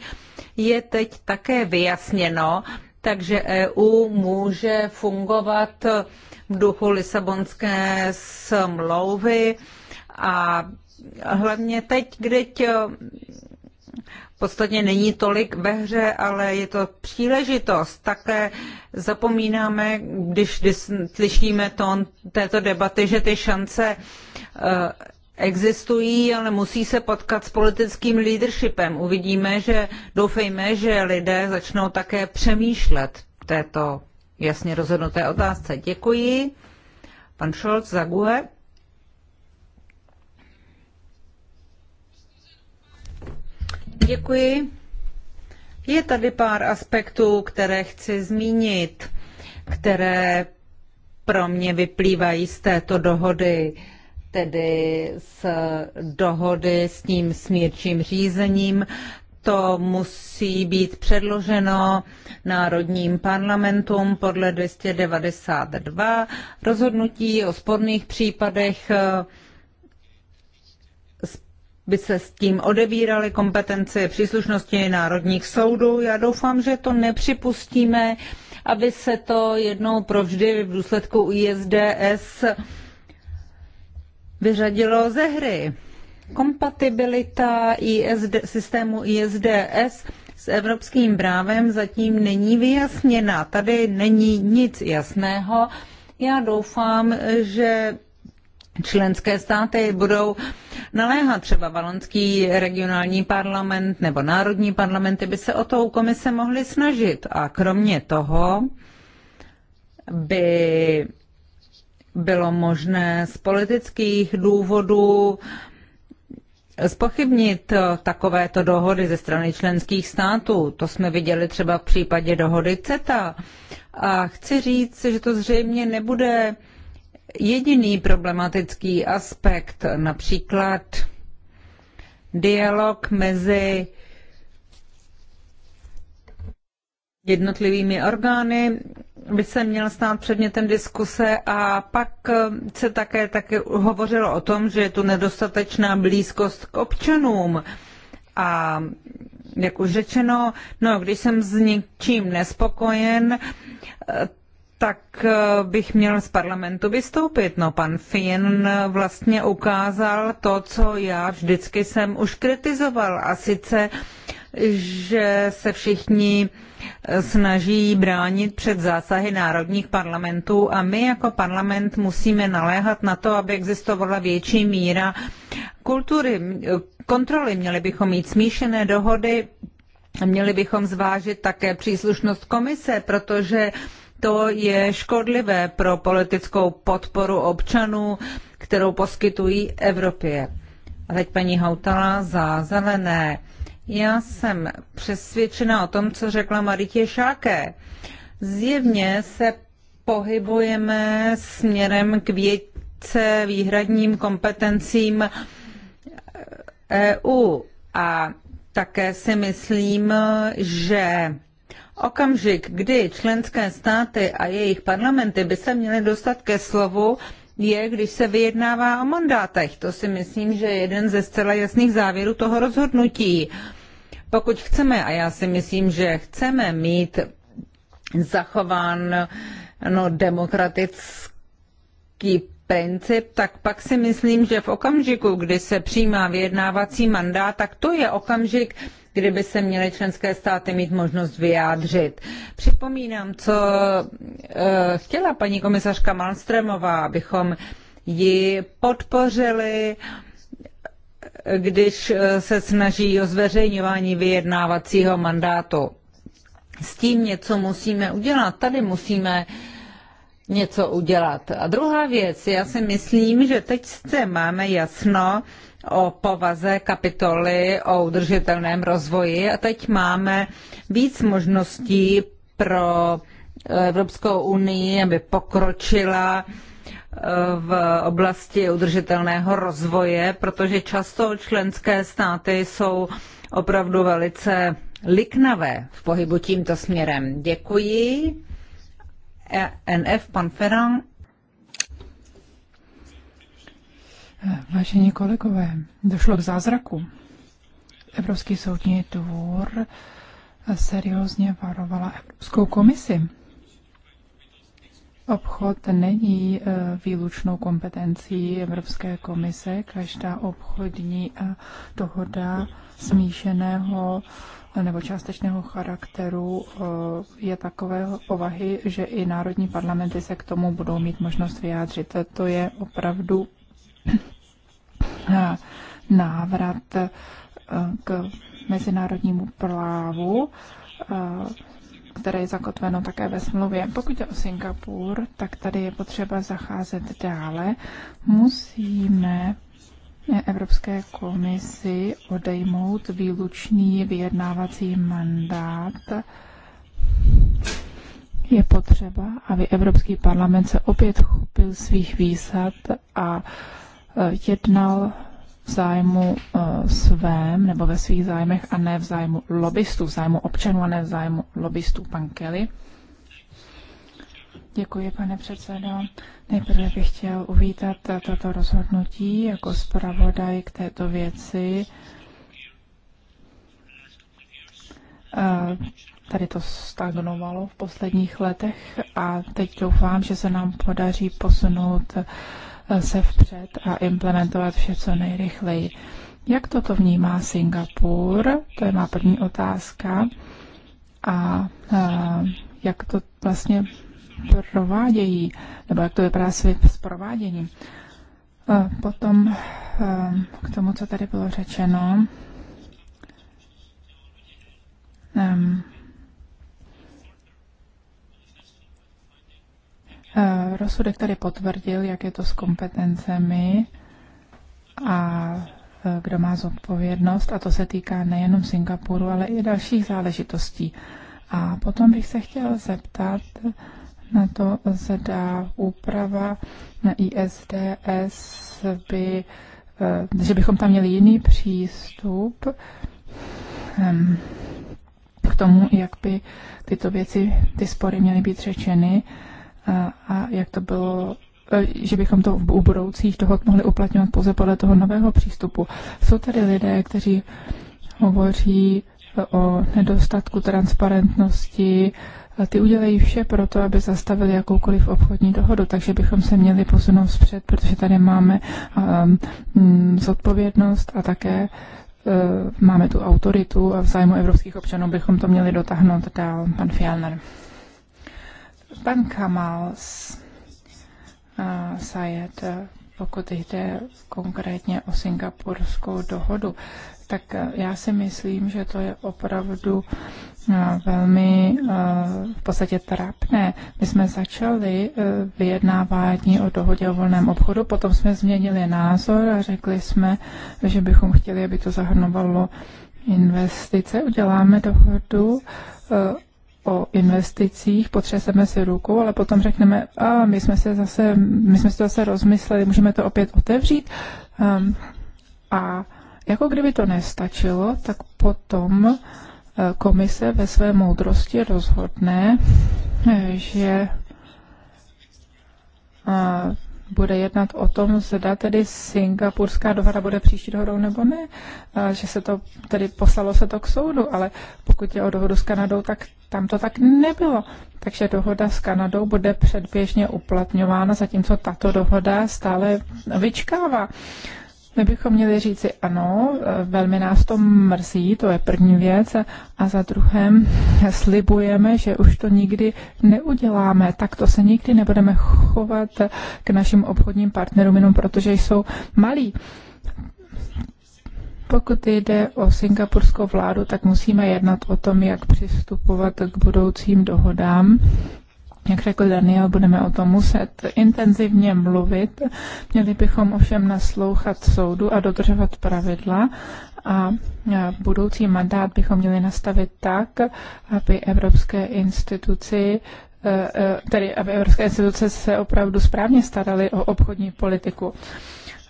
je teď také vyjasněno takže EU může fungovat v duchu Lisabonské smlouvy a hlavně teď, když eh, podstatě není tolik ve hře, ale je to příležitost. Také zapomínáme, když slyšíme tón této debaty, že ty šance eh, existují, ale musí se potkat s politickým leadershipem. Uvidíme, že doufejme, že lidé začnou také přemýšlet této jasně rozhodnuté otázce. Děkuji. Pan Scholz za GUE. Děkuji. Je tady pár aspektů, které chci zmínit, které pro mě vyplývají z této dohody. Uh, tedy z dohody s tím smírčím řízením. To musí být předloženo národním parlamentům podle 292. Rozhodnutí o sporných případech eh, by se s tím odebíraly kompetence příslušnosti národních soudů. Já doufám, že to nepřipustíme, aby se to jednou provždy v důsledku ISDS vyřadilo ze hry. Kompatibilita ISD, systému ISDS s evropským právem zatím není vyjasněna. Tady není nic jasného. Já doufám, že členské státy budou naléhat třeba valonský regionální parlament nebo národní parlamenty by se o to komise mohly snažit. A kromě toho by bylo možné z politických důvodů spochybnit eh, takovéto dohody ze strany členských států. To jsme viděli třeba v případě dohody CETA. A chci říct, že to zřejmě nebude jediný problematický aspekt, například dialog mezi jednotlivými orgány by se měl stát předmětem diskuse a pak eh, se také, také hovořilo o tom, že je tu nedostatečná blízkost k občanům. A jak už řečeno, no, když jsem s ničím nespokojen, eh, tak eh, bych měl z parlamentu vystoupit. No, pan Finn vlastně ukázal to, co já vždycky jsem už kritizoval, a sice, že se všichni uh, snaží bránit před zásahy národních parlamentů a my jako parlament musíme naléhat na to, aby existovala větší míra kultury, kontroly. Měli bychom mít smíšené dohody, měli bychom zvážit také příslušnost komise, protože to je škodlivé pro politickou podporu občanů, kterou poskytují Evropě. A teď paní Hautala za zelené. Já jsem přesvědčena o tom, co řekla Maritě Šáké. Zjevně se pohybujeme směrem k vědce výhradním kompetencím EU a také si myslím, že okamžik, kdy členské státy a jejich parlamenty by se měly dostat ke slovu, je, když se vyjednává o mandátech. To si myslím, že je jeden ze zcela jasných závěrů toho rozhodnutí. Uh, pokud chceme, a já si myslím, že chceme mít zachován no, demokratický princip, tak pak si myslím, že v okamžiku, kdy se přijímá vyjednávací mandát, tak to je okamžik, kdyby se měly členské státy mít možnost vyjádřit. Připomínám, co e, chtěla paní komisařka Malmströmová, abychom ji podpořili když eh, se snaží o zveřejňování vyjednávacího mandátu. S tím něco musíme udělat. Tady musíme něco udělat. A druhá věc, já si myslím, že teď se máme jasno o povaze kapitoly o udržitelném rozvoji a teď máme víc možností pro Evropskou unii, aby pokročila v oblasti udržitelného rozvoje, protože často členské státy jsou opravdu velice liknavé v pohybu tímto směrem. Děkuji. E NF, pan Ferran. Vážení kolegové, došlo k zázraku. Evropský soudní dvůr seriózně varovala Evropskou komisi Obchod není eh, výlučnou kompetencí Evropské komise. Každá obchodní eh, dohoda smíšeného eh, nebo částečného charakteru je takové povahy, že i národní parlamenty se k tomu budou mít možnost vyjádřit. To je opravdu návrat k mezinárodnímu právu které je zakotveno také ve smluvě. Pokud je o Singapur, tak tady je potřeba zacházet dále. Musíme Evropské komisi odejmout výlučný vyjednávací mandát. Je potřeba, aby Evropský parlament se opět chopil svých výsad a e, jednal v zájmu eh, svém nebo ve svých zájmech a ne v zájmu lobbystů, v zájmu občanů a ne v zájmu lobbystů. Pan Kelly. Děkuji, pane předsedo. Nejprve bych chtěl uvítat toto rozhodnutí jako zpravodaj k této věci. Eh, tady to stagnovalo v posledních letech a teď doufám, že se nám podaří posunout se vpřed a implementovat vše co nejrychleji. Jak toto vnímá Singapur? To je má první otázka. A, a jak to vlastně provádějí, nebo jak to vypadá s prováděním. A potom a, k tomu, co tady bylo řečeno. Um, Eh, rozsudek tady potvrdil, jak je to s kompetencemi a eh, kdo má zodpovědnost, a to se týká nejenom Singapuru, ale i dalších záležitostí. A potom bych se chtěl zeptat na to, zda úprava na ISDS by, eh, že bychom tam měli jiný přístup ehm, k tomu, jak by tyto věci, ty spory měly být řečeny a jak to bylo e, že bychom to u budoucích toho mohli uplatňovat pouze podle toho nového přístupu. Jsou tady lidé, kteří hovoří e, o nedostatku transparentnosti, ty udělají vše pro to, aby zastavili jakoukoliv obchodní dohodu, takže bychom se měli posunout vpřed, protože tady máme um, mm, zodpovědnost a také uh, máme tu autoritu a v zájmu evropských občanů bychom to měli dotáhnout dál, pan Fialner. Pan Kamal eh, Sayed, eh, pokud jde konkrétně o singapurskou dohodu, tak eh, já si myslím, že to je opravdu velmi v podstatě trapné. My jsme začali vyjednávání o dohodě o volném obchodu, potom jsme změnili názor a řekli jsme, že bychom chtěli, aby to zahrnovalo investice. Uděláme dohodu o investicích, potřeseme si ruku, ale potom řekneme, a my jsme se zase, my jsme si to zase rozmysleli, můžeme to opět otevřít. Um, a jako kdyby to nestačilo, tak potom e, komise ve své moudrosti rozhodne, e, že e, bude jednat o tom, zda tedy singapurská dohoda bude příští dohodou nebo ne, že se to tedy poslalo se to k soudu, ale pokud je o dohodu s Kanadou, tak tam to tak nebylo. Takže dohoda s Kanadou bude předběžně uplatňována, zatímco tato dohoda stále vyčkává. My bychom měli říci ano, velmi nás to mrzí, to je první věc, a za druhém slibujeme, že už to nikdy neuděláme. Tak to se nikdy nebudeme chovat k našim obchodním partnerům jenom protože jsou malí. Pokud jde o singapurskou vládu, tak musíme jednat o tom, jak přistupovat k budoucím dohodám jak řekl Daniel, budeme o tom muset intenzivně mluvit. Měli bychom ovšem naslouchat soudu a dodržovat pravidla a budoucí mandát bychom měli nastavit tak, aby evropské instituci e, e, tedy aby evropské instituce se opravdu správně staraly o obchodní politiku.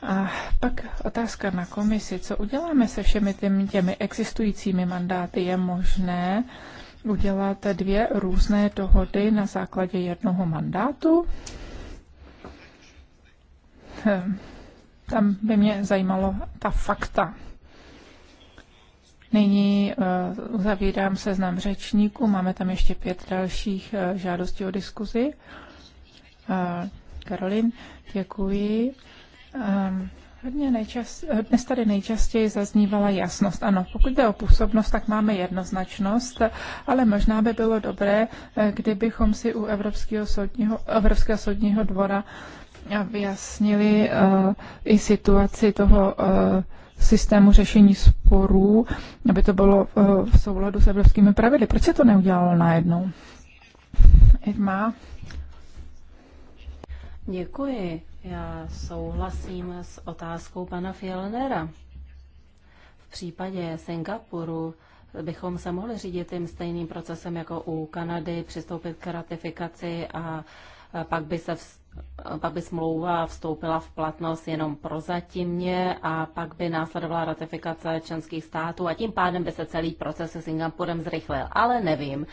A pak otázka na komisi. Co uděláme se všemi těmi, těmi existujícími mandáty? Je možné uh, uděláte dvě různé dohody na základě jednoho mandátu? Ehm, tam by mě zajímalo ta fakta. Nyní eh, uzavírám seznam řečníků, máme tam ještě pět dalších eh, žádostí o diskuzi. Eh, Karolin, děkuji. Um, Hodně nejčast, dnes tady nejčastěji zaznívala jasnost. Ano, pokud jde o působnost, tak máme jednoznačnost, ale možná by bylo dobré, eh, kdybychom si u Evropského soudního, Evropského soudního dvora eh, vyjasnili uh, i situaci toho uh, systému řešení sporů, aby to bylo uh, v souladu s evropskými pravidly. Proč se to neudělalo najednou? Irma? Děkuji. Já souhlasím s otázkou pana Fjellnera. V případě Singapuru bychom se mohli řídit tím stejným procesem jako u Kanady, přistoupit k ratifikaci a pak by, se, pak by smlouva vstoupila v platnost jenom prozatímně a pak by následovala ratifikace členských států a tím pádem by se celý proces se Singapurem zrychlil. Ale nevím.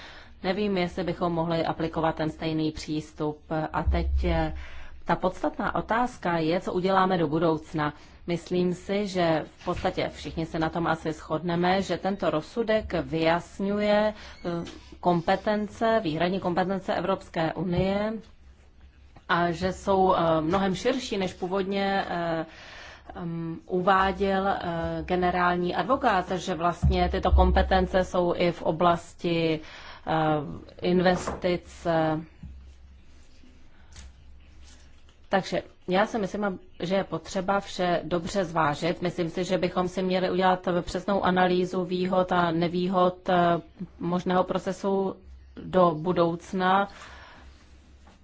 Nevím, jestli bychom mohli aplikovat ten stejný přístup. A teď eh, ta podstatná otázka je, co uděláme do budoucna. Myslím si, že v podstatě všichni se na tom asi shodneme, že tento rozsudek vyjasňuje eh, kompetence, výhradní kompetence Evropské unie a že jsou eh, mnohem širší, než původně eh, uváděl generální advokát, že vlastně tyto kompetence jsou i v oblasti investic takže já si myslím, že je potřeba vše dobře zvážit. Myslím si, že bychom si měli udělat přesnou analýzu výhod a nevýhod eh, možného procesu do budoucna.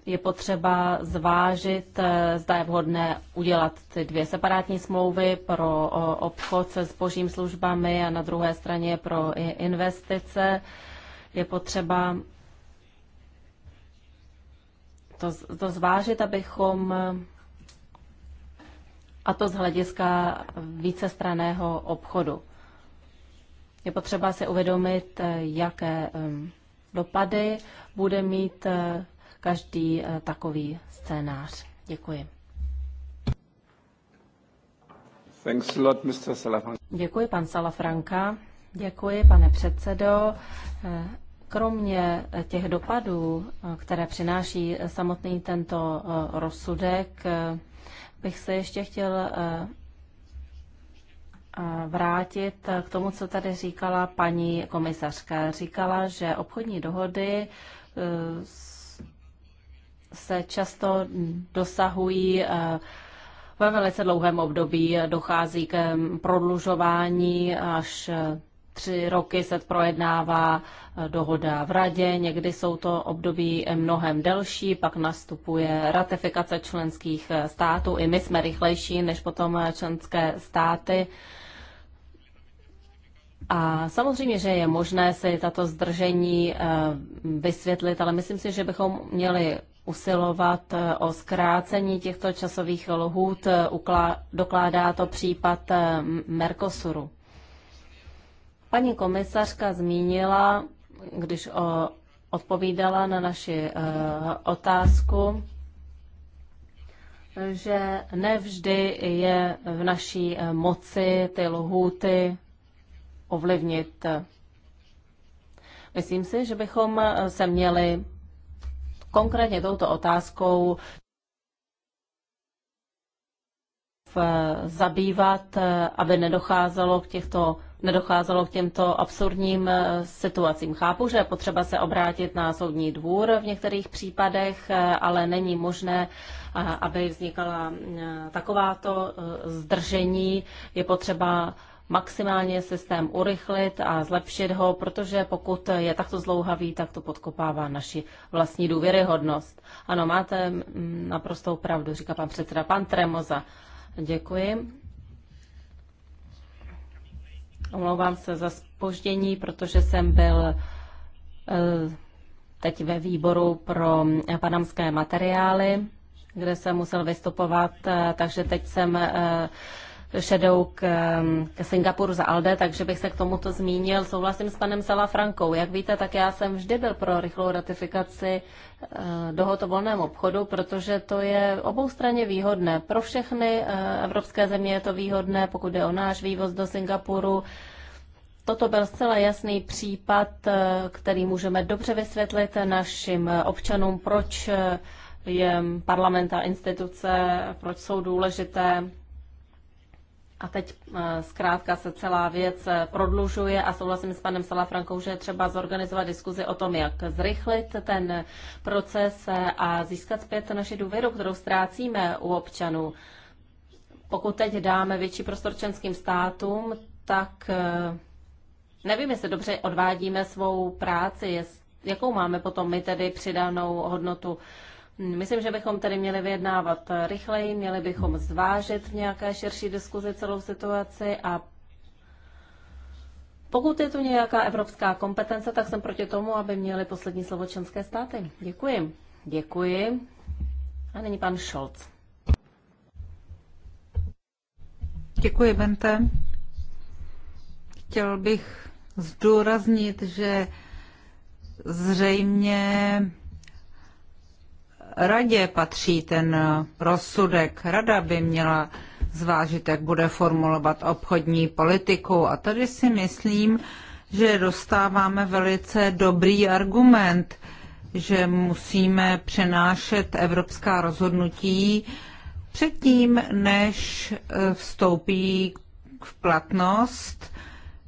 Je potřeba zvážit, eh, zda je vhodné udělat ty dvě separátní smlouvy pro obchod se zbožím službami a na druhé straně pro investice. Je potřeba to, to zvážit, abychom a to z hlediska vícestraného obchodu. Je potřeba si uvědomit, jaké um, dopady bude mít eh, každý eh, takový scénář. Děkuji. Thanks a lot, Mr. Děkuji, pan Salafranka. Děkuji, pane předsedo. Eh, kromě těch dopadů, které přináší samotný tento eh, rozsudek, eh, bych se ještě chtěl eh, vrátit k tomu, co tady říkala paní komisařka. Říkala, že obchodní dohody se často dosahují ve velice dlouhém období. Dochází k prodlužování až tři roky se projednává eh, dohoda v radě, někdy jsou to období eh, mnohem delší, pak nastupuje ratifikace členských eh, států. I my jsme rychlejší než potom členské státy. A samozřejmě, že je možné si tato zdržení vysvětlit, ale myslím si, že bychom měli usilovat o zkrácení těchto časových lhůt. Dokládá to případ Mercosuru. Paní komisařka zmínila, když o, odpovídala na naši e, otázku, že nevždy je v naší eh, moci ty lhůty ovlivnit. Myslím si, že bychom eh, se měli konkrétně touto otázkou zabývat, aby nedocházelo k těchto nedocházelo k těmto absurdním eh, situacím. Chápu, že je potřeba se obrátit na soudní dvůr v některých případech, eh, ale není možné, eh, aby vznikala takováto zdržení. Je potřeba maximálně systém urychlit a zlepšit ho, protože pokud je takto zlouhavý, tak to podkopává naši vlastní důvěryhodnost. Ano, máte mm, naprostou pravdu, říká pan předseda, pan Tremoza. Děkuji. Omlouvám se za spoždění, protože jsem byl eh, teď ve výboru pro eh, panamské materiály, kde jsem musel vystupovat, eh, takže teď jsem šedou k, k Singapuru za ALDE, takže bych se k tomuto zmínil. Souhlasím s panem Sala Frankou. Jak víte, tak já jsem vždy byl pro rychlou ratifikaci eh, dohod o volném obchodu, protože to je oboustranně výhodné. Pro všechny eh, evropské země je to výhodné, pokud je o náš vývoz do Singapuru. Toto byl zcela jasný případ, eh, který můžeme dobře vysvětlit našim občanům, proč je parlament a instituce, proč jsou důležité a teď eh, zkrátka se celá věc eh, prodlužuje a souhlasím s panem Salafrankou, že je třeba zorganizovat diskuzi o tom, jak zrychlit ten proces eh, a získat zpět naši důvěru, kterou ztrácíme u občanů. Pokud teď dáme větší prostor členským státům, tak nevím, jestli dobře odvádíme svou práci, jakou máme potom my tedy přidanou hodnotu Myslím, že bychom tedy měli vyjednávat rychleji, měli bychom zvážit v nějaké širší diskuzi celou situaci a pokud je tu nějaká evropská kompetence, tak jsem proti tomu, aby měli poslední slovo členské státy. Děkuji. Děkuji. A nyní pan Scholz. Děkuji, Bente. Chtěl bych zdůraznit, že zřejmě radě patří ten rozsudek. Rada by měla zvážit, jak bude formulovat obchodní politiku. A tady si myslím, že dostáváme velice dobrý argument, že musíme přenášet evropská rozhodnutí předtím, než eh, vstoupí v platnost,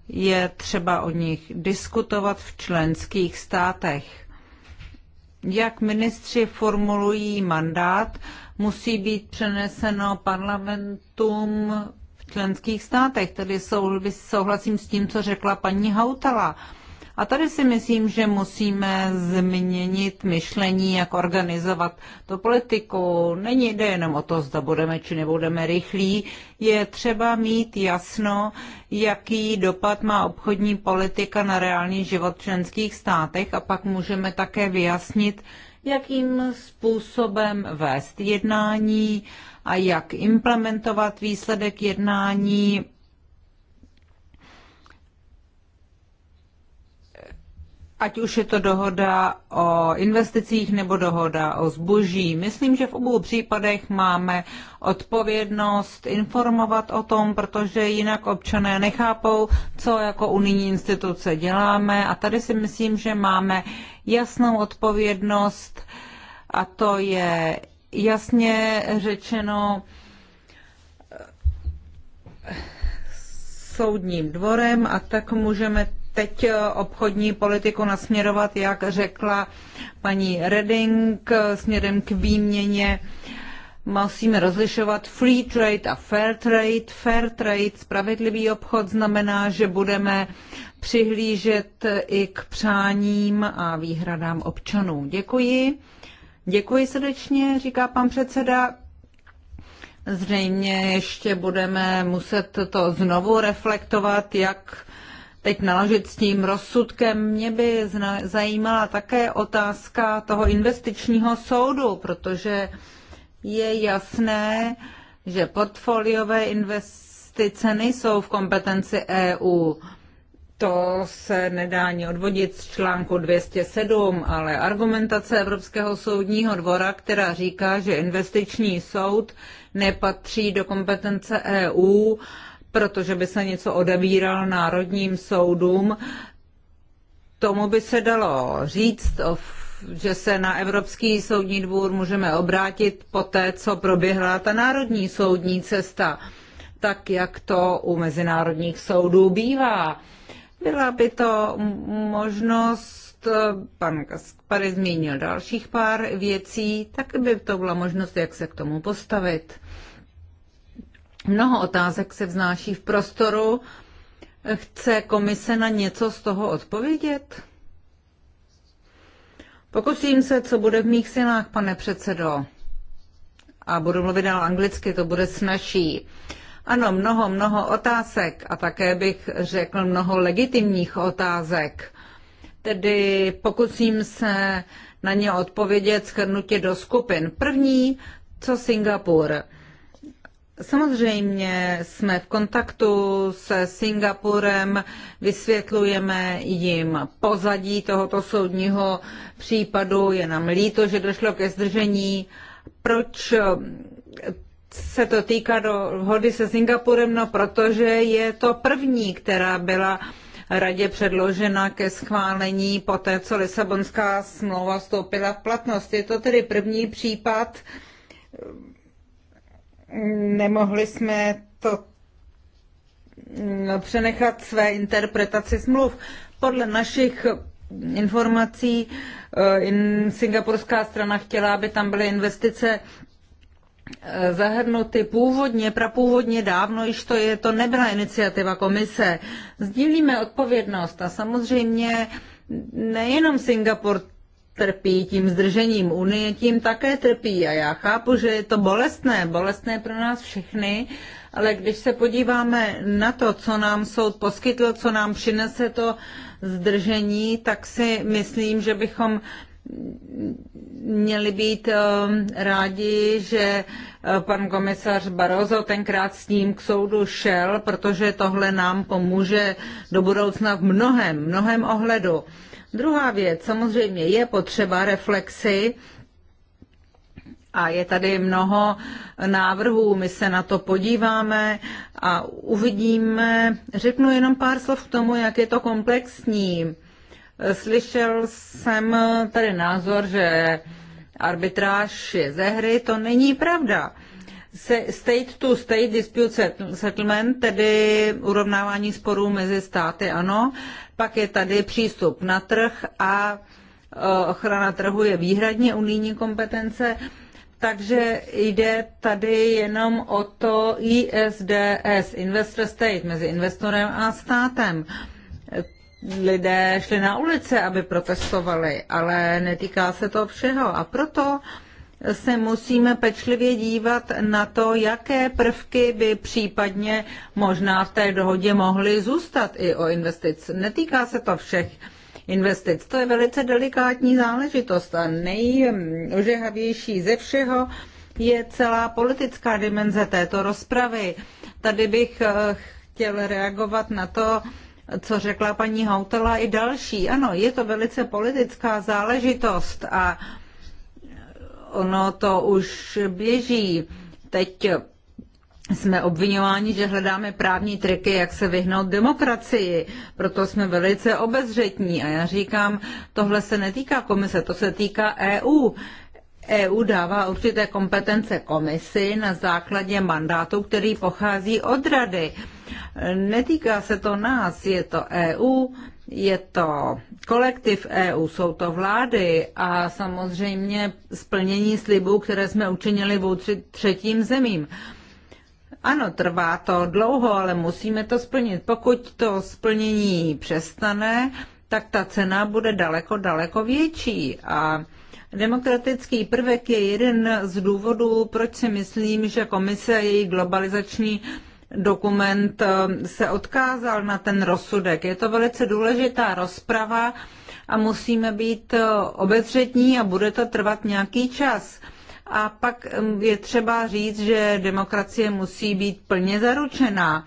je třeba o nich diskutovat v členských státech jak ministři formulují mandát, musí být přeneseno parlamentům v členských státech. Tedy souhlasím s tím, co řekla paní Hautala. A tady si myslím, že musíme změnit myšlení, jak organizovat to politiku. Není jde jenom o to, zda budeme či nebudeme rychlí. Je třeba mít jasno, jaký dopad má obchodní politika na reálný život v členských státech a pak můžeme také vyjasnit, jakým způsobem vést jednání a jak implementovat výsledek jednání ať už je to dohoda o investicích nebo dohoda o zboží. Myslím, že v obou případech máme odpovědnost informovat o tom, protože jinak občané nechápou, co jako unijní instituce děláme. A tady si myslím, že máme jasnou odpovědnost a to je jasně řečeno soudním dvorem a tak můžeme teď eh, obchodní politiku nasměrovat, jak řekla paní Reding, eh, směrem k výměně. Musíme rozlišovat free trade a fair trade. Fair trade, spravedlivý obchod, znamená, že budeme přihlížet eh, i k přáním a výhradám občanů. Děkuji. Děkuji srdečně, říká pan předseda. Zřejmě ještě budeme muset to znovu reflektovat, jak teď naložit s tím rozsudkem. Mě by zajímala také otázka toho investičního soudu, protože je jasné, že portfoliové investice nejsou v kompetenci EU. To se nedá ani odvodit z článku 207, ale argumentace Evropského soudního dvora, která říká, že investiční soud nepatří do kompetence EU, protože by se něco odebíral národním soudům. Tomu by se dalo říct, že se na Evropský soudní dvůr můžeme obrátit po té, co proběhla ta národní soudní cesta, tak jak to u mezinárodních soudů bývá. Byla by to možnost, eh, pan Kaspary zmínil dalších pár věcí, tak by to byla možnost, jak se k tomu postavit. Mnoho otázek se vznáší v prostoru. Chce komise na něco z toho odpovědět? Pokusím se, co bude v mých silách, pane předsedo. A budu mluvit dál anglicky, to bude snažší. Ano, mnoho, mnoho otázek a také bych řekl mnoho legitimních otázek. Tedy pokusím se na ně odpovědět schrnutě do skupin. První, co Singapur? Samozřejmě jsme v kontaktu se Singapurem, vysvětlujeme jim pozadí tohoto soudního případu, je nám líto, že došlo ke zdržení. Proč se to týká dohody se Singapurem? No, protože je to první, která byla radě předložena ke schválení poté, co Lisabonská smlouva vstoupila v platnost. Je to tedy první případ, Nemohli jsme to no, přenechat své interpretaci smluv. Podle našich informací eh, singapurská strana chtěla, aby tam byly investice eh, zahrnuty původně, prapůvodně dávno, již to je, to nebyla iniciativa komise. Sdílíme odpovědnost a samozřejmě nejenom Singapur trpí tím zdržením. Unie tím také trpí a já chápu, že je to bolestné, bolestné pro nás všechny, ale když se podíváme na to, co nám soud poskytl, co nám přinese to zdržení, tak si myslím, že bychom měli být eh, rádi, že eh, pan komisař Barozo tenkrát s ním k soudu šel, protože tohle nám pomůže do budoucna v mnohem, mnohem ohledu. Druhá věc, samozřejmě je potřeba reflexy a je tady mnoho návrhů, my se na to podíváme a uvidíme. Řeknu jenom pár slov k tomu, jak je to komplexní. Slyšel jsem tady názor, že arbitráž je ze hry, to není pravda. State to state dispute settlement, tedy urovnávání sporů mezi státy, ano, pak je tady přístup na trh a e, ochrana trhu je výhradně unijní kompetence, takže jde tady jenom o to ISDS, investor state, mezi investorem a státem. Lidé šli na ulice, aby protestovali, ale netýká se to všeho a proto se musíme pečlivě dívat na to, jaké prvky by případně možná v té dohodě mohly zůstat i o investic. Netýká se to všech investic. To je velice delikátní záležitost a nejožehavější ze všeho je celá politická dimenze této rozpravy. Tady bych eh, chtěl reagovat na to, co řekla paní Hautela i další. Ano, je to velice politická záležitost a ono to už běží. Teď jsme obvinováni, že hledáme právní triky, jak se vyhnout demokracii. Proto jsme velice obezřetní. A já říkám, tohle se netýká komise, to se týká EU. EU dává určité kompetence komisi na základě mandátu, který pochází od rady. Netýká se to nás, je to EU je to kolektiv EU, jsou to vlády a samozřejmě splnění slibů, které jsme učinili vůči třetím zemím. Ano, trvá to dlouho, ale musíme to splnit. Pokud to splnění přestane, tak ta cena bude daleko, daleko větší. A demokratický prvek je jeden z důvodů, proč si myslím, že komise a její globalizační dokument eh, se odkázal na ten rozsudek. Je to velice důležitá rozprava a musíme být eh, obezřetní a bude to trvat nějaký čas. A pak eh, je třeba říct, že demokracie musí být plně zaručená.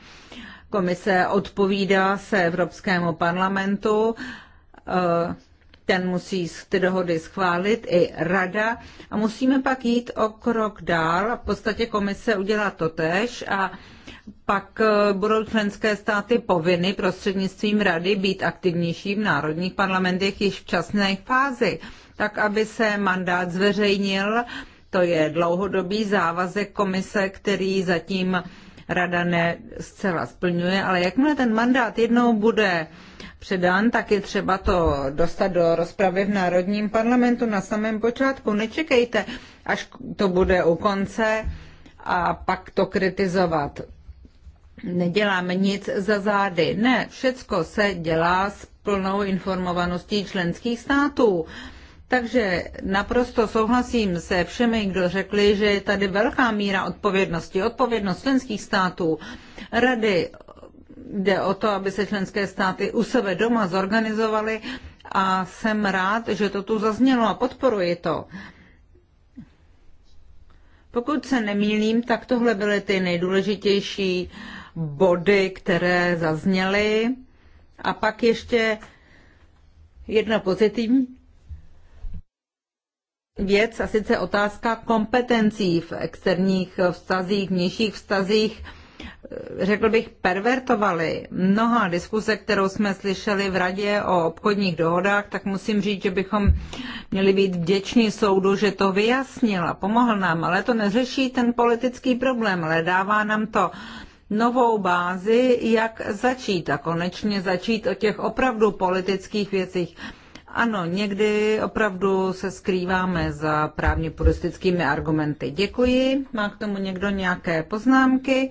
Komise odpovídá se Evropskému parlamentu ten musí ty dohody schválit i rada a musíme pak jít o krok dál a v podstatě komise udělá to tež a pak eh, budou členské státy povinny prostřednictvím rady být aktivnější v národních parlamentech již v časné fázi, tak aby se mandát zveřejnil. To je dlouhodobý závazek komise, který zatím rada ne zcela splňuje, ale jakmile ten mandát jednou bude předán, tak je třeba to dostat do rozpravy v Národním parlamentu na samém počátku. Nečekejte, až to bude u konce a pak to kritizovat. Neděláme nic za zády. Ne, všecko se dělá s plnou informovaností členských států. Takže naprosto souhlasím se všemi, kdo řekli, že je tady velká míra odpovědnosti, odpovědnost členských států, rady, jde o to, aby se členské státy u sebe doma zorganizovaly a jsem rád, že to tu zaznělo a podporuji to. Pokud se nemýlím, tak tohle byly ty nejdůležitější body, které zazněly. A pak ještě jedna pozitivní věc, a sice otázka kompetencí v externích vztazích, vnějších vztazích řekl bych, pervertovali. Mnoha diskuze, kterou jsme slyšeli v radě o obchodních dohodách, tak musím říct, že bychom měli být vděční soudu, že to vyjasnil a pomohl nám, ale to neřeší ten politický problém, ale dává nám to novou bázi, jak začít a konečně začít o těch opravdu politických věcích. Ano, někdy opravdu se skrýváme za právně puristickými argumenty. Děkuji. Má k tomu někdo nějaké poznámky?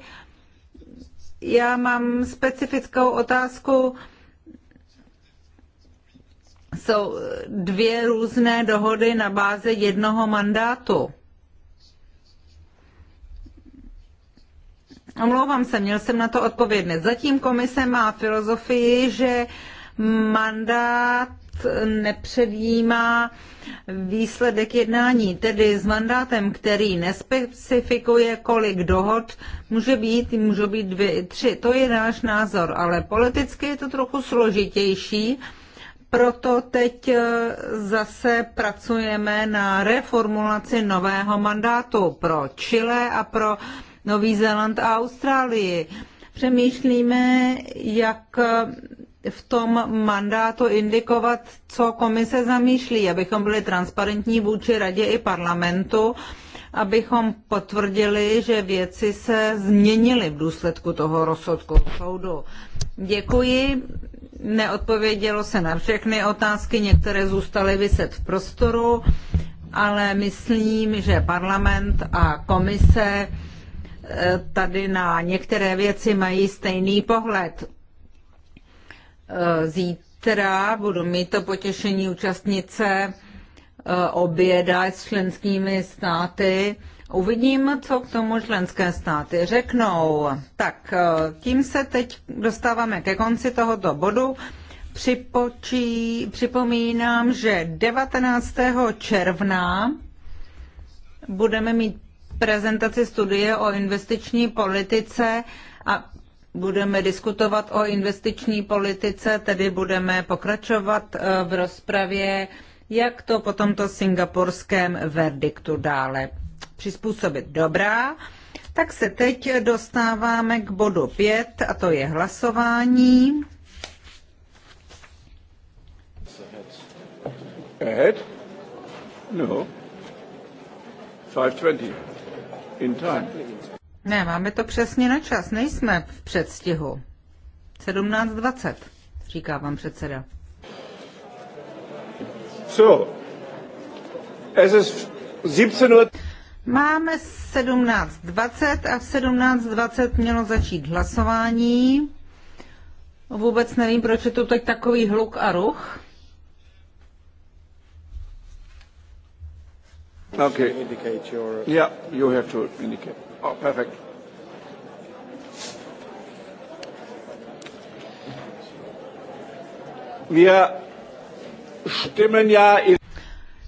Já mám specifickou otázku. Jsou dvě různé dohody na bázi jednoho mandátu. Omlouvám se, měl jsem na to odpovědnit. Zatím komise má filozofii, že mandát nepředjímá výsledek jednání, tedy s mandátem, který nespecifikuje, kolik dohod může být, můžou být dvě, tři. To je náš názor, ale politicky je to trochu složitější, proto teď eh, zase pracujeme na reformulaci nového mandátu pro Chile a pro Nový Zéland a Austrálii. Přemýšlíme, jak eh, v tom mandátu indikovat, co komise zamýšlí, abychom byli transparentní vůči radě i parlamentu, abychom potvrdili, že věci se změnily v důsledku toho rozsudku soudu. Děkuji. Neodpovědělo se na všechny otázky, některé zůstaly vyset v prostoru, ale myslím, že parlament a komise eh, tady na některé věci mají stejný pohled. Eh, zítra budu mít to potěšení účastnice eh, oběda s členskými státy. Uvidím, co k tomu členské státy řeknou. Tak eh, tím se teď dostáváme ke konci tohoto bodu. Připočí, připomínám, že 19. června budeme mít prezentaci studie o investiční politice a budeme diskutovat o investiční politice, tedy budeme pokračovat eh, v rozpravě, jak to po tomto singapurském verdiktu dále přizpůsobit. Dobrá, tak se teď dostáváme k bodu 5 a to je hlasování. Ahead? No. 5.20. In time. Ne, máme to přesně na čas, nejsme v předstihu. 17.20, říká vám předseda. So, es ist 17 Máme 17.20 a v 17.20 mělo začít hlasování. Vůbec nevím, proč je tu teď takový hluk a ruch. Okay. Indicate your... Yeah, you have to indicate. Oh, perfect.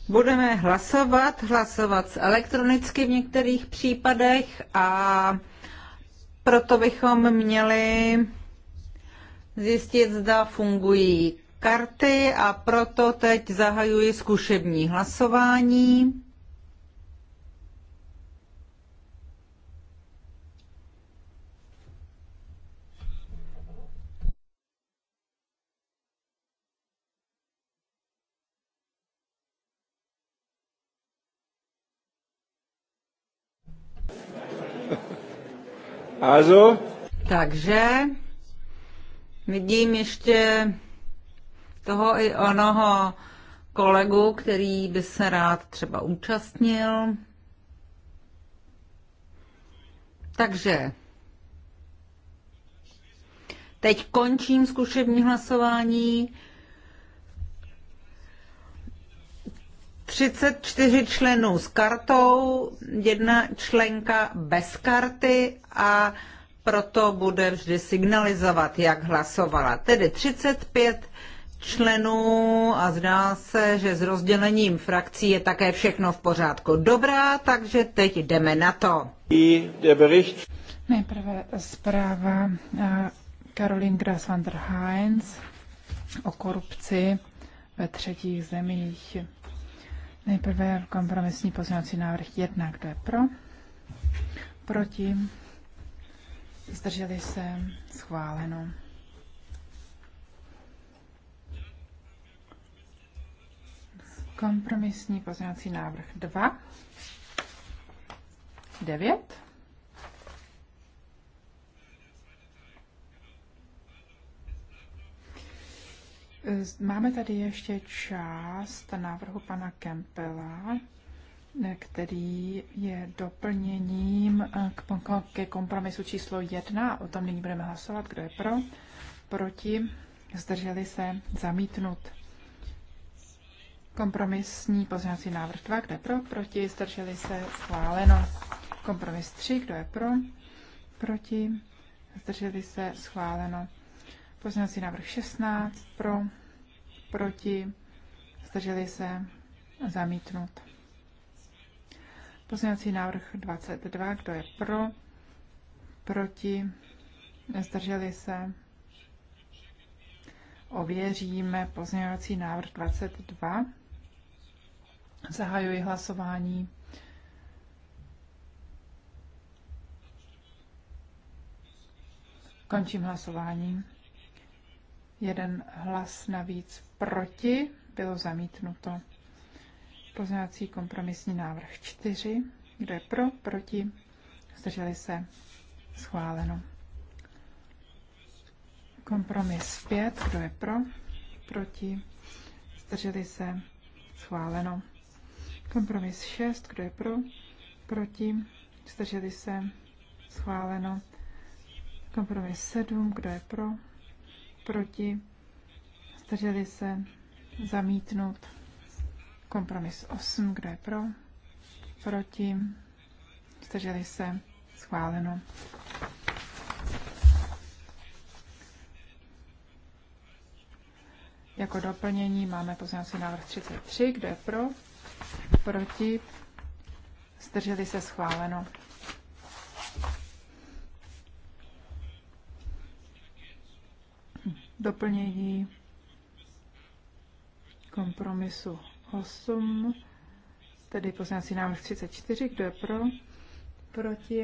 Budeme hlasovat, hlasovat elektronicky v některých případech a proto bychom měli zjistit, zda fungují karty a proto teď zahajuji zkušební hlasování. Also. Takže vidím ještě toho i onoho kolegu, který by se rád třeba účastnil. Takže teď končím zkušební hlasování. 34 členů s kartou, jedna členka bez karty a proto bude vždy signalizovat, jak hlasovala. Tedy 35 členů a zdá se, že s rozdělením frakcí je také všechno v pořádku. Dobrá, takže teď jdeme na to. Nejprve zpráva eh, Karolín Gras Heinz o korupci ve třetích zemích. Nejprve kompromisní pozměňovací návrh 1, kdo je pro, proti, zdrželi se, schváleno. Kompromisní pozměňovací návrh 2, 9, Máme tady ještě část návrhu pana Kempela, který je doplněním eh, ke kompromisu číslo jedna. O tom nyní budeme hlasovat. Kdo je pro? Proti? Zdrželi se? Zamítnut. Kompromisní pozměňovací návrh 2. Kdo je pro? Proti? Zdrželi se? Schváleno. Kompromis 3. Kdo je pro? Proti? Zdrželi se? Schváleno. Pozměňovací návrh 16. Pro? proti, zdrželi se, zamítnut. Pozměňovací návrh 22, kdo je pro, proti, zdrželi se, ověříme pozměňovací návrh 22. Zahajuji hlasování. Končím hlasování. Jeden hlas navíc proti bylo zamítnuto. Pozměňovací kompromisní návrh 4. Kdo je pro, proti, zdrželi se, schváleno. Kompromis 5. Kdo je pro, proti, zdrželi se, schváleno. Kompromis 6. Kdo je pro, proti, zdrželi se, schváleno. Kompromis 7. Kdo je pro, proti, zdrželi se, zamítnout. Kompromis 8, kdo je pro, proti, zdrželi se, schváleno. Jako doplnění máme pozměňovací návrh 33, kdo je pro, proti, zdrželi se, schváleno. doplnění kompromisu 8, tedy poslanecí návrh 34, kdo je pro, proti,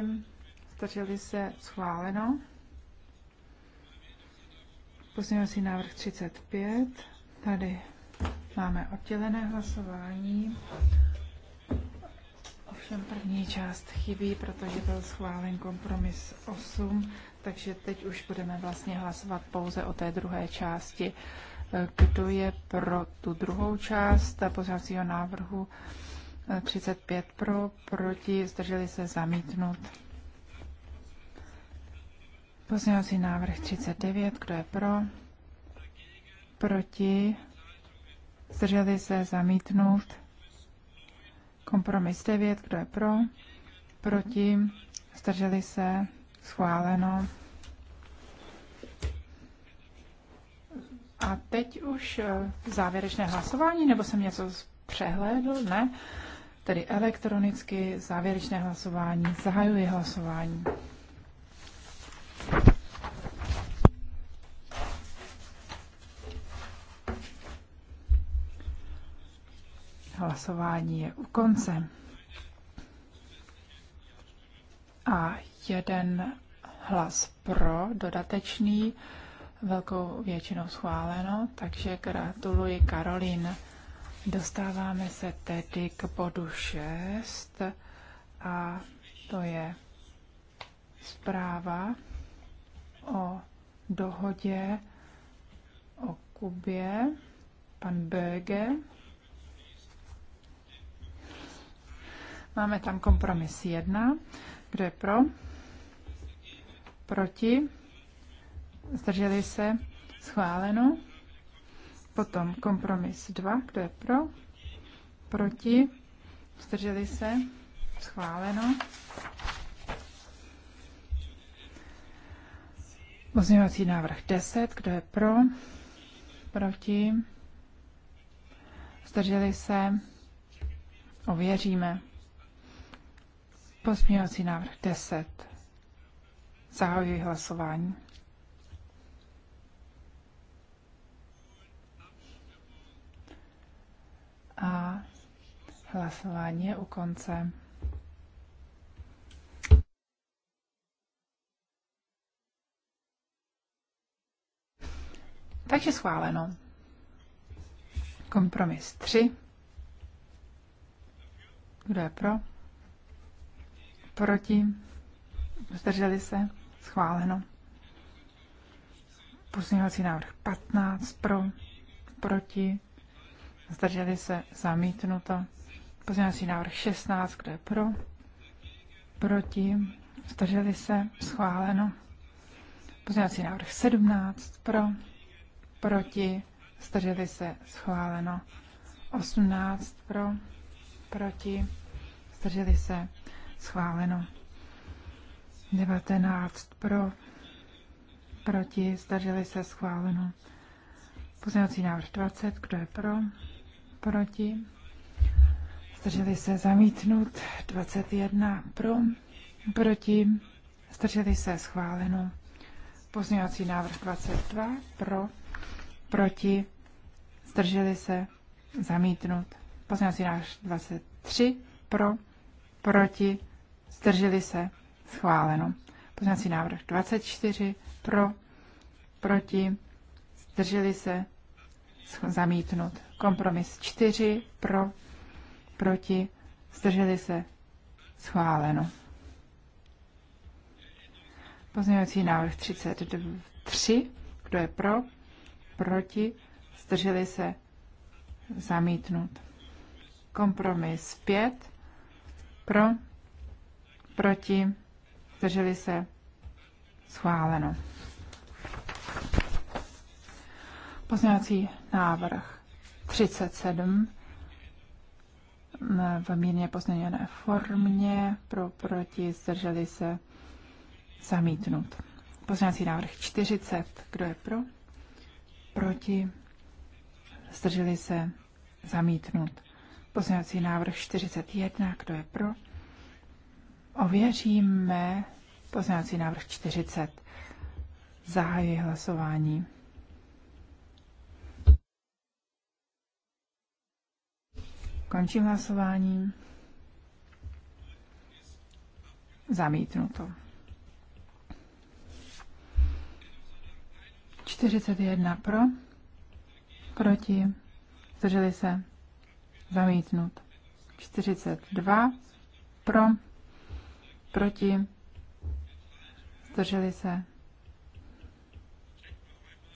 stačili se schváleno. Pozměňovací návrh 35. Tady máme oddělené hlasování. Ovšem první část chybí, protože byl schválen kompromis 8, takže teď už budeme vlastně hlasovat pouze o té druhé části. Kdo je pro tu druhou část pozdravcího návrhu? 35 pro, proti, zdrželi se zamítnout. Pozměňovací návrh 39, kdo je pro? Proti, zdrželi se zamítnout. Kompromis 9, kdo je pro? Proti, zdrželi se Schváleno. A teď už eh, závěrečné hlasování, nebo jsem něco přehlédl? Ne. Tedy elektronicky závěrečné hlasování. Zahajuji hlasování. Hlasování je u konce. A jeden hlas pro, dodatečný, velkou většinou schváleno, takže gratuluji Karolín. Dostáváme se tedy k bodu 6 a to je zpráva o dohodě o Kubě, pan Böge. Máme tam kompromis 1. Kdo je pro? proti, zdrželi se, schváleno. Potom kompromis 2, kdo je pro, proti, zdrželi se, schváleno. Pozměňovací návrh 10, kdo je pro, proti, zdrželi se, ověříme. Pozměňovací návrh 10. Zahajuji hlasování. A hlasování je u konce. Takže schváleno. Kompromis 3. Kdo je pro? Proti? Zdrželi se? Schváleno. Pozměňovací návrh 15 pro, proti, zdrželi se, zamítnuto. Pozměňovací návrh 16, kdo je pro, proti, zdrželi se, schváleno. Pozměňovací návrh 17 pro, proti, zdrželi se, schváleno. 18 pro, proti, zdrželi se, schváleno. 19 pro, proti, zdrželi se schváleno. Pozměňovací návrh 20, kdo je pro, proti, zdrželi se zamítnut, 21 pro, proti, zdrželi se schváleno. Pozměňovací návrh 22 pro, proti, zdrželi se zamítnut. Pozměňovací návrh 23 pro, proti, zdrželi se Schváleno. Poznací návrh 24 pro, proti, zdrželi se, zamítnut. Kompromis 4 pro, proti, zdrželi se, schváleno. Pozměňovací návrh 33, kdo je pro, proti, zdrželi se, zamítnut. Kompromis 5 pro, proti, zdrželi se, schváleno. Poznávací návrh 37 v mírně pozměněné formě, pro, proti, zdrželi se, zamítnut. Pozměňovací návrh 40, kdo je pro, proti, zdrželi se, zamítnut. Pozměňovací návrh 41, kdo je pro, Ověříme poznávací návrh 40. Zahajuji hlasování. Končím hlasování. Zamítnuto. 41 pro, proti, zdrželi se, zamítnut. 42 pro, proti, zdrželi se.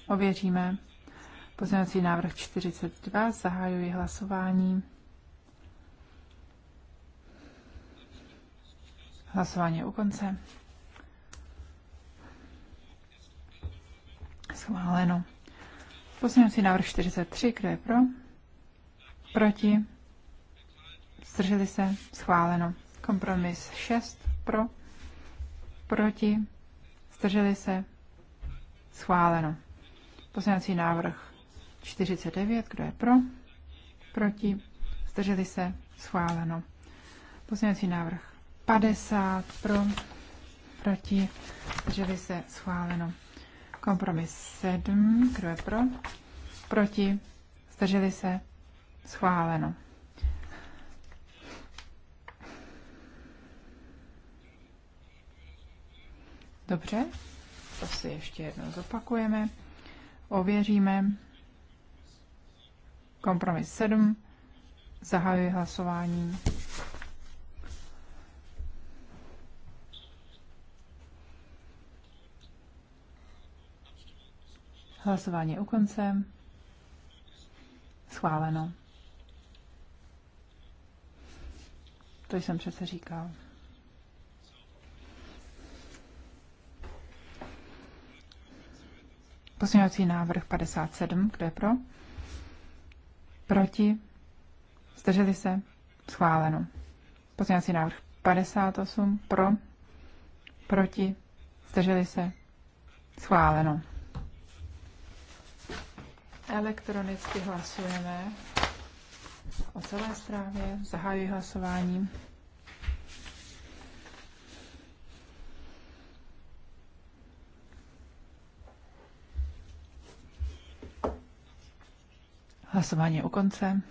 Ověříme. Pozměňovací návrh 42, zahajuji hlasování. Hlasování je u konce. Schváleno. Pozměňovací návrh 43, kdo je pro? Proti? Zdrželi se? Schváleno. Kompromis 6, pro, proti, zdrželi se, schváleno. Poslanecí návrh 49, kdo je pro, proti, zdrželi se, schváleno. Poslanecí návrh 50, pro, proti, zdrželi se, schváleno. Kompromis 7, kdo je pro, proti, zdrželi se, schváleno. Dobře, to si ještě jednou zopakujeme. Ověříme. Kompromis 7. Zahajuji hlasování. Hlasování u konce. Schváleno. To jsem přece říkal. Pozměňovací návrh 57, kdo je pro? Proti? Zdrželi se? Schváleno. Pozměňovací návrh 58, pro? Proti? Zdrželi se? Schváleno. Elektronicky hlasujeme o celé zprávě. Zahajuji hlasování. Hlasování u konce.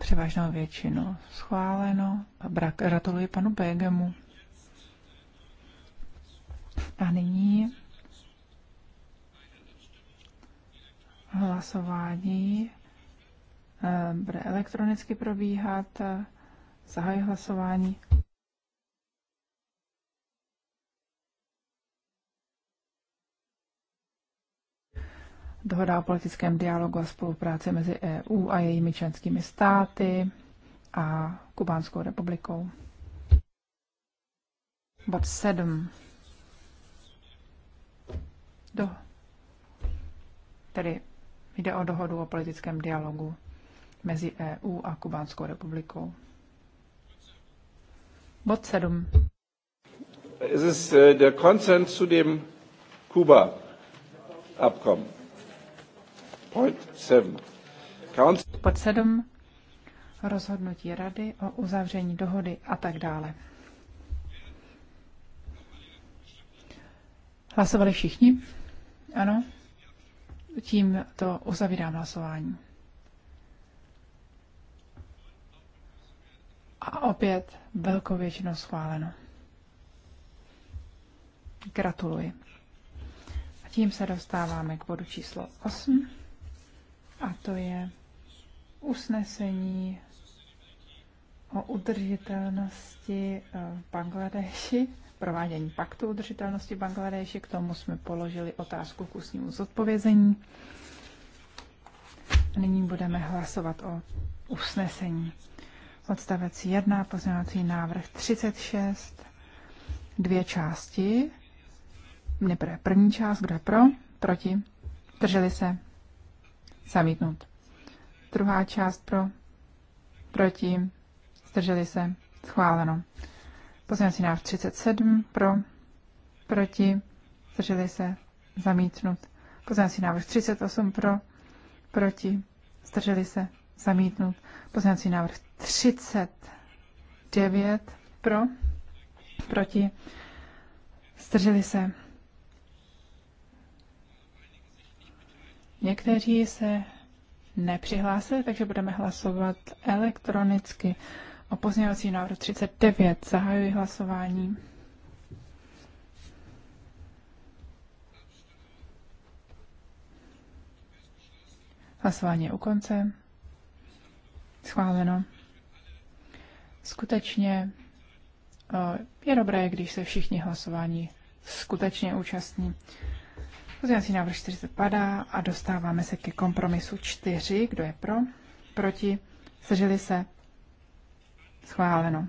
Převážnou většinu schváleno. Brak, gratuluji panu Begemu. A nyní hlasování eh, bude elektronicky probíhat. Zahajuji hlasování. dohoda o politickém dialogu a spolupráci mezi EU a jejími členskými státy a Kubánskou republikou. Bod 7. Do. Tedy jde o dohodu o politickém dialogu mezi EU a Kubánskou republikou. Bod 7. Es ist äh, der Konsens zu dem Kuba-Abkommen. Pod sedm rozhodnutí rady o uzavření dohody a tak dále. Hlasovali všichni? Ano? Tím to uzavírám hlasování. A opět velkou většinou schváleno. Gratuluji. A tím se dostáváme k bodu číslo 8 a to je usnesení o udržitelnosti eh, v Bangladeši, provádění paktu udržitelnosti v Bangladeši. K tomu jsme položili otázku k ústnímu zodpovězení. Nyní budeme hlasovat o usnesení. Odstavec 1, poznávací návrh 36, dvě části. Nejprve první část, kdo je pro, proti, drželi se, Zamítnout. Druhá část pro, proti, zdrželi se, schváleno. Pozměňovací návrh 37 pro, proti, zdrželi se, zamítnut. Pozměňovací návrh 38 pro, proti, zdrželi se, zamítnut. Pozměňovací návrh 39 pro, proti, zdrželi se, Někteří se nepřihlásili, takže budeme hlasovat elektronicky o pozměňovací návrh 39. Zahajuji hlasování. Hlasování je u konce. Schváleno. Skutečně eh, je dobré, když se všichni hlasování skutečně účastní. Pozměňovací návrh 40 padá a dostáváme se ke kompromisu 4. Kdo je pro? Proti? Zdrželi se? Schváleno.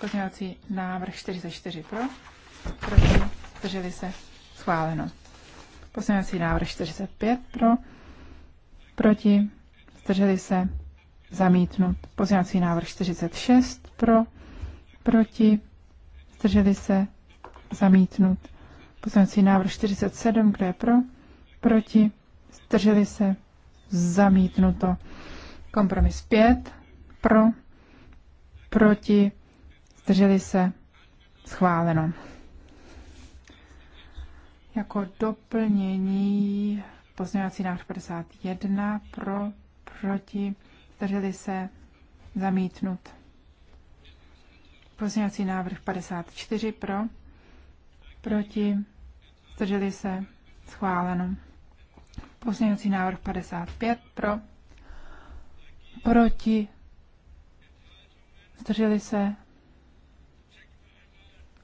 Pozměňovací návrh 44 pro? Proti? Zdrželi se? Schváleno. Pozměňovací návrh 45 pro? Proti? Zdrželi se? Zamítnut. Pozměňovací návrh 46 pro? Proti? Zdrželi se? Zamítnut. Pozměňovací návrh 47, kdo je pro? Proti? Zdrželi se? Zamítnuto. Kompromis 5, pro? Proti? Zdrželi se? Schváleno. Jako doplnění pozměňovací návrh 51, pro? Proti? Zdrželi se? Zamítnut. Pozměňovací návrh 54 pro, proti, zdrželi se, schváleno. Pozměňovací návrh 55 pro, proti, zdrželi se,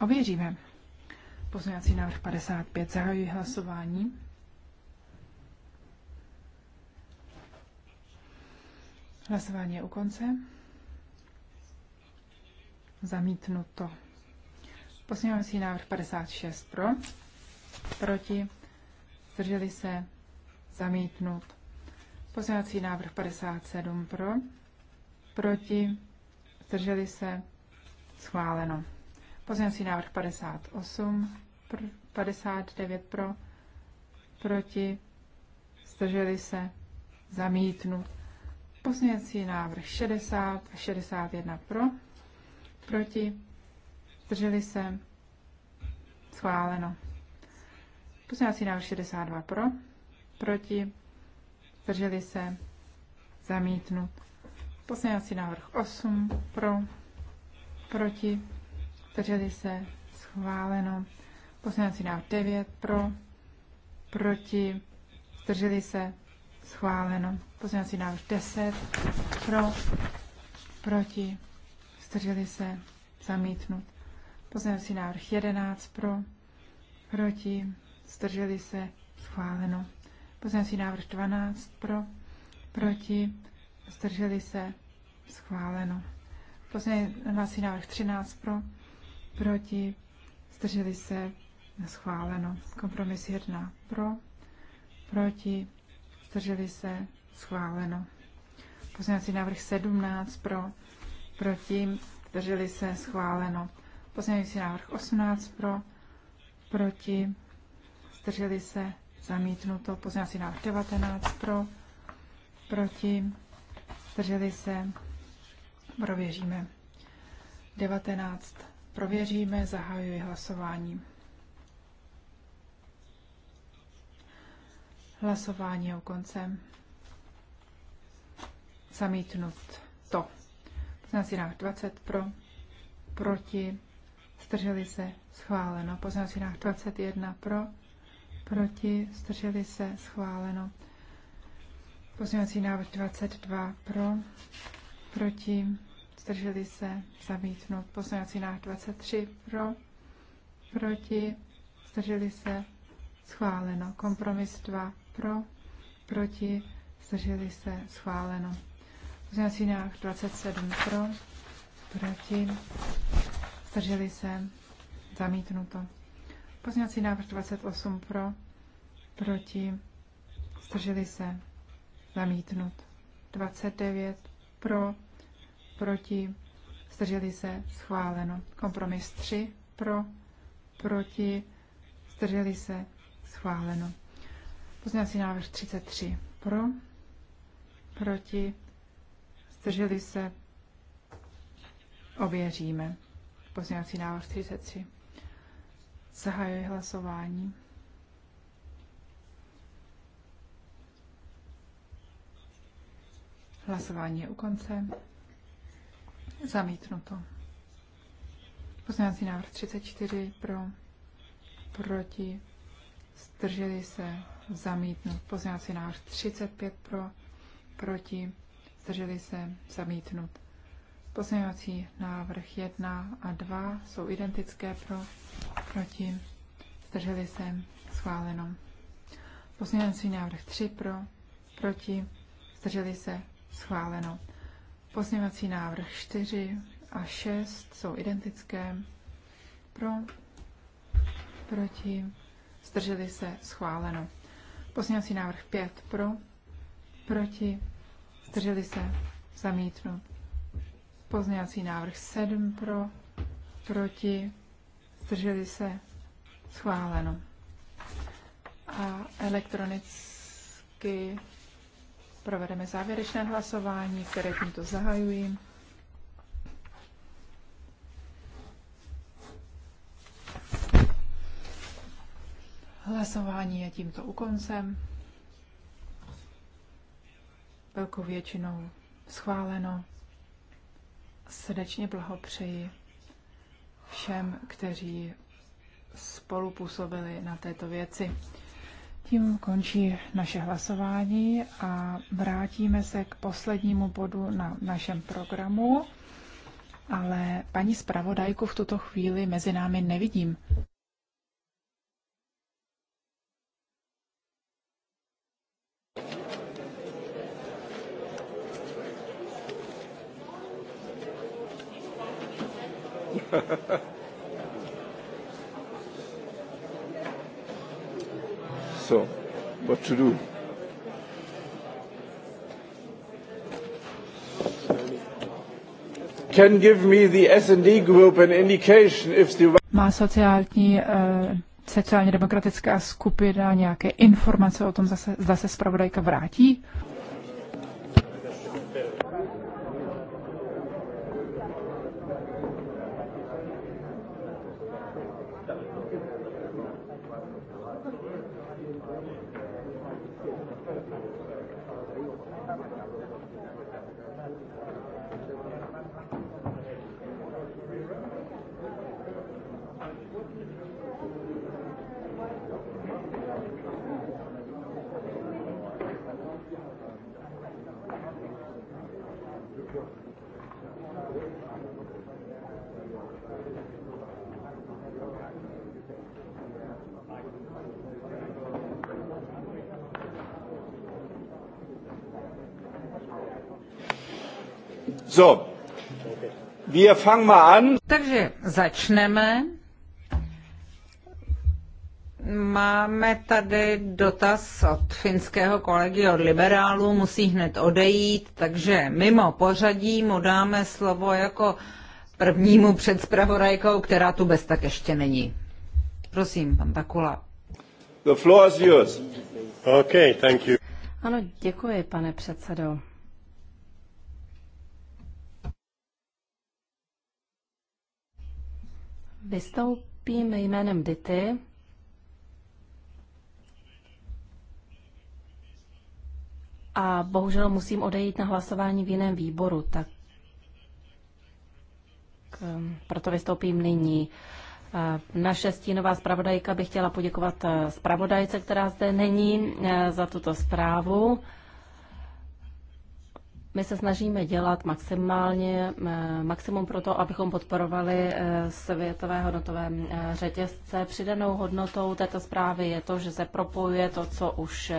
ověříme. Pozměňovací návrh 55, zahajuji hlasování. Hlasování je u konce. Zamítnuto. Pozměňovací návrh 56 pro, proti, zdrželi se, zamítnut. Pozměňovací návrh 57 pro, proti, zdrželi se, schváleno. Pozměňovací návrh 58, pr, 59 pro, proti, zdrželi se, zamítnut. Pozměňovací návrh 60 a 61 pro, proti, Zdrželi se? Schváleno. Pozměňovací návrh 62 pro, proti, zdrželi se, zamítnut. Pozměňovací návrh 8 pro, proti, zdrželi se, schváleno. Pozměňovací návrh 9 pro, proti, zdrželi se, schváleno. Pozměňovací návrh 10 pro, proti, zdrželi se, zamítnut. Pozměňovací návrh 11 pro, proti, zdrželi se, schváleno. Pozměňovací návrh 12 pro, proti, zdrželi se, schváleno. Pozměňovací návrh 13 pro, proti, zdrželi se, schváleno. Kompromis 1 pro, proti, zdrželi se, schváleno. Pozměňovací návrh 17 pro, proti, zdrželi se, schváleno. Pozměňující návrh 18 pro, proti, zdrželi se, zamítnuto. Pozměňující návrh 19 pro, proti, zdrželi se, prověříme. 19 prověříme, zahajuji hlasování. Hlasování je u konce. Zamítnut to. Pozměňující návrh 20 pro, proti, zdrželi se, schváleno. Pozměňovací návrh 21 pro, proti, zdrželi se, schváleno. Pozměňovací návrh 22 pro, proti, zdrželi se, zamítnout. Pozměňovací návrh 23 pro, proti, zdrželi se, schváleno. Kompromis 2 pro, proti, zdrželi se, schváleno. Pozměňovací návrh 27 pro, proti, zdrželi se, zamítnuto. Pozměňovací návrh 28 pro, proti, zdrželi se, zamítnut. 29 pro, proti, zdrželi se, schváleno. Kompromis 3 pro, proti, zdrželi se, schváleno. Pozměňovací návrh 33 pro, proti, zdrželi se, ověříme. Pozměňovací návrh 33. Zahajuji hlasování. Hlasování je u konce. Zamítnuto. Pozměňovací návrh 34 pro, proti, zdrželi se, zamítnut. Pozměňovací návrh 35 pro, proti, zdrželi se, zamítnut. Pozměňovací návrh 1 a 2 jsou identické pro, proti, zdrželi se, schváleno. Pozměňovací návrh 3 pro, proti, zdrželi se, schváleno. Pozměňovací návrh 4 a 6 jsou identické pro, proti, zdrželi se, schváleno. Pozměňovací návrh 5 pro, proti, zdrželi se, zamítnut. Pozměňovací návrh 7 pro, proti, zdrželi se, schváleno. A elektronicky provedeme závěrečné hlasování, které tímto zahajuji. Hlasování je tímto u koncem. Velkou většinou schváleno srdečně blahopřeji všem, kteří spolupůsobili na této věci. Tím končí naše hlasování a vrátíme se k poslednímu bodu na našem programu, ale paní zpravodajku v tuto chvíli mezi námi nevidím. so, what to do? Can give me the S&D group an indication if the... Má sociální uh, sociálně demokratická skupina nějaké informace o tom, zase, zda se zpravodajka vrátí? So, wir fangen mal an. Takže začneme. Máme tady dotaz od finského kolegy od liberálů, musí hned odejít, takže mimo pořadí mu dáme slovo jako prvnímu před spravodajkou, která tu bez tak ještě není. Prosím, pan Takula. The floor is yours. Okay, thank you. Ano, děkuji, pane předsedo. vystoupím jménem Dity. A bohužel musím odejít na hlasování v jiném výboru, tak ehm, proto vystoupím nyní. Ehm, naše stínová zpravodajka by chtěla poděkovat eh, zpravodajce, která zde není, eh, za tuto zprávu. My se snažíme dělat maximálně, eh, maximum pro to, abychom podporovali eh, světové hodnotové eh, řetězce. Přidanou hodnotou této zprávy je to, že se propojuje to, co už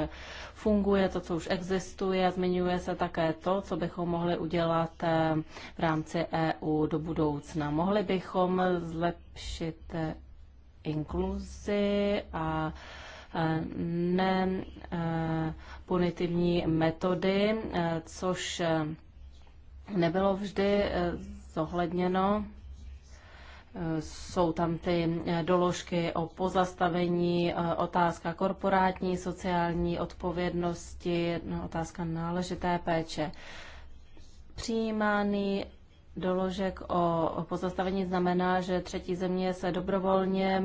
funguje, to, co už existuje. Zmiňuje se také to, co bychom mohli udělat v rámci EU do budoucna. Mohli bychom zlepšit inkluzi a Eh, nepunitivní eh, metody, eh, což nebylo vždy zohledněno. Jsou tam ty doložky o pozastavení, otázka korporátní, sociální odpovědnosti, no, otázka náležité péče. Přijímány doložek o pozastavení znamená, že třetí země se dobrovolně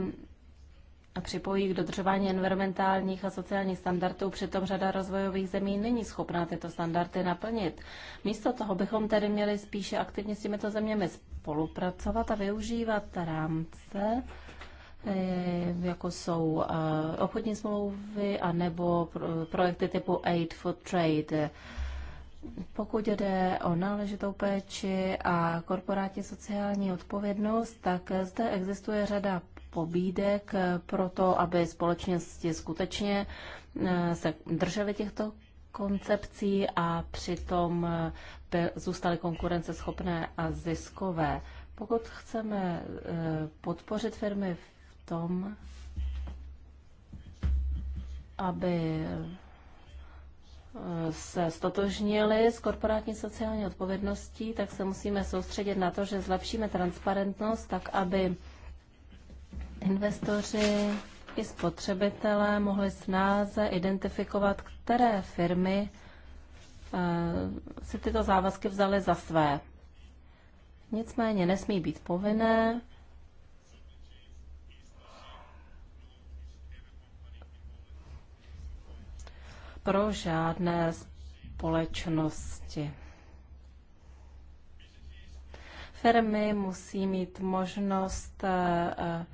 a připojí k dodržování environmentálních a sociálních standardů, přitom řada rozvojových zemí není schopná tyto standardy naplnit. Místo toho bychom tedy měli spíše aktivně s těmito zeměmi spolupracovat a využívat rámce, eh, jako jsou eh, obchodní smlouvy a nebo projekty typu Aid for Trade. Pokud jde o náležitou péči a korporátní sociální odpovědnost, tak zde existuje řada pobídek eh, pro to, aby společnosti skutečně eh, se držely těchto koncepcí a přitom eh, zůstaly konkurenceschopné a ziskové. Pokud chceme podpořit firmy v tom, aby se stotožnili s korporátní sociální odpovědností, tak se musíme soustředit na to, že zlepšíme transparentnost tak, aby Investoři i spotřebitelé mohli snáze identifikovat, které firmy eh, si tyto závazky vzaly za své. Nicméně nesmí být povinné. pro žádné společnosti. Firmy musí mít možnost uh,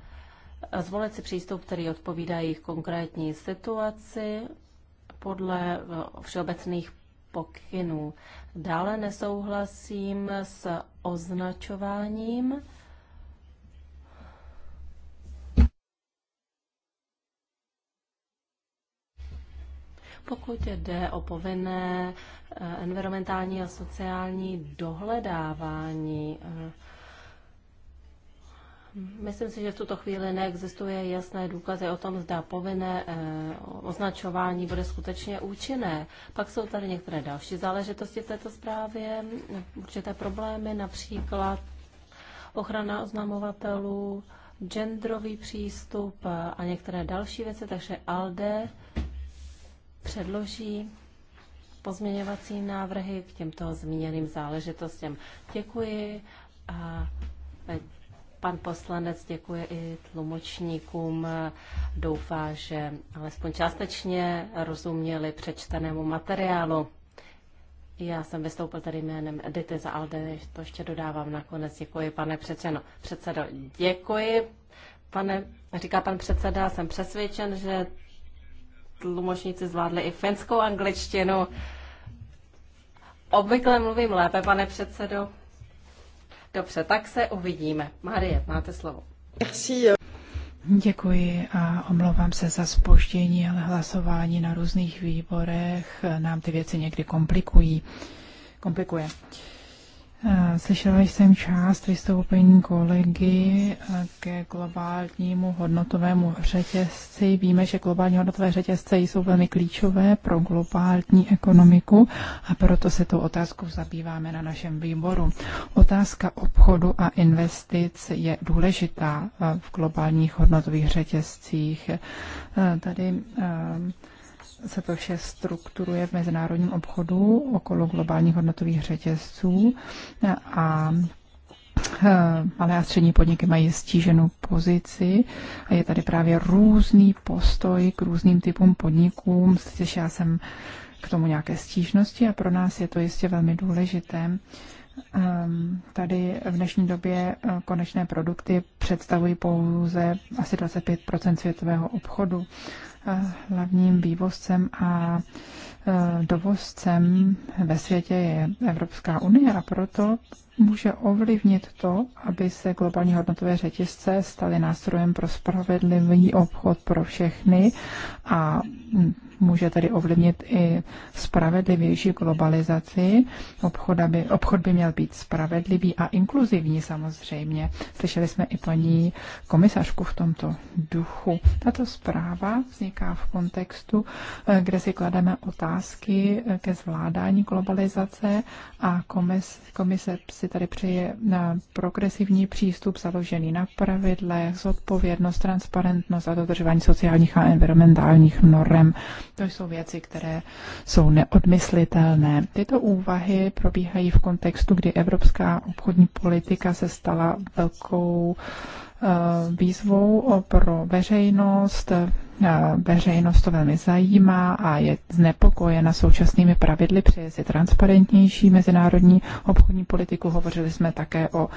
zvolit si přístup, který odpovídá jejich konkrétní situaci podle eh, všeobecných pokynů. Dále nesouhlasím s označováním. Pokud jde o povinné eh, environmentální a sociální dohledávání, eh, Myslím si, že v tuto chvíli neexistuje jasné důkazy o tom, zda povinné eh, označování bude skutečně účinné. Pak jsou tady některé další záležitosti v této zprávě, určité problémy, například ochrana oznamovatelů, genderový přístup eh, a některé další věci, takže ALDE předloží pozměňovací návrhy k těmto zmíněným záležitostem. Děkuji a Pan poslanec děkuje i tlumočníkům. Doufá, že alespoň částečně rozuměli přečtenému materiálu. Já jsem vystoupil tady jménem Edity za Alde, to ještě dodávám nakonec. Děkuji, pane předsedo. Předsedo, děkuji. Pane, říká pan předseda, jsem přesvědčen, že tlumočníci zvládli i finskou angličtinu. Obvykle mluvím lépe, pane předsedo. Dobře, tak se uvidíme. Marie, máte slovo. Merci. Děkuji a omlouvám se za spoždění, ale hlasování na různých výborech nám ty věci někdy komplikují. Komplikuje. Eh, slyšela jsem část vystoupení kolegy eh, ke globálnímu hodnotovému řetězci. Víme, že globální hodnotové řetězce jsou velmi klíčové pro globální ekonomiku a proto se tou otázkou zabýváme na našem výboru. Otázka obchodu a investic je důležitá eh, v globálních hodnotových řetězcích. Tady se to vše strukturuje v mezinárodním obchodu okolo globálních hodnotových řetězců a e, malé a střední podniky mají stíženou pozici a je tady právě různý postoj k různým typům podnikům. Slyšela jsem k tomu nějaké stížnosti a pro nás je to jistě velmi důležité. Ehm, tady v dnešní době eh, konečné produkty představují pouze asi 25 světového obchodu. Eh, hlavním vývozcem a eh, dovozcem ve světě je Evropská unie a proto může ovlivnit to, aby se globální hodnotové řetězce staly nástrojem pro spravedlivý obchod pro všechny a může tedy ovlivnit i spravedlivější globalizaci. Obchod by, obchod by měl být spravedlivý a inkluzivní samozřejmě. Slyšeli jsme i paní komisařku v tomto duchu. Tato zpráva vzniká v kontextu, eh, kde si klademe otázky eh, ke zvládání globalizace a komise, komise si tady přeje na progresivní přístup založený na pravidlech, zodpovědnost, transparentnost a dodržování sociálních a environmentálních norm. To jsou věci, které jsou neodmyslitelné. Tyto úvahy probíhají v kontextu, kdy evropská obchodní politika se stala velkou eh, výzvou pro veřejnost, Eh, veřejnost to velmi zajímá a je znepokojena současnými pravidly, přeje si transparentnější mezinárodní obchodní politiku. Hovořili jsme také o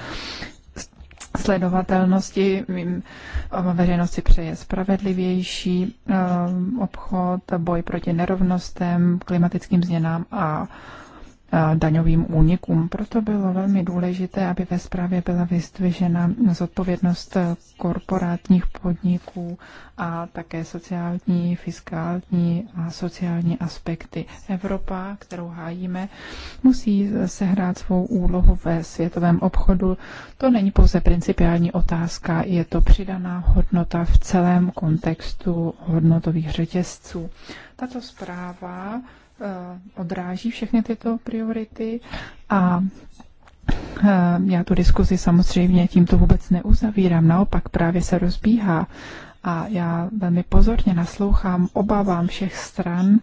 sledovatelnosti. Eh, veřejnosti přeje spravedlivější eh, obchod, boj proti nerovnostem, klimatickým změnám a daňovým únikům. Proto bylo velmi důležité, aby ve zprávě byla vystvěžena zodpovědnost e, korporátních podniků a také sociální, fiskální a sociální aspekty. Evropa, kterou hájíme, musí sehrát svou úlohu ve světovém obchodu. To není pouze principiální otázka, je to přidaná hodnota v celém kontextu hodnotových řetězců. Tato zpráva Eh, odráží všechny tyto priority a eh, já tu diskuzi samozřejmě tímto vůbec neuzavírám, naopak právě se rozbíhá a já velmi pozorně naslouchám obavám všech stran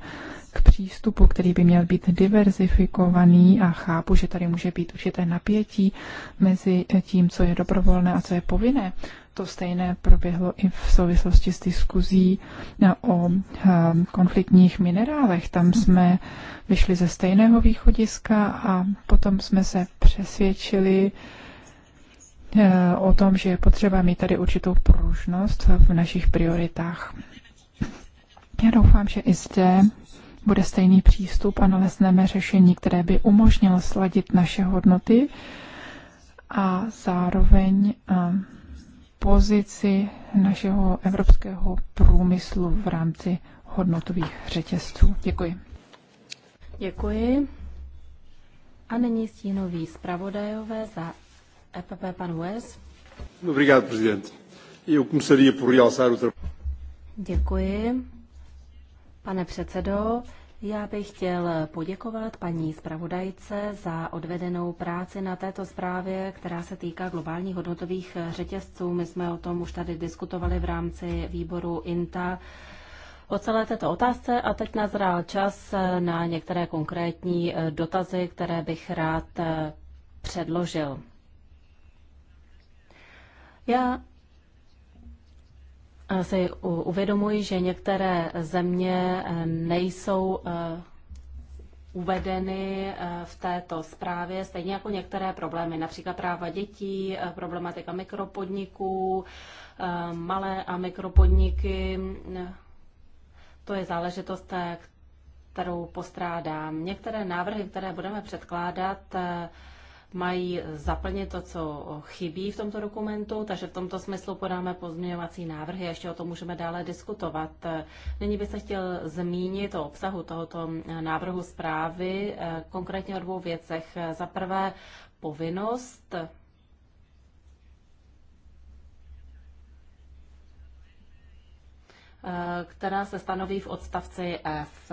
k přístupu, který by měl být diverzifikovaný a chápu, že tady může být určité napětí mezi tím, co je dobrovolné a co je povinné. To stejné proběhlo i v souvislosti s diskuzí eh, o eh, konfliktních minerálech. Tam jsme vyšli ze stejného východiska a potom jsme se přesvědčili eh, o tom, že je potřeba mít tady určitou pružnost v našich prioritách. Já doufám, že i zde bude stejný přístup a nalezneme řešení, které by umožnilo sladit naše hodnoty a zároveň pozici našeho evropského průmyslu v rámci hodnotových řetězců. Děkuji. Děkuji. A nyní stínový zpravodajové za EPP pan Wes. Obrigado, Eu começaria por realçar Děkuji, pane předsedo. Já bych chtěl poděkovat paní zpravodajce za odvedenou práci na této zprávě, která se týká globálních hodnotových řetězců. My jsme o tom už tady diskutovali v rámci výboru INTA o celé této otázce a teď nazrál čas na některé konkrétní eh, dotazy, které bych rád eh, předložil. Já si uvědomuji, že některé země eh, nejsou eh, uvedeny eh, v této zprávě, stejně jako některé problémy, například práva dětí, problematika mikropodniků, malé a mikropodniky. To je záležitost, kterou postrádám. Některé návrhy, které budeme předkládat, mají zaplnit to, co chybí v tomto dokumentu, takže v tomto smyslu podáme pozměňovací návrhy a ještě o tom můžeme dále diskutovat. Nyní bych se chtěl zmínit o obsahu tohoto návrhu zprávy, eh, konkrétně o dvou věcech. Za prvé povinnost eh, která se stanoví v odstavci F.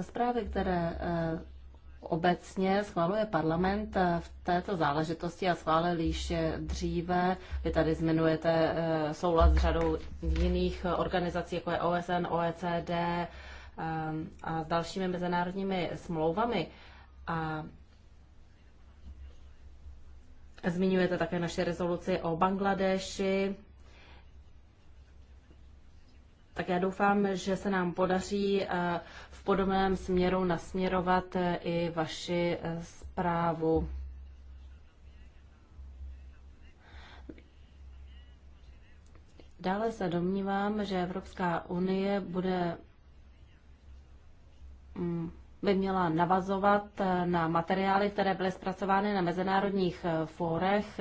Zprávy, které eh, obecně schvaluje parlament eh, v této záležitosti a schválil již eh, dříve. Vy tady zmenujete eh, soulad s řadou jiných organizací, jako je OSN, OECD a s dalšími mezinárodními smlouvami. A zmiňujete také naše rezoluci o Bangladeši, tak já doufám, že se nám podaří eh, v podobném směru nasměrovat eh, i vaši eh, zprávu. Dále se domnívám, že Evropská unie bude mm, by měla navazovat na materiály, které byly zpracovány na mezinárodních fórech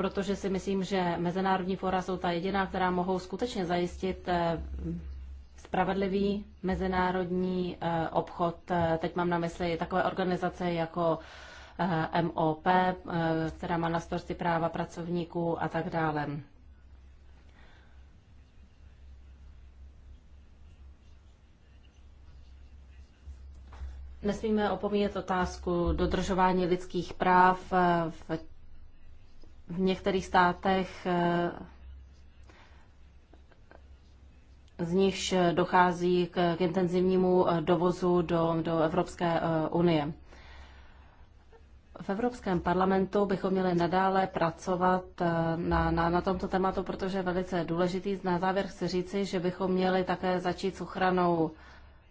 protože si myslím, že mezinárodní fora jsou ta jediná, která mohou skutečně zajistit eh, spravedlivý mezinárodní eh, obchod. Eh, teď mám na mysli takové organizace jako MOP, která má na starosti práva pracovníků a tak dále. Nesmíme opomíjet otázku dodržování lidských práv v v některých státech eh, z nichž dochází k, k intenzivnímu eh, dovozu do, do Evropské eh, unie. V Evropském parlamentu bychom měli nadále pracovat na, na, na tomto tématu, protože je velice důležitý. Na závěr chci říci, že bychom měli také začít s ochranou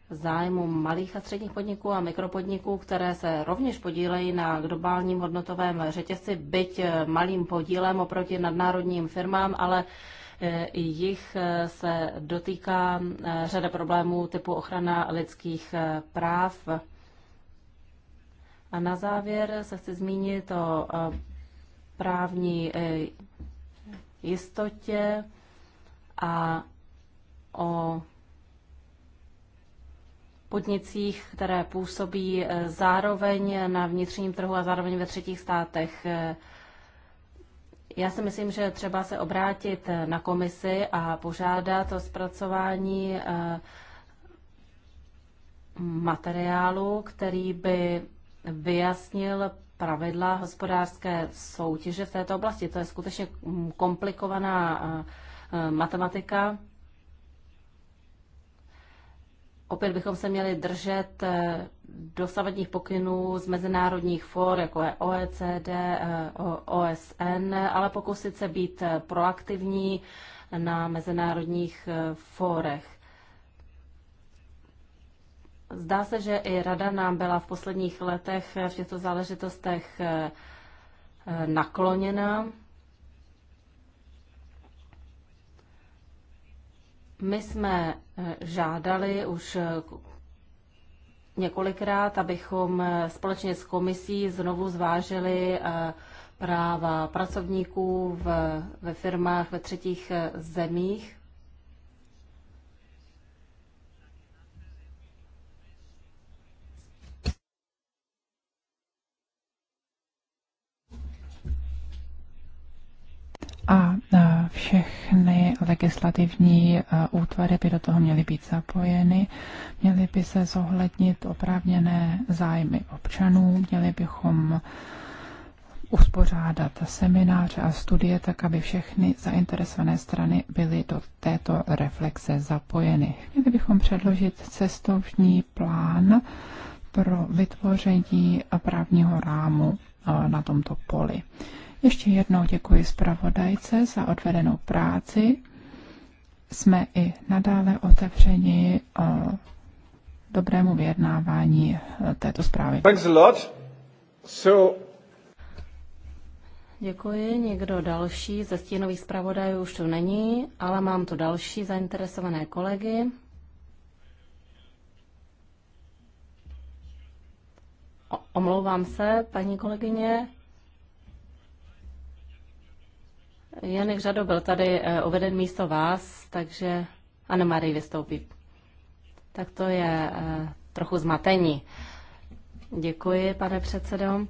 zájmu malých a středních podniků a mikropodniků, které se rovněž podílejí na globálním hodnotovém řetězci, byť eh, malým podílem oproti nadnárodním firmám, ale eh, jich eh, se dotýká řada problémů typu ochrana lidských práv. A na závěr se chci zmínit o právní jistotě a o podnicích, které působí eh, zároveň na vnitřním trhu a zároveň ve třetích státech. Eh, já si myslím, že třeba se obrátit eh, na komisi a požádat o zpracování materiálu, který by vyjasnil pravidla hospodářské soutěže v této oblasti. To je skutečně mm, komplikovaná matematika. Opět bychom se měli držet eh, dosavadních pokynů z mezinárodních for, jako je OECD, eh, OSN, ale pokusit se být eh, proaktivní na mezinárodních fórech. Zdá se, že i Rada nám byla v posledních letech v těchto záležitostech nakloněna. My jsme eh, žádali už eh, několikrát, abychom eh, společně s komisí znovu zvážili práva pracovníků v, ve firmách ve třetích zemích. všechny legislativní eh, útvary by do toho měly být zapojeny, měly by se zohlednit oprávněné zájmy občanů, měli bychom uspořádat semináře a studie tak, aby všechny zainteresované strany byly do této reflexe zapojeny. Měli bychom předložit cestovní plán pro vytvoření právního rámu eh, na tomto poli. Ještě jednou děkuji zpravodajce za odvedenou práci. Jsme i nadále otevřeni o dobrému vyjednávání eh, této zprávy. Thanks a lot. So... Děkuji. Někdo další ze stínových zpravodajů už tu není, ale mám tu další zainteresované kolegy. O, omlouvám se, paní kolegyně. Janek Řado byl tady eh, uveden místo vás, takže Anna Marie vystoupí. Tak to je eh, trochu zmatení. Děkuji, pane předsedo.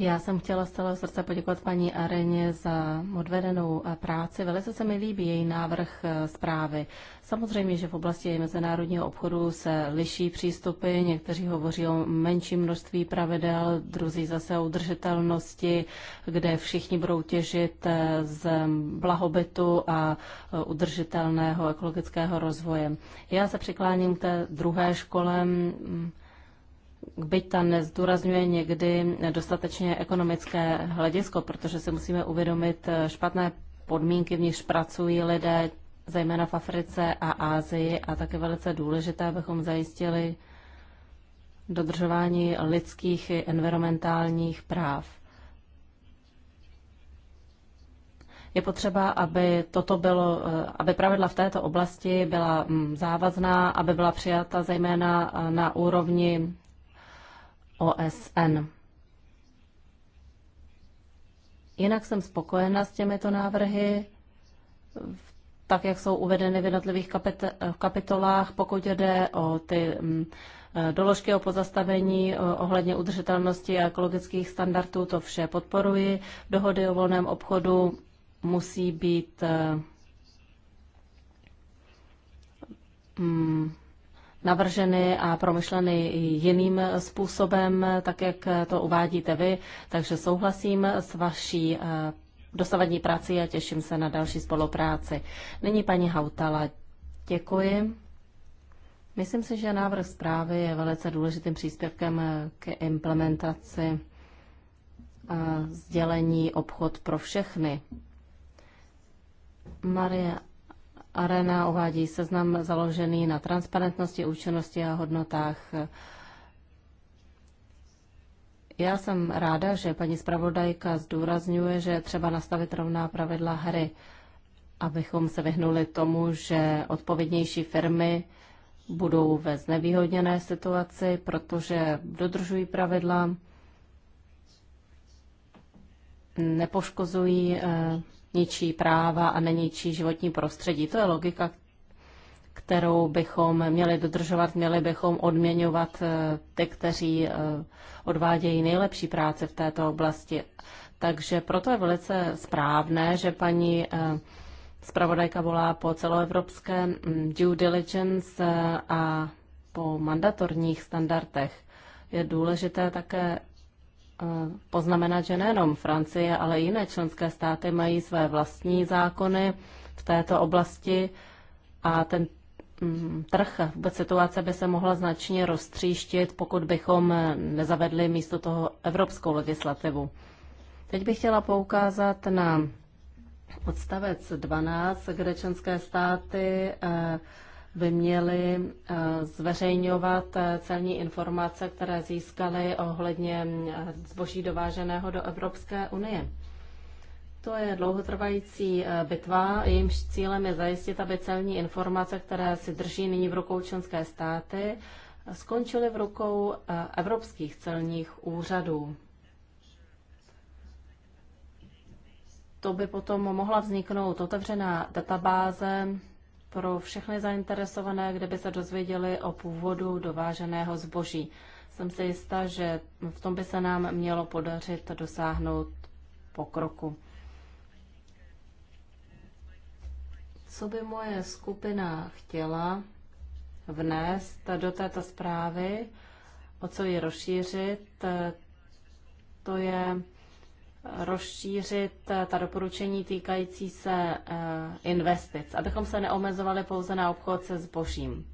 Já jsem chtěla z celého srdce poděkovat paní Areně za odvedenou eh, práci. Velice se mi líbí její návrh eh, zprávy. Samozřejmě, že v oblasti mezinárodního obchodu se liší přístupy. Někteří hovoří o menším množství pravidel, druzí zase o udržitelnosti, kde všichni budou těžit eh, z blahobytu a udržitelného ekologického rozvoje. Já se přikláním k té druhé škole mm, byť ta nezdůrazňuje někdy dostatečně ekonomické hledisko, protože si musíme uvědomit eh, špatné podmínky, v nichž pracují lidé, zejména v Africe a Ázii a také velice důležité, abychom zajistili dodržování lidských i environmentálních práv. Je potřeba, aby toto bylo, eh, aby pravidla v této oblasti byla mm, závazná, aby byla přijata zejména eh, na úrovni OSN. Jinak jsem spokojena s těmito návrhy, tak jak jsou uvedeny v jednotlivých kapitolách, pokud jde o ty mm, eh, doložky o pozastavení eh, ohledně udržitelnosti a ekologických standardů, to vše podporuji. Dohody o volném obchodu musí být eh, mm, navrženy a promyšleny jiným způsobem, tak jak to uvádíte vy. Takže souhlasím s vaší eh, dosavadní práci a těším se na další spolupráci. Nyní paní Hautala, děkuji. Myslím si, že návrh zprávy je velice důležitým příspěvkem eh, k implementaci eh, sdělení obchod pro všechny. Maria Arena uvádí seznam založený na transparentnosti, účinnosti a hodnotách. Já jsem ráda, že paní zpravodajka zdůrazňuje, že třeba nastavit rovná pravidla hry, abychom se vyhnuli tomu, že odpovědnější firmy budou ve znevýhodněné situaci, protože dodržují pravidla, nepoškozují eh, ničí práva a neničí životní prostředí. To je logika, kterou bychom měli dodržovat, měli bychom odměňovat eh, ty, kteří eh, odvádějí nejlepší práce v této oblasti. Takže proto je velice správné, že paní eh, zpravodajka volá po celoevropské mm, due diligence a po mandatorních standardech. Je důležité také Eh, poznamenat, že nejenom Francie, ale i jiné členské státy mají své vlastní zákony v této oblasti a ten mm, trh, vůbec situace by se mohla značně roztříštit, pokud bychom nezavedli místo toho evropskou legislativu. Teď bych chtěla poukázat na odstavec 12, kde členské státy eh, by měli eh, zveřejňovat eh, celní informace, které získali ohledně eh, zboží dováženého do Evropské unie. To je dlouhotrvající bitva, jejímž cílem je zajistit, aby celní informace, které si drží nyní v rukou členské státy, skončily v rukou evropských celních úřadů. To by potom mohla vzniknout otevřená databáze pro všechny zainteresované, kde by se dozvěděli o původu dováženého zboží. Jsem si jistá, že v tom by se nám mělo podařit dosáhnout pokroku. Co by moje skupina chtěla vnést do této zprávy, o co ji rozšířit, to je rozšířit eh, ta doporučení týkající se eh, investic, abychom se neomezovali pouze na obchod se zbožím.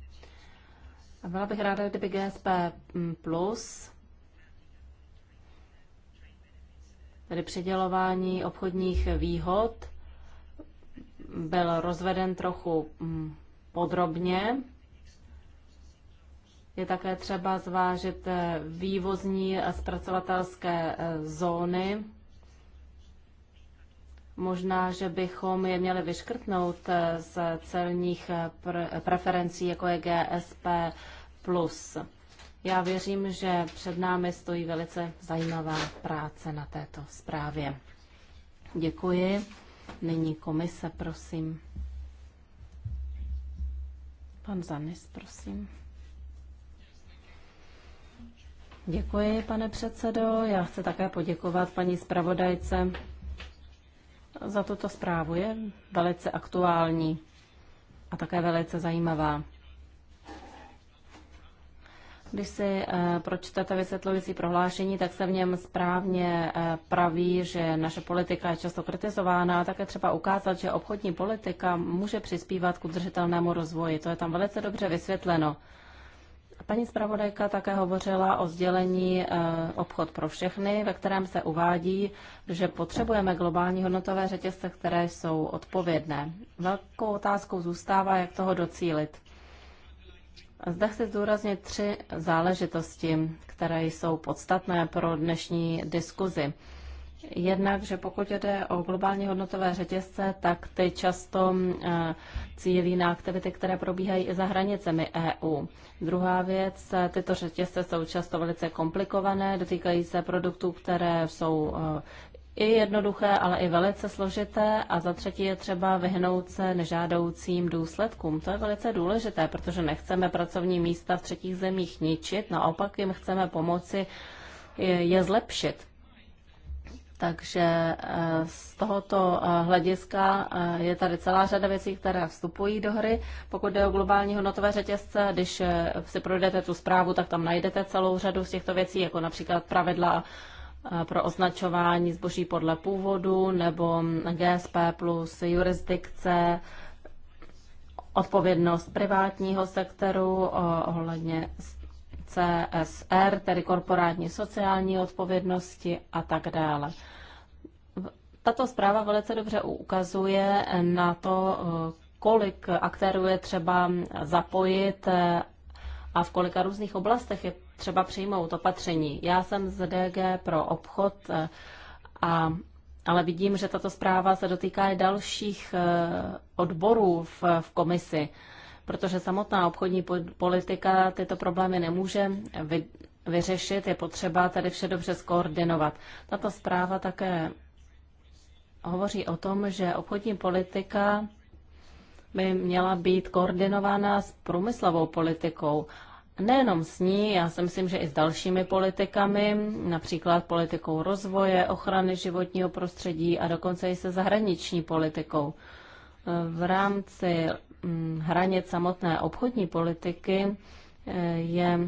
Byla bych ráda, kdyby GSP mm, Plus, tedy předělování obchodních výhod, byl rozveden trochu mm, podrobně. Je také třeba zvážit eh, vývozní a zpracovatelské zóny Možná, že bychom je měli vyškrtnout eh, z celních eh, preferencí, jako je GSP. Já věřím, že před námi stojí velice zajímavá práce na této zprávě. Děkuji. Nyní komise, prosím. Pan Zanis, prosím. Děkuji, pane předsedo. Já chci také poděkovat paní zpravodajce za tuto zprávu. Je velice aktuální a také velice zajímavá. Když si eh, pročtete vysvětlující prohlášení, tak se v něm správně eh, praví, že naše politika je často kritizována a také třeba ukázat, že obchodní politika může přispívat k udržitelnému rozvoji. To je tam velice dobře vysvětleno. Paní zpravodajka také hovořila o sdělení eh, obchod pro všechny, ve kterém se uvádí, že potřebujeme globální hodnotové řetězce, které jsou odpovědné. Velkou otázkou zůstává, jak toho docílit. Zde chci zdůraznit tři záležitosti, které jsou podstatné pro dnešní diskuzi. Jednak, že pokud jde o globální hodnotové řetězce, tak ty často eh, cílí na aktivity, které probíhají i za hranicemi EU. Druhá věc, eh, tyto řetězce jsou často velice komplikované, dotýkají se produktů, které jsou eh, i jednoduché, ale i velice složité a za třetí je třeba vyhnout se nežádoucím důsledkům. To je velice důležité, protože nechceme pracovní místa v třetích zemích ničit, naopak jim chceme pomoci je zlepšit. Takže eh, z tohoto eh, hlediska eh, je tady celá řada věcí, které vstupují do hry. Pokud jde o globální hodnotové řetězce, když si projdete tu zprávu, tak tam najdete celou řadu z těchto věcí, jako například pravidla pro označování zboží podle původu nebo GSP plus jurisdikce, odpovědnost privátního sektoru ohledně CSR, tedy korporátní sociální odpovědnosti a tak dále. Tato zpráva velice dobře ukazuje na to, eh, kolik aktérů je třeba zapojit eh, a v kolika různých oblastech je třeba přijmout opatření. Já jsem z DG pro obchod, eh, a, ale vidím, že tato zpráva se dotýká i dalších odborů v, v komisi protože samotná obchodní politika tyto problémy nemůže vy, vyřešit. Je potřeba tady vše dobře skoordinovat. Tato zpráva také hovoří o tom, že obchodní politika by měla být koordinována s průmyslovou politikou. Nejenom s ní, já si myslím, že i s dalšími politikami, například politikou rozvoje, ochrany životního prostředí a dokonce i se zahraniční politikou. V rámci Mm, hranic samotné obchodní politiky eh, je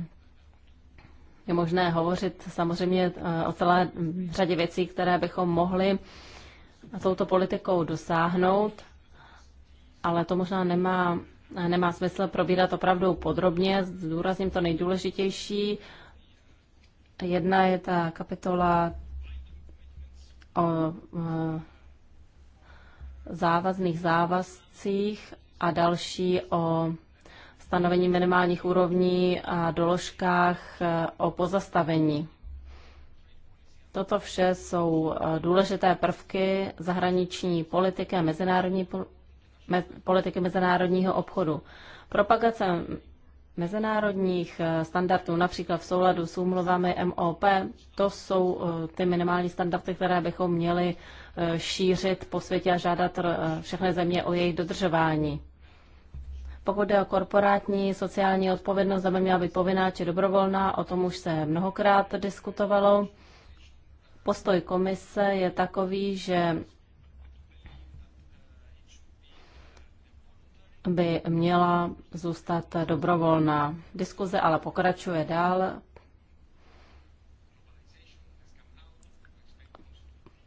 je možné hovořit samozřejmě eh, o celé řadě věcí, které bychom mohli touto politikou dosáhnout, ale to možná nemá, nemá smysl probírat opravdu podrobně. Zdůrazním to nejdůležitější. Jedna je ta kapitola o eh, závazných závazcích a další o stanovení minimálních úrovní a doložkách e, o pozastavení. Toto vše jsou e, důležité prvky zahraniční politiky a mezinárodní, politiky mezinárodního obchodu. Propagace mezinárodních e, standardů, například v souladu s úmluvami MOP, to jsou ty minimální standardy, které bychom měli Eh, šířit po světě a žádat eh, všechny země o jejich dodržování. Pokud jde o korporátní sociální odpovědnost, aby měla být povinná či dobrovolná, o tom už se mnohokrát diskutovalo. Postoj komise je takový, že by měla zůstat dobrovolná. Diskuze ale pokračuje dál.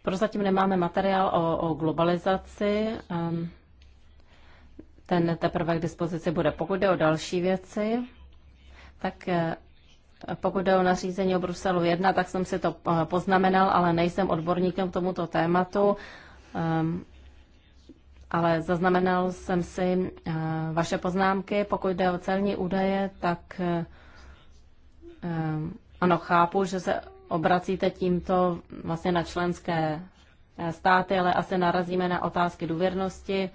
Prozatím nemáme materiál o, o globalizaci. Ehm, ten teprve k dispozici bude. Pokud jde o další věci, tak eh, pokud jde o nařízení o Bruselu 1, tak jsem si to eh, poznamenal, ale nejsem odborníkem k tomuto tématu. Ehm, ale zaznamenal jsem si eh, vaše poznámky. Pokud jde o celní údaje, tak ehm, ano, chápu, že se obracíte tímto vlastně na členské eh, státy, ale asi narazíme na otázky důvěrnosti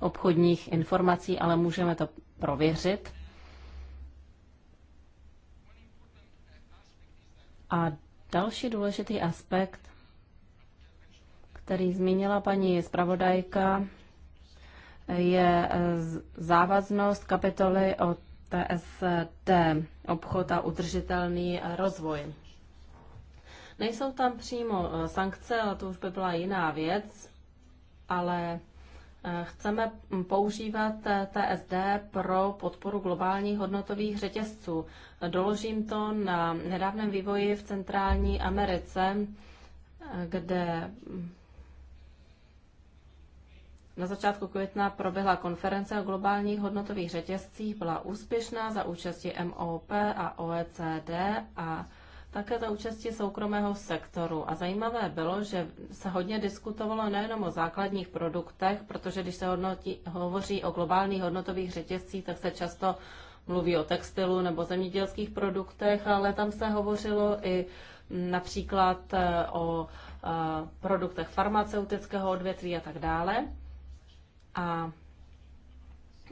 obchodních informací, ale můžeme to prověřit. A další důležitý aspekt, který zmínila paní zpravodajka, je eh, závaznost kapitoly o TSD, obchod a udržitelný eh, rozvoj. Nejsou tam přímo eh, sankce, ale to už by byla jiná věc, ale eh, chceme hm, používat eh, TSD pro podporu globálních hodnotových řetězců. Doložím to na nedávném vývoji v centrální Americe, kde hm, na začátku května proběhla konference o globálních hodnotových řetězcích, byla úspěšná za účasti MOP a OECD a také za účasti soukromého sektoru. A zajímavé bylo, že se hodně diskutovalo nejenom o základních produktech, protože když se hodnotí, hovoří o globálních hodnotových řetězcích, tak se často mluví o textilu nebo zemědělských produktech, ale tam se hovořilo i například eh, o eh, produktech farmaceutického odvětví a tak dále. A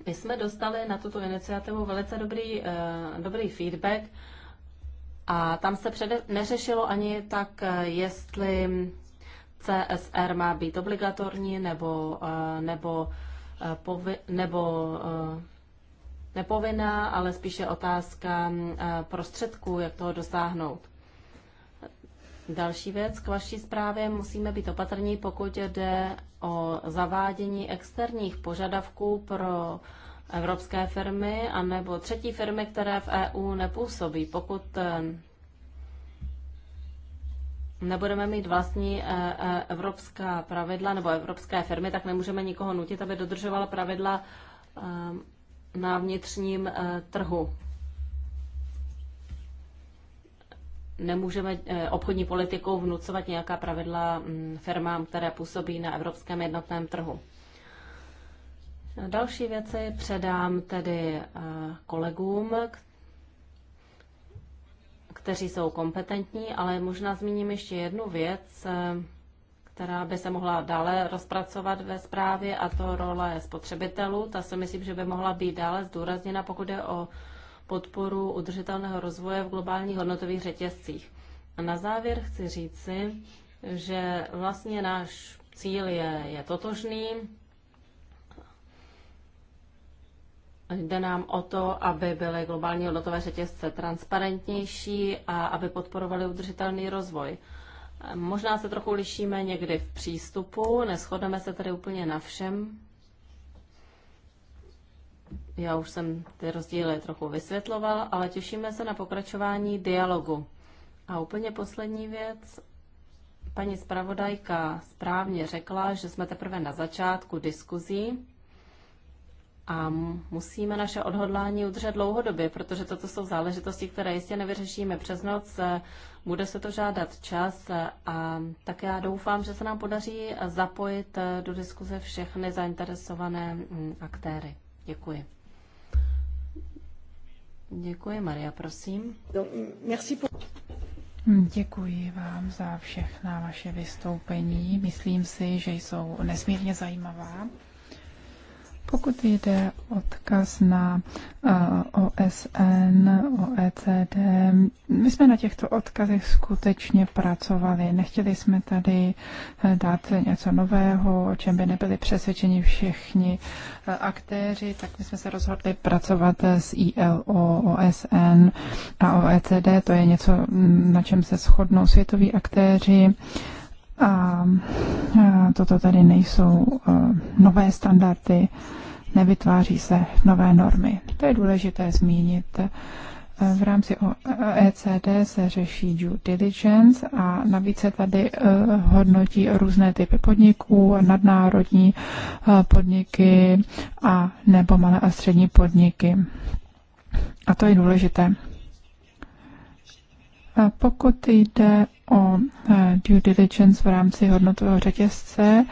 my jsme dostali na tuto iniciativu velice dobrý, eh, dobrý feedback a tam se přede, neřešilo ani tak, eh, jestli CSR má být obligatorní nebo, eh, nebo, eh, povi, nebo nepovinná, ale spíše otázka mm, prostředků, jak toho dosáhnout. Další věc k vaší zprávě. Musíme být opatrní, pokud jde o zavádění externích požadavků pro evropské firmy anebo třetí firmy, které v EU nepůsobí. Pokud eh, nebudeme mít vlastní eh, eh, evropská pravidla nebo evropské firmy, tak nemůžeme nikoho nutit, aby dodržovala pravidla na vnitřním trhu. Nemůžeme obchodní politikou vnucovat nějaká pravidla mm, firmám, které působí na evropském jednotném trhu. Další věci předám tedy eh, kolegům, kteří jsou kompetentní, ale možná zmíním ještě jednu věc, eh, která by se mohla dále rozpracovat ve zprávě, a to role spotřebitelů. Ta si myslím, že by mohla být dále zdůrazněna, pokud je o podporu udržitelného rozvoje v globálních hodnotových řetězcích. A na závěr chci říci, že vlastně náš cíl je, je totožný, Jde nám o to, aby byly globální hodnotové řetězce transparentnější a aby podporovaly udržitelný rozvoj. Možná se trochu lišíme někdy v přístupu, neschodneme se tady úplně na všem. Já už jsem ty rozdíly trochu vysvětloval, ale těšíme se na pokračování dialogu. A úplně poslední věc. Paní zpravodajka správně řekla, že jsme teprve na začátku diskuzí a musíme naše odhodlání udržet dlouhodobě, protože toto jsou záležitosti, které jistě nevyřešíme přes noc. Bude se to žádat čas a tak já doufám, že se nám podaří zapojit do diskuze všechny zainteresované mm, aktéry. Děkuji. Děkuji, Maria, prosím. Děkuji vám za všechna vaše vystoupení. Myslím si, že jsou nesmírně zajímavá. Pokud jde odkaz na eh, OSN, OECD, my jsme na těchto odkazech skutečně pracovali. Nechtěli jsme tady eh, dát něco nového, o čem by nebyli přesvědčeni všichni eh, aktéři, tak my jsme se rozhodli pracovat s ILO, OSN a OECD. To je něco, mm, na čem se shodnou světoví aktéři. A toto tady nejsou nové standardy, nevytváří se nové normy. To je důležité zmínit. V rámci ECD se řeší due diligence a navíc se tady e, hodnotí různé typy podniků, nadnárodní e, podniky a nebo malé a střední podniky. A to je důležité. Pokud jde o e, due diligence v rámci hodnotového řetězce,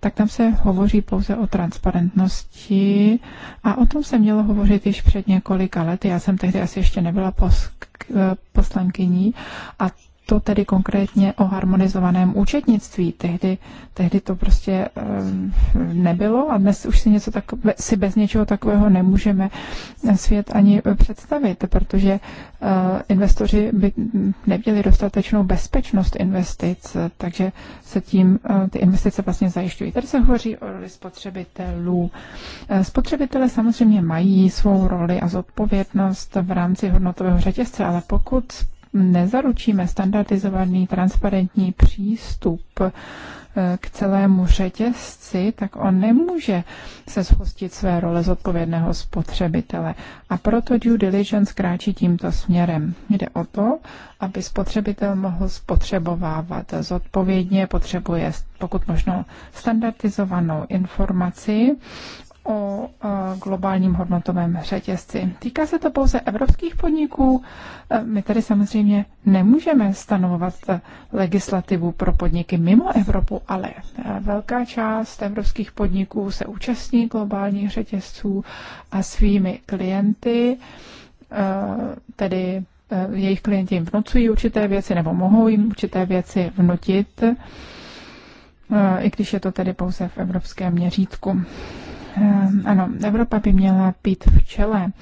tak tam se hovoří pouze o transparentnosti a o tom se mělo hovořit již před několika lety. Já jsem tehdy asi ještě nebyla e, poslankyní a to tedy konkrétně o harmonizovaném účetnictví. Tehdy, tehdy to prostě eh, nebylo a dnes už si, něco tak, si bez něčeho takového nemůžeme svět ani představit, protože eh, investoři by neměli dostatečnou bezpečnost investic, takže se tím eh, ty investice vlastně zajišťují. Tady se hovoří o roli spotřebitelů. Spotřebitelé samozřejmě mají svou roli a zodpovědnost v rámci hodnotového řetězce, ale pokud nezaručíme standardizovaný transparentní přístup eh, k celému řetězci, tak on nemůže se schostit své role zodpovědného spotřebitele. A proto due diligence kráčí tímto směrem. Jde o to, aby spotřebitel mohl spotřebovávat zodpovědně, potřebuje pokud možno standardizovanou informaci o globálním hodnotovém řetězci. Týká se to pouze evropských podniků. E, my tady samozřejmě nemůžeme stanovovat e, legislativu pro podniky mimo Evropu, ale e, velká část evropských podniků se účastní globálních řetězců a svými klienty, tedy jejich klienti jim vnucují určité věci nebo mohou jim určité věci vnutit, i když je to tedy pouze v evropském měřítku. Ehm, ano, Evropa by měla být v čele,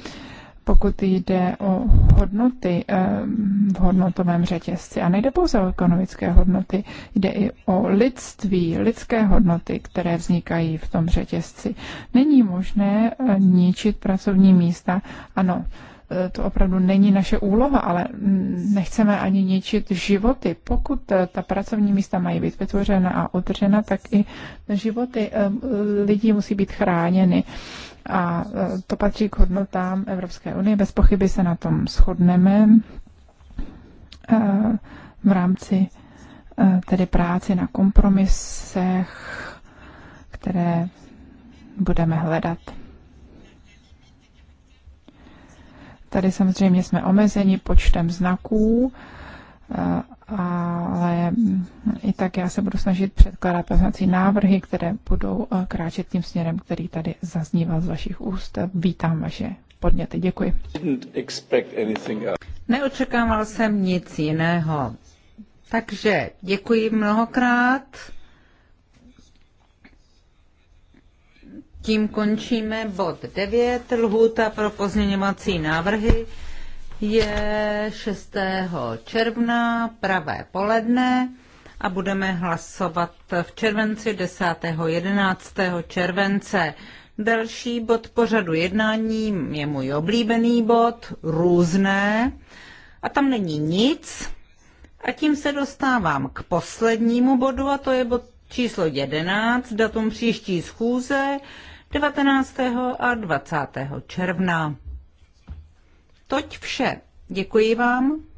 pokud jde o hodnoty ehm, v hodnotovém řetězci. A nejde pouze o ekonomické hodnoty, jde i o lidství, lidské hodnoty, které vznikají v tom řetězci. Není možné eh, ničit pracovní místa. Ano, Eh, to opravdu není naše úloha, ale nechceme ani ničit životy. Pokud eh, ta pracovní místa mají být vytvořena a udržena, tak i životy eh, lidí musí být chráněny. A to patří k hodnotám Evropské unie. Bez pochyby se na tom shodneme v rámci tedy práci na kompromisech, které budeme hledat. Tady samozřejmě jsme omezeni počtem znaků, eh, ale i tak já se budu snažit předkládat poznací návrhy, které budou eh, kráčet tím směrem, který tady zazníval z vašich úst. Vítám vaše podněty. Děkuji. Neočekával jsem nic jiného. Takže děkuji mnohokrát. Tím končíme bod 9. Lhůta pro pozměňovací návrhy je 6. června, pravé poledne a budeme hlasovat v červenci 10. 11. července. Další bod pořadu jednání je můj oblíbený bod, různé, a tam není nic. A tím se dostávám k poslednímu bodu, a to je bod číslo 11, datum příští schůze. 19. a 20. června. Toť vše. Děkuji vám.